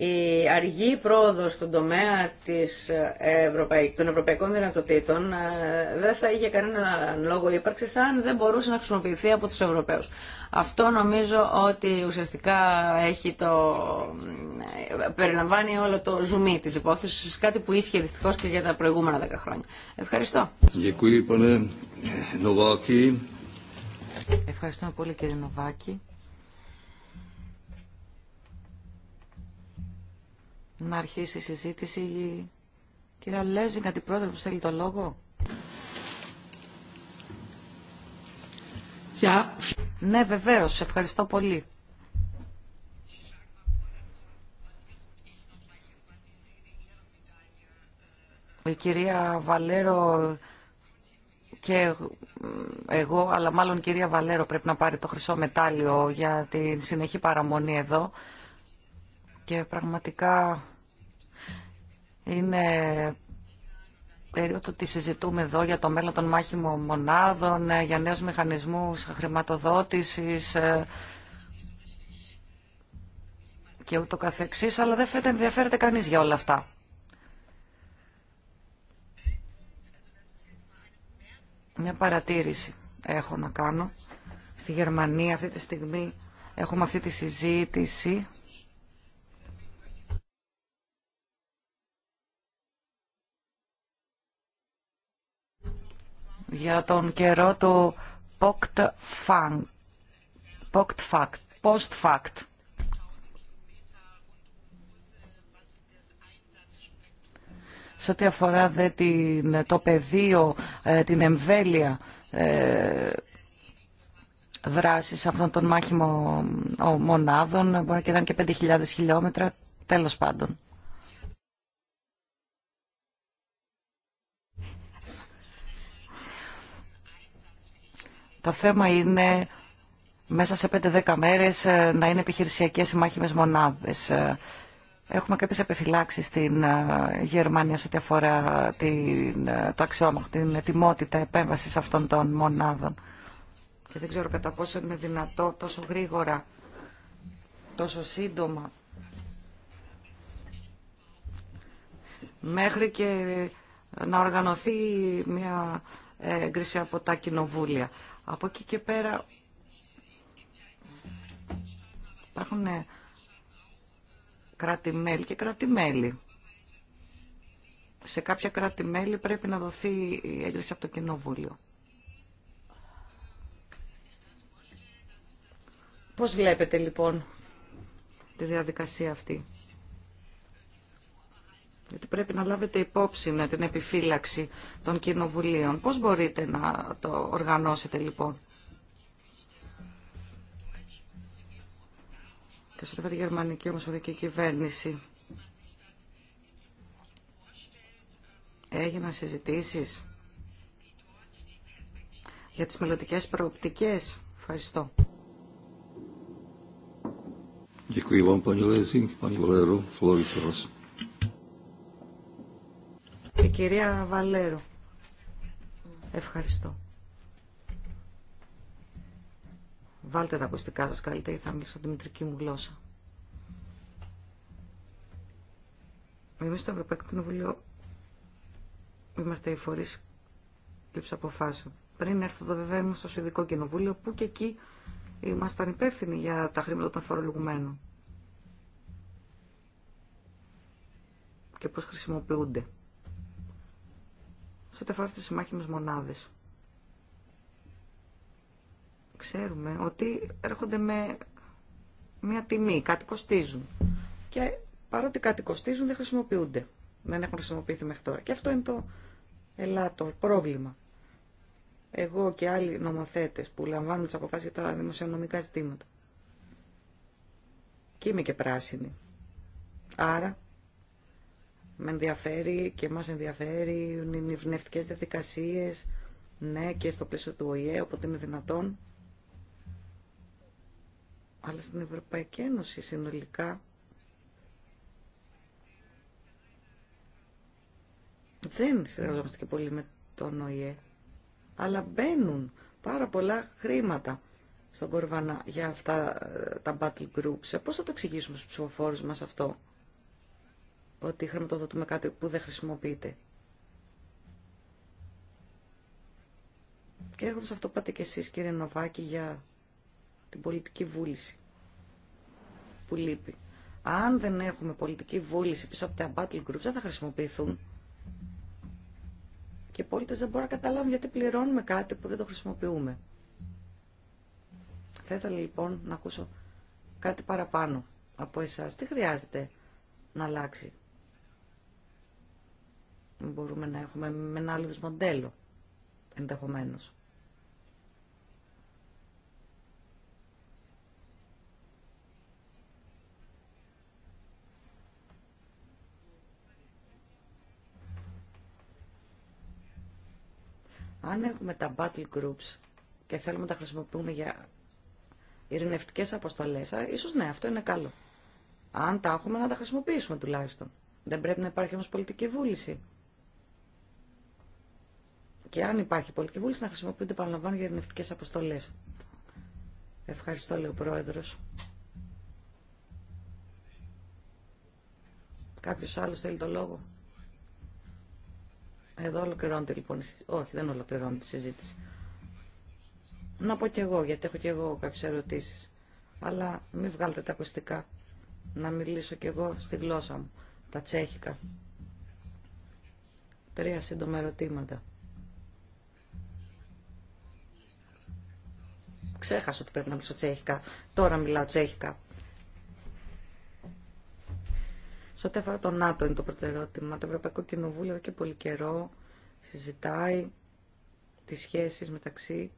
η αργή πρόοδο στον τομέα της ε, των ευρωπαϊκών δυνατοτήτων ε, δεν θα είχε κανένα λόγο ύπαρξη αν δεν μπορούσε να χρησιμοποιηθεί από τους Ευρωπαίους. Αυτό νομίζω ότι ουσιαστικά έχει το... Ε, περιλαμβάνει όλο το ζουμί της υπόθεσης, κάτι που ίσχυε δυστυχώς και για τα προηγούμενα δέκα χρόνια. Ευχαριστώ. Ευχαριστώ πολύ κύριε Νοβάκη. να αρχίσει η συζήτηση. Κυρία τη αντιπρόεδρε, που θέλει το λόγο. Ναι, βεβαίω, Ευχαριστώ πολύ. Η κυρία Βαλέρο και εγώ, αλλά μάλλον η κυρία Βαλέρο πρέπει να πάρει το χρυσό μετάλλιο για τη συνεχή παραμονή εδώ και πραγματικά είναι περίοδο ότι συζητούμε εδώ για το μέλλον των μάχημων μονάδων, ε, για νέους μηχανισμούς χρηματοδότησης ε, και ούτω καθεξής, αλλά δεν φαίνεται ενδιαφέρεται κανείς για όλα αυτά. Μια παρατήρηση έχω να κάνω. Στη Γερμανία αυτή τη στιγμή έχουμε αυτή τη συζήτηση για τον καιρό του post-fact. Σε ό,τι αφορά δε, την, το πεδίο, ε, την εμβέλεια ε, δράσης αυτών των μάχημων μονάδων, μπορεί και να και 5.000 χιλιόμετρα, τέλος πάντων. Το θέμα είναι μέσα σε 5-10 μέρες ε, να είναι επιχειρησιακές οι μονάδες. Ε, έχουμε κάποιες επιφυλάξεις στην ε, Γερμανία σε ό,τι αφορά την, το αξιόμαχο, την ετοιμότητα επέμβασης αυτών των μονάδων. Και δεν ξέρω κατά πόσο είναι δυνατό τόσο γρήγορα, τόσο σύντομα. Μέχρι και να οργανωθεί μια έγκριση από τα κοινοβούλια. Από εκεί και πέρα υπάρχουν ε, κράτη-μέλη και κράτη-μέλη. Σε κάποια κράτη-μέλη πρέπει να δοθεί η έγκριση από το Κοινοβούλιο. Πώς βλέπετε λοιπόν τη διαδικασία αυτή γιατί πρέπει να λάβετε υπόψη με ναι, την επιφύλαξη των κοινοβουλίων. Πώς μπορείτε να το οργανώσετε λοιπόν. Και στο τη γερμανική ομοσπονδιακή κυβέρνηση. Έγιναν συζητήσεις για τις μελλοντικές προοπτικές. Ευχαριστώ κυρία Βαλέρο. Ευχαριστώ. Βάλτε τα ακουστικά σας καλύτερα θα μιλήσω τη μητρική μου γλώσσα. Εμείς στο Ευρωπαϊκό Κοινοβουλίο είμαστε οι φορείς λήψη αποφάσεων. Πριν έρθω εδώ βέβαια ήμουν στο Συνδικό Κοινοβούλιο που και εκεί ήμασταν υπεύθυνοι για τα χρήματα των φορολογουμένων. Και πώς χρησιμοποιούνται σε ό,τι αφορά αυτές τις μονάδες. Ξέρουμε ότι έρχονται με μια τιμή, κάτι κοστίζουν. Και παρότι κάτι κοστίζουν δεν χρησιμοποιούνται. Δεν έχουν χρησιμοποιηθεί μέχρι τώρα. Και αυτό είναι το ελάττο πρόβλημα. Εγώ και άλλοι νομοθέτες που λαμβάνουν τις αποφάσεις για τα δημοσιονομικά ζητήματα. Και είμαι και πράσινη. Άρα με ενδιαφέρει και μας ενδιαφέρει οι νευνευτικές διαδικασίες, ναι, και στο πλαίσιο του ΟΗΕ, όποτε είναι δυνατόν. Αλλά στην Ευρωπαϊκή Ένωση συνολικά δεν συνεργαζόμαστε και πολύ με τον ΟΗΕ. Αλλά μπαίνουν πάρα πολλά χρήματα στον Κορβανά για αυτά ε, τα battle groups. Ε, πώς θα το εξηγήσουμε στους ψηφοφόρους μας αυτό ότι χρηματοδοτούμε κάτι που δεν χρησιμοποιείται. Και έρχομαι σε αυτό που είπατε και εσείς κύριε Νοβάκη για την πολιτική βούληση που λείπει. Αν δεν έχουμε πολιτική βούληση πίσω από τα battle groups δεν θα χρησιμοποιηθούν. Και οι πολίτες δεν μπορούν να καταλάβουν γιατί πληρώνουμε κάτι που δεν το χρησιμοποιούμε. Θα ήθελα λοιπόν να ακούσω κάτι παραπάνω από εσάς. Τι χρειάζεται να αλλάξει μπορούμε να έχουμε με ένα άλλο μοντέλο ενδεχομένως. Αν έχουμε τα battle groups και θέλουμε να τα χρησιμοποιούμε για ειρηνευτικές αποστολές, ίσως ναι, αυτό είναι καλό. Αν τα έχουμε να τα χρησιμοποιήσουμε τουλάχιστον. Δεν πρέπει να υπάρχει όμως πολιτική βούληση και αν υπάρχει πολιτική βούληση να χρησιμοποιούνται παραλαμβάνω για ειρηνευτικές αποστολές. Ευχαριστώ, λέει ο πρόεδρο. Κάποιο άλλο θέλει το λόγο. Εδώ ολοκληρώνεται λοιπόν η συζήτηση. Όχι, δεν ολοκληρώνεται η συζήτηση. Να πω κι εγώ, γιατί έχω κι εγώ κάποιε ερωτήσει. Αλλά μην βγάλετε τα ακουστικά. Να μιλήσω κι εγώ στη γλώσσα μου, τα τσέχικα. Τρία σύντομα ερωτήματα. Ξέχασα ότι πρέπει να μιλήσω τσέχικα. Τώρα μιλάω τσέχικα. Σε ό,τι το ΝΑΤΟ είναι το πρώτο ερώτημα. Το Ευρωπαϊκό Κοινοβούλιο εδώ και πολύ καιρό συζητάει τις σχέσεις μεταξύ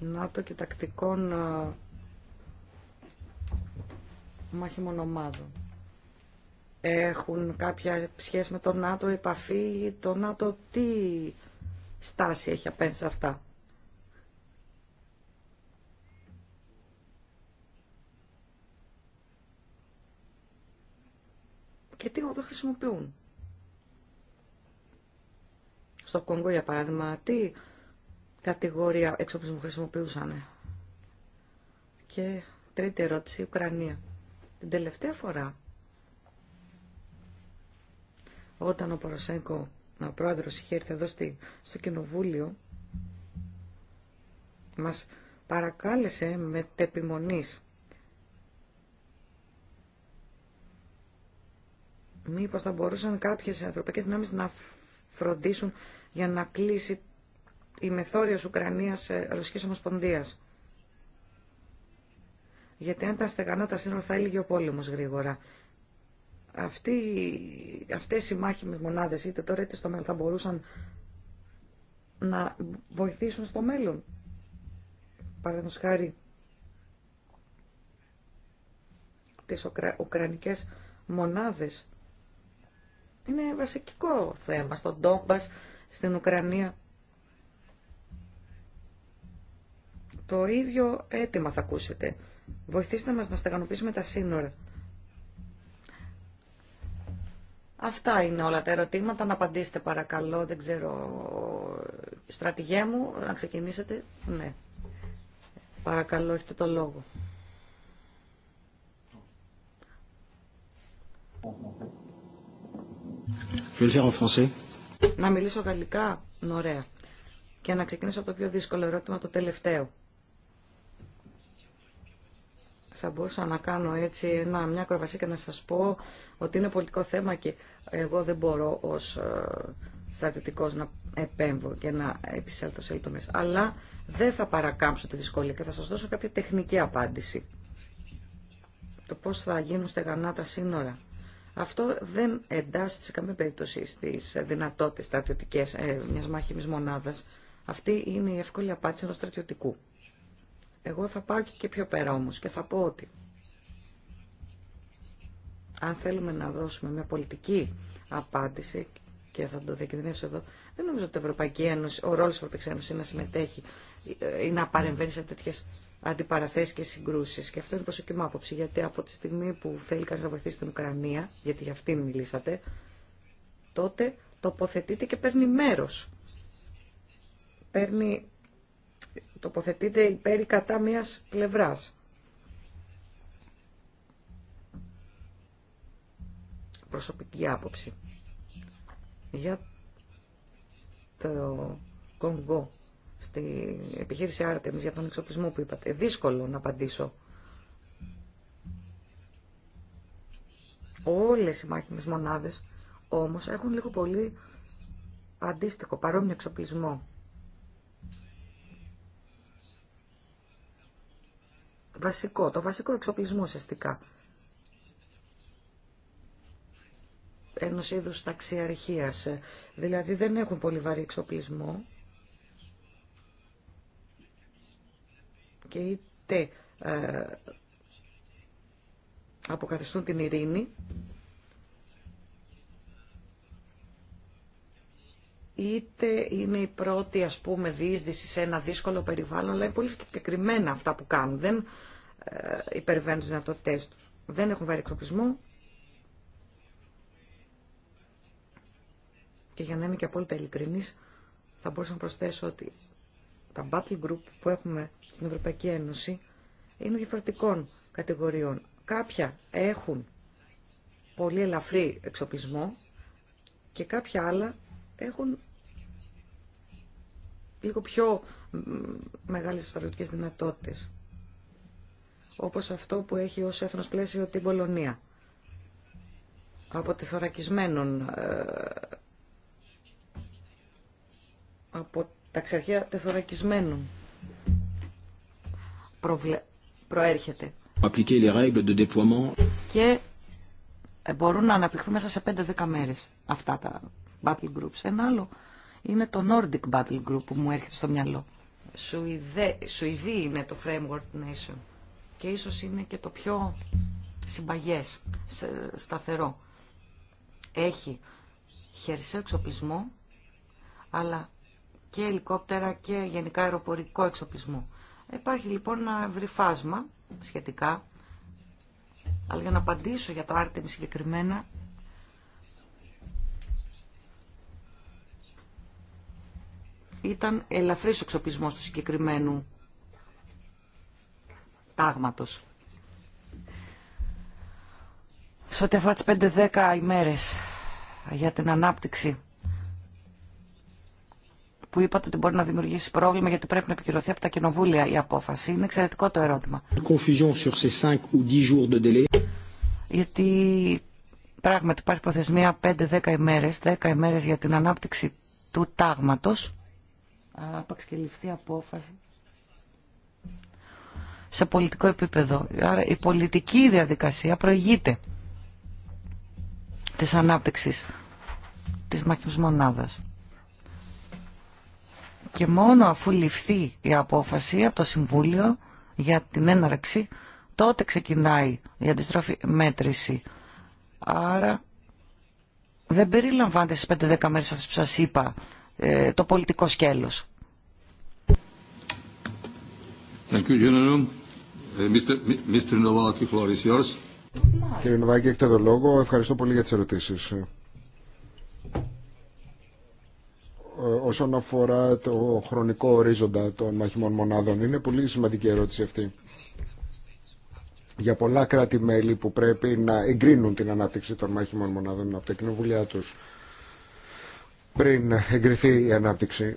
ΝΑΤΟ και τακτικών μάχημων ομάδων. Έχουν κάποια σχέση με το ΝΑΤΟ, επαφή, το ΝΑΤΟ τι στάση έχει απέναντι σε αυτά. Και τι όπλα χρησιμοποιούν. Στο Κόγκο, για παράδειγμα, τι κατηγορία εξοπλισμού χρησιμοποιούσαν. Και τρίτη ερώτηση, η Ουκρανία. Την τελευταία φορά, όταν ο Ποροσέγκο ο πρόεδρος είχε έρθει εδώ στο κοινοβούλιο, μας παρακάλεσε με τεπιμονής. Μήπως θα μπορούσαν κάποιες ευρωπαϊκές δυνάμεις να φροντίσουν για να κλείσει η μεθόριος Ουκρανίας ε, Ρωσικής Ομοσπονδίας. Γιατί αν τα στεγανά τα σύνορα θα έλυγε ο πόλεμος γρήγορα. Αυτοί, αυτές οι μάχημες μονάδες είτε τώρα είτε στο μέλλον θα μπορούσαν να βοηθήσουν στο μέλλον. Παραδείγματος χάρη τις ουκρανικές μονάδες. Είναι βασικό θέμα στον τόμπας, στην Ουκρανία. Το ίδιο αίτημα θα ακούσετε. Βοηθήστε μας να στεγανοποιήσουμε τα σύνορα. Αυτά είναι όλα τα ερωτήματα. Να απαντήσετε παρακαλώ. Δεν ξέρω, στρατηγέ μου, να ξεκινήσετε. Ναι. Παρακαλώ, έχετε το λόγο. Να μιλήσω γαλλικά, ωραία. Και να ξεκινήσω από το πιο δύσκολο ερώτημα, το τελευταίο θα μπορούσα να κάνω έτσι ένα, μια κροβασία και να σας πω ότι είναι πολιτικό θέμα και εγώ δεν μπορώ ως ε, στρατιωτικός να επέμβω και να επισέλθω σε λεπτομέρειες. Αλλά δεν θα παρακάμψω τη δυσκολία και θα σας δώσω κάποια τεχνική απάντηση. Το πώς θα γίνουν στεγανά τα σύνορα. Αυτό δεν εντάσσεται σε καμία περίπτωση στις δυνατότητες στρατιωτικές ε, μιας μάχημης μονάδας. Αυτή είναι η εύκολη απάντηση ενός στρατιωτικού. Εγώ θα πάω και πιο πέρα όμως και θα πω ότι αν θέλουμε να δώσουμε μια πολιτική απάντηση και θα το διακινδυνεύσω εδώ, δεν νομίζω ότι η Ευρωπαϊκή Ένωση, ο ρόλος της Ευρωπαϊκής Ένωσης είναι να συμμετέχει ή να παρεμβαίνει σε τέτοιες αντιπαραθέσεις και συγκρούσεις. Και αυτό είναι προσωπική μου άποψη, γιατί από τη στιγμή που θέλει κανείς να βοηθήσει την Ουκρανία, γιατί για αυτήν μιλήσατε, τότε τοποθετείται και παίρνει μέρος. Παίρνει τοποθετείται υπέρ ή κατά μιας πλευράς. Προσωπική άποψη. Για το Κονγκό, στη επιχείρηση Άρτεμις, για τον εξοπλισμό που είπατε. Δύσκολο να απαντήσω. Όλες οι μάχημες μονάδες όμως έχουν λίγο πολύ αντίστοιχο, παρόμοιο εξοπλισμό. βασικό, το βασικό εξοπλισμό ουσιαστικά. ενός είδους ταξιαρχίας. Δηλαδή δεν έχουν πολύ βαρύ εξοπλισμό και είτε ε, αποκαθιστούν την ειρήνη είτε είναι η πρώτη ας πούμε διείσδυση σε ένα δύσκολο περιβάλλον αλλά είναι πολύ συγκεκριμένα αυτά που κάνουν. Δεν ε, υπερβαίνουν τι δυνατότητές τους. Δεν έχουν βάλει εξοπλισμό. Και για να είμαι και απόλυτα ειλικρινής, θα μπορούσα να προσθέσω ότι τα battle group που έχουμε στην Ευρωπαϊκή Ένωση είναι διαφορετικών κατηγοριών. Κάποια έχουν πολύ ελαφρύ εξοπλισμό και κάποια άλλα έχουν λίγο πιο μεγάλες στρατιωτικές δυνατότητες όπως αυτό που έχει ως έθνος πλαίσιο την Πολωνία. Από τη θωρακισμένων, ε, από τα ξερχεία τεθωρακισμένων προβλε... προέρχεται. Και μπορούν να αναπτυχθούν μέσα σε 5-10 μέρες αυτά τα battle groups. Ένα άλλο είναι το Nordic Battle Group που μου έρχεται στο μυαλό. Σουηδέ, Σουηδή είναι το Framework Nation και ίσως είναι και το πιο συμπαγές, σταθερό. Έχει χερσαίο εξοπλισμό, αλλά και ελικόπτερα και γενικά αεροπορικό εξοπλισμό. Υπάρχει λοιπόν ένα βρυφάσμα σχετικά, αλλά για να απαντήσω για το Άρτεμι συγκεκριμένα, ήταν ελαφρύς ο εξοπλισμός του συγκεκριμένου τάγματος. Σε ό,τι αφορά τις 5-10 ημέρες για την ανάπτυξη που είπατε ότι μπορεί να δημιουργήσει πρόβλημα γιατί πρέπει να επικυρωθεί από τα κοινοβούλια η απόφαση. Είναι εξαιρετικό το ερώτημα. Γιατί πράγματι υπάρχει προθεσμία 5-10 ημέρες, 10 ημέρες για την ανάπτυξη του τάγματος. Άπαξ και απόφαση σε πολιτικό επίπεδο. Άρα η πολιτική διαδικασία προηγείται της ανάπτυξης της μάχης μονάδας. Και μόνο αφού ληφθεί η απόφαση από το Συμβούλιο για την έναρξη, τότε ξεκινάει η αντιστροφή μέτρηση. Άρα δεν περιλαμβάνεται στις 5-10 μέρες αυτές που σας είπα ε, το πολιτικό σκέλος. Thank you, ε, Mr. Novaki, floor is yours. Κύριε Νοβάκη, έχετε το λόγο. Ευχαριστώ πολύ για τις ερωτήσεις. Ε, όσον αφορά το χρονικό ορίζοντα των μαχημών μονάδων, είναι πολύ σημαντική ερώτηση αυτή. Για πολλά κράτη-μέλη που πρέπει να εγκρίνουν την ανάπτυξη των μάχημων μονάδων από τα κοινοβουλιά τους πριν εγκριθεί η ανάπτυξη.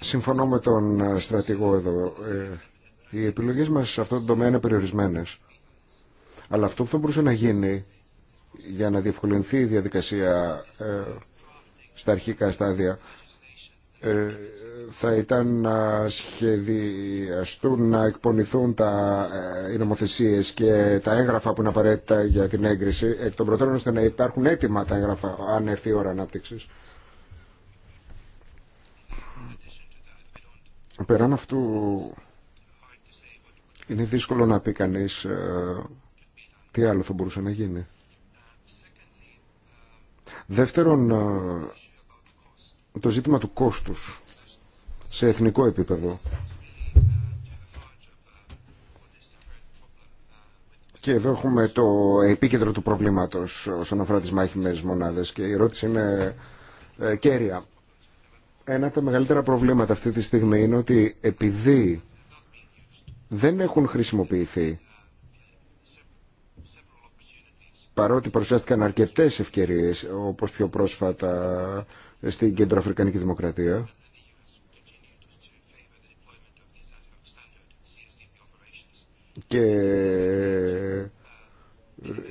Συμφωνώ με τον ε, στρατηγό εδώ. Ε, οι επιλογές μας σε αυτό το τομέα είναι περιορισμένες. Αλλά αυτό που θα μπορούσε να γίνει για να διευκολυνθεί η διαδικασία ε, στα αρχικά στάδια θα ήταν να σχεδιαστούν, να εκπονηθούν τα, οι νομοθεσίες και τα έγγραφα που είναι απαραίτητα για την έγκριση εκ των προτέρων ώστε να υπάρχουν έτοιμα τα έγγραφα αν έρθει η ώρα ανάπτυξης. Πέραν αυτού είναι δύσκολο να πει κανείς ε, τι άλλο θα μπορούσε να γίνει. Δεύτερον, ε, το ζήτημα του κόστους σε εθνικό επίπεδο. Και εδώ έχουμε το επίκεντρο του προβλήματος όσον αφορά τις μάχημες μονάδες και η ερώτηση είναι ε, κέρια. Ένα από τα μεγαλύτερα προβλήματα αυτή τη στιγμή είναι ότι επειδή δεν έχουν χρησιμοποιηθεί παρότι παρουσιάστηκαν αρκετές ευκαιρίες όπως πιο πρόσφατα στην Κεντροαφρικανική Δημοκρατία και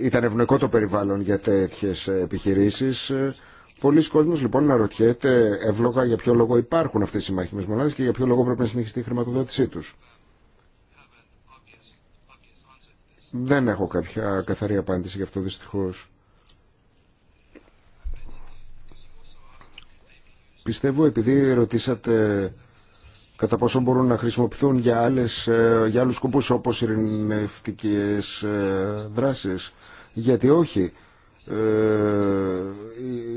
ήταν ευνοϊκό το περιβάλλον για τέτοιες επιχειρήσεις Πολλοί κόσμοι λοιπόν να ρωτιέται εύλογα για ποιο λόγο υπάρχουν αυτέ οι μάχημε μονάδε και για ποιο λόγο πρέπει να συνεχιστεί η χρηματοδότησή του. Δεν έχω κάποια καθαρή απάντηση γι' αυτό δυστυχώ. Πιστεύω επειδή ρωτήσατε κατά πόσο μπορούν να χρησιμοποιηθούν για, άλλες, για άλλους σκοπούς όπως ειρηνευτικές ε, δράσεις. Γιατί όχι. Ε,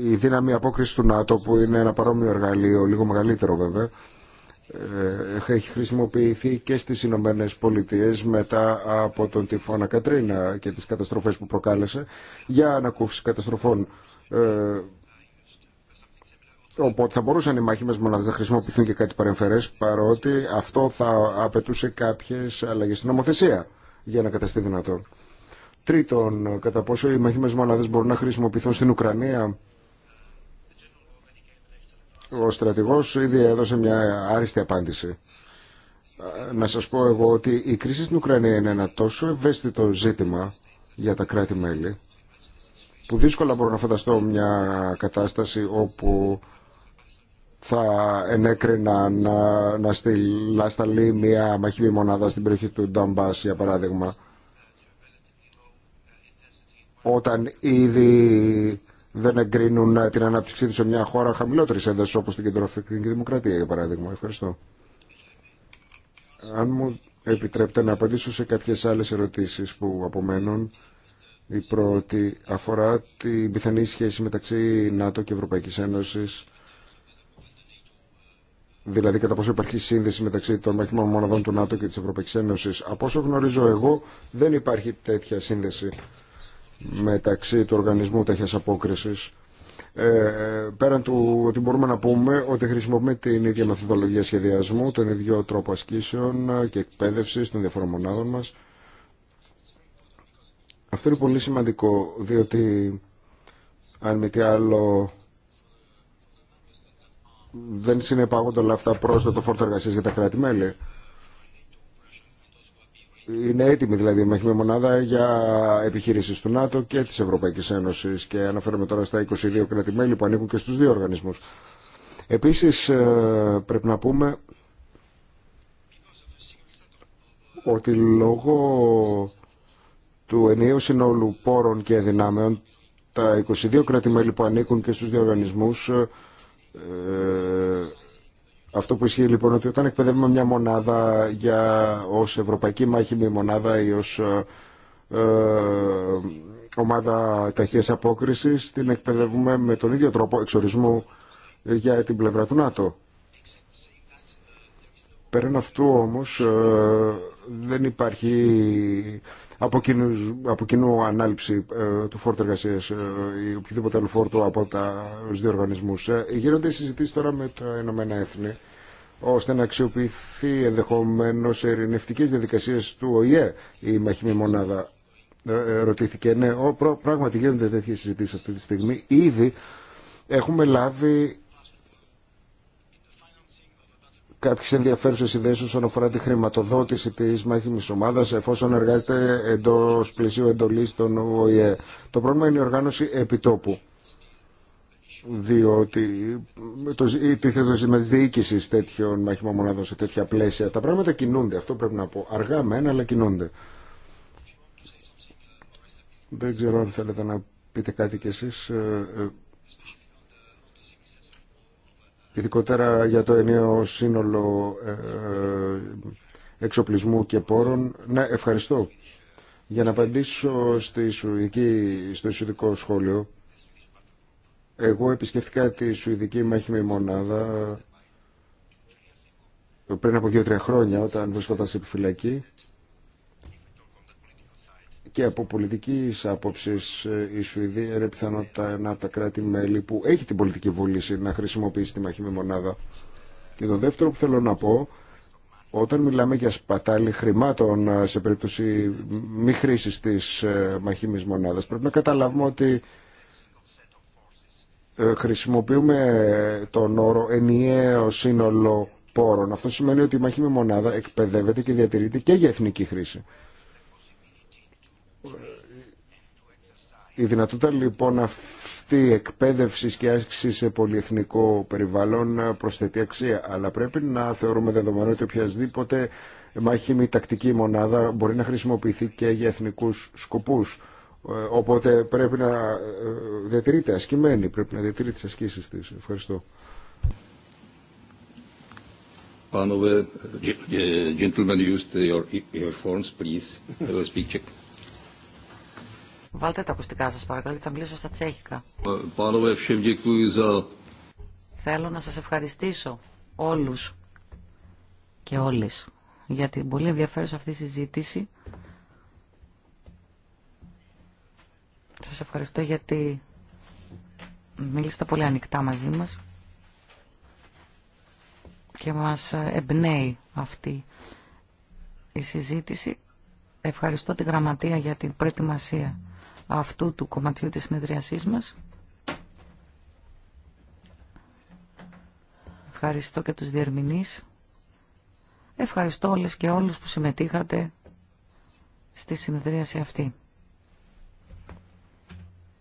η δύναμη απόκριση του ΝΑΤΟ που είναι ένα παρόμοιο εργαλείο, λίγο μεγαλύτερο βέβαια, ε, έχει χρησιμοποιηθεί και στις Ηνωμένε Πολιτείε μετά από τον τυφώνα Κατρίνα και τις καταστροφές που προκάλεσε για ανακούφιση καταστροφών. Ε, οπότε θα μπορούσαν οι μάχημες μονάδες να χρησιμοποιηθούν και κάτι παρεμφερές παρότι αυτό θα απαιτούσε κάποιες αλλαγές στην νομοθεσία για να καταστεί δυνατό. Τρίτον, κατά πόσο οι μαχημε μονάδες μπορούν να χρησιμοποιηθούν στην Ουκρανία. Ο στρατηγός ήδη έδωσε μια άριστη απάντηση. Να σας πω εγώ ότι η κρίση στην Ουκρανία είναι ένα τόσο ευαίσθητο ζήτημα για τα κράτη-μέλη που δύσκολα μπορώ να φανταστώ μια κατάσταση όπου θα ενέκρινα να, να στείλει μια μαχημή μονάδα στην περιοχή του Νταμπάς για παράδειγμα όταν ήδη δεν εγκρίνουν την ανάπτυξή του σε μια χώρα χαμηλότερη ένταση όπω την Κεντροαφρικανική Δημοκρατία, για παράδειγμα. Ευχαριστώ. Αν μου επιτρέπετε να απαντήσω σε κάποιε άλλε ερωτήσει που απομένουν. Η πρώτη αφορά την πιθανή σχέση μεταξύ ΝΑΤΟ και Ευρωπαϊκή Ένωση, δηλαδή κατά πόσο υπάρχει σύνδεση μεταξύ των μαχημών μοναδών του ΝΑΤΟ και τη Ευρωπαϊκή Ένωση, Από όσο γνωρίζω εγώ δεν υπάρχει τέτοια σύνδεση μεταξύ του οργανισμού τέτοια απόκριση. Ε, πέραν του ότι μπορούμε να πούμε ότι χρησιμοποιούμε την ίδια μεθοδολογία σχεδιασμού, τον ίδιο τρόπο ασκήσεων και εκπαίδευση των διαφορών μονάδων μας. Αυτό είναι πολύ σημαντικό, διότι αν μη τι άλλο δεν συνεπάγονται όλα αυτά πρόσθετο φόρτο εργασία για τα κράτη-μέλη είναι έτοιμη δηλαδή η μαχημή μονάδα για επιχειρήσει του ΝΑΤΟ και τη Ευρωπαϊκή Ένωση και αναφέρομαι τώρα στα 22 κράτη-μέλη που ανήκουν και στους δύο οργανισμούς. Επίσης ε, πρέπει να πούμε ότι λόγω του ενιαίου συνόλου πόρων και δυνάμεων τα 22 κράτη-μέλη που ανήκουν και στους δύο οργανισμούς ε, αυτό που ισχύει λοιπόν ότι όταν εκπαιδεύουμε μια μονάδα για, ως ευρωπαϊκή μάχημη μονάδα ή ως ε, ε, ομάδα ταχείας απόκρισης την εκπαιδεύουμε με τον ίδιο τρόπο εξορισμού για την πλευρά του ΝΑΤΟ. Πέραν αυτού όμως ε, δεν υπάρχει από κοινού, από ανάληψη ε, του φόρτου εργασία ε, ή οποιοδήποτε άλλο φόρτο από του δύο οργανισμού. Γίνονται συζητήσει τώρα με τα Ηνωμένα Έθνη ώστε να αξιοποιηθεί ενδεχομένω σε ειρηνευτικέ διαδικασίε του ΟΗΕ η μαχημή μονάδα. Ρωτήθηκε, ναι, πράγματι γίνονται τέτοιε συζητήσει αυτή τη στιγμή. Ήδη έχουμε λάβει κάποιε ενδιαφέρουσε ιδέε όσον αφορά τη χρηματοδότηση τη μάχημη ομάδα εφόσον εργάζεται εντό πλαισίου εντολή των ΟΗΕ. Το πρόβλημα είναι η οργάνωση επιτόπου. Διότι το, το ζήτημα τη διοίκηση τέτοιων μάχημων μονάδων σε τέτοια πλαίσια. Τα πράγματα κινούνται, αυτό πρέπει να πω. Αργά με ένα, αλλά κινούνται. Δεν ξέρω αν θέλετε να πείτε κάτι κι εσείς. Ε, ε, ειδικότερα για το ενιαίο σύνολο ε, εξοπλισμού και πόρων. Ναι, ευχαριστώ. Για να απαντήσω στη Σουηδική, στο Σουηδικό σχόλιο, εγώ επισκεφτήκα τη Σουηδική Μάχημη Μονάδα πριν από δύο-τρία χρόνια όταν βρισκόταν σε επιφυλακή και από πολιτική άποψη ε, η Σουηδία είναι πιθανότητα ένα από τα κράτη-μέλη που έχει την πολιτική βούληση να χρησιμοποιήσει τη μαχημή μονάδα. Και το δεύτερο που θέλω να πω, όταν μιλάμε για σπατάλη χρημάτων ε, σε περίπτωση μη χρήση τη ε, μαχημή μονάδα, πρέπει να καταλάβουμε ότι χρησιμοποιούμε τον όρο ενιαίο σύνολο πόρων. Αυτό σημαίνει ότι η μαχημή μονάδα εκπαιδεύεται και διατηρείται και για εθνική χρήση. Η δυνατότητα λοιπόν αυτή εκπαίδευση και άσκηση σε πολυεθνικό περιβάλλον προσθέτει αξία. Αλλά πρέπει να θεωρούμε δεδομένο ότι οποιασδήποτε μάχημη τακτική μονάδα μπορεί να χρησιμοποιηθεί και για εθνικούς σκοπούς. Ε, οπότε πρέπει να ε, διατηρείται ασκημένη, πρέπει να διατηρεί τι ασκήσει τη. Ευχαριστώ. Gentlemen, use your earphones, please. speak Βάλτε τα ακουστικά σας παρακαλώ, θα μιλήσω στα τσέχικα. Θέλω να σας ευχαριστήσω όλους και όλες για την πολύ ενδιαφέρουσα αυτή συζήτηση. Σας ευχαριστώ γιατί μίλησατε πολύ ανοιχτά μαζί μας και μας εμπνέει αυτή η συζήτηση. Ευχαριστώ τη Γραμματεία για την προετοιμασία αυτού του κομματιού της συνεδριασής μας. Ευχαριστώ και τους διερμηνείς. Ευχαριστώ όλες και όλους που συμμετείχατε στη συνεδρίαση αυτή.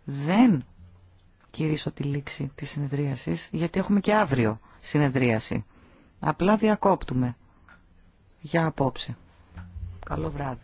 Δεν κηρύσω τη λήξη της συνεδρίασης, γιατί έχουμε και αύριο συνεδρίαση. Απλά διακόπτουμε. Για απόψε. Καλό βράδυ.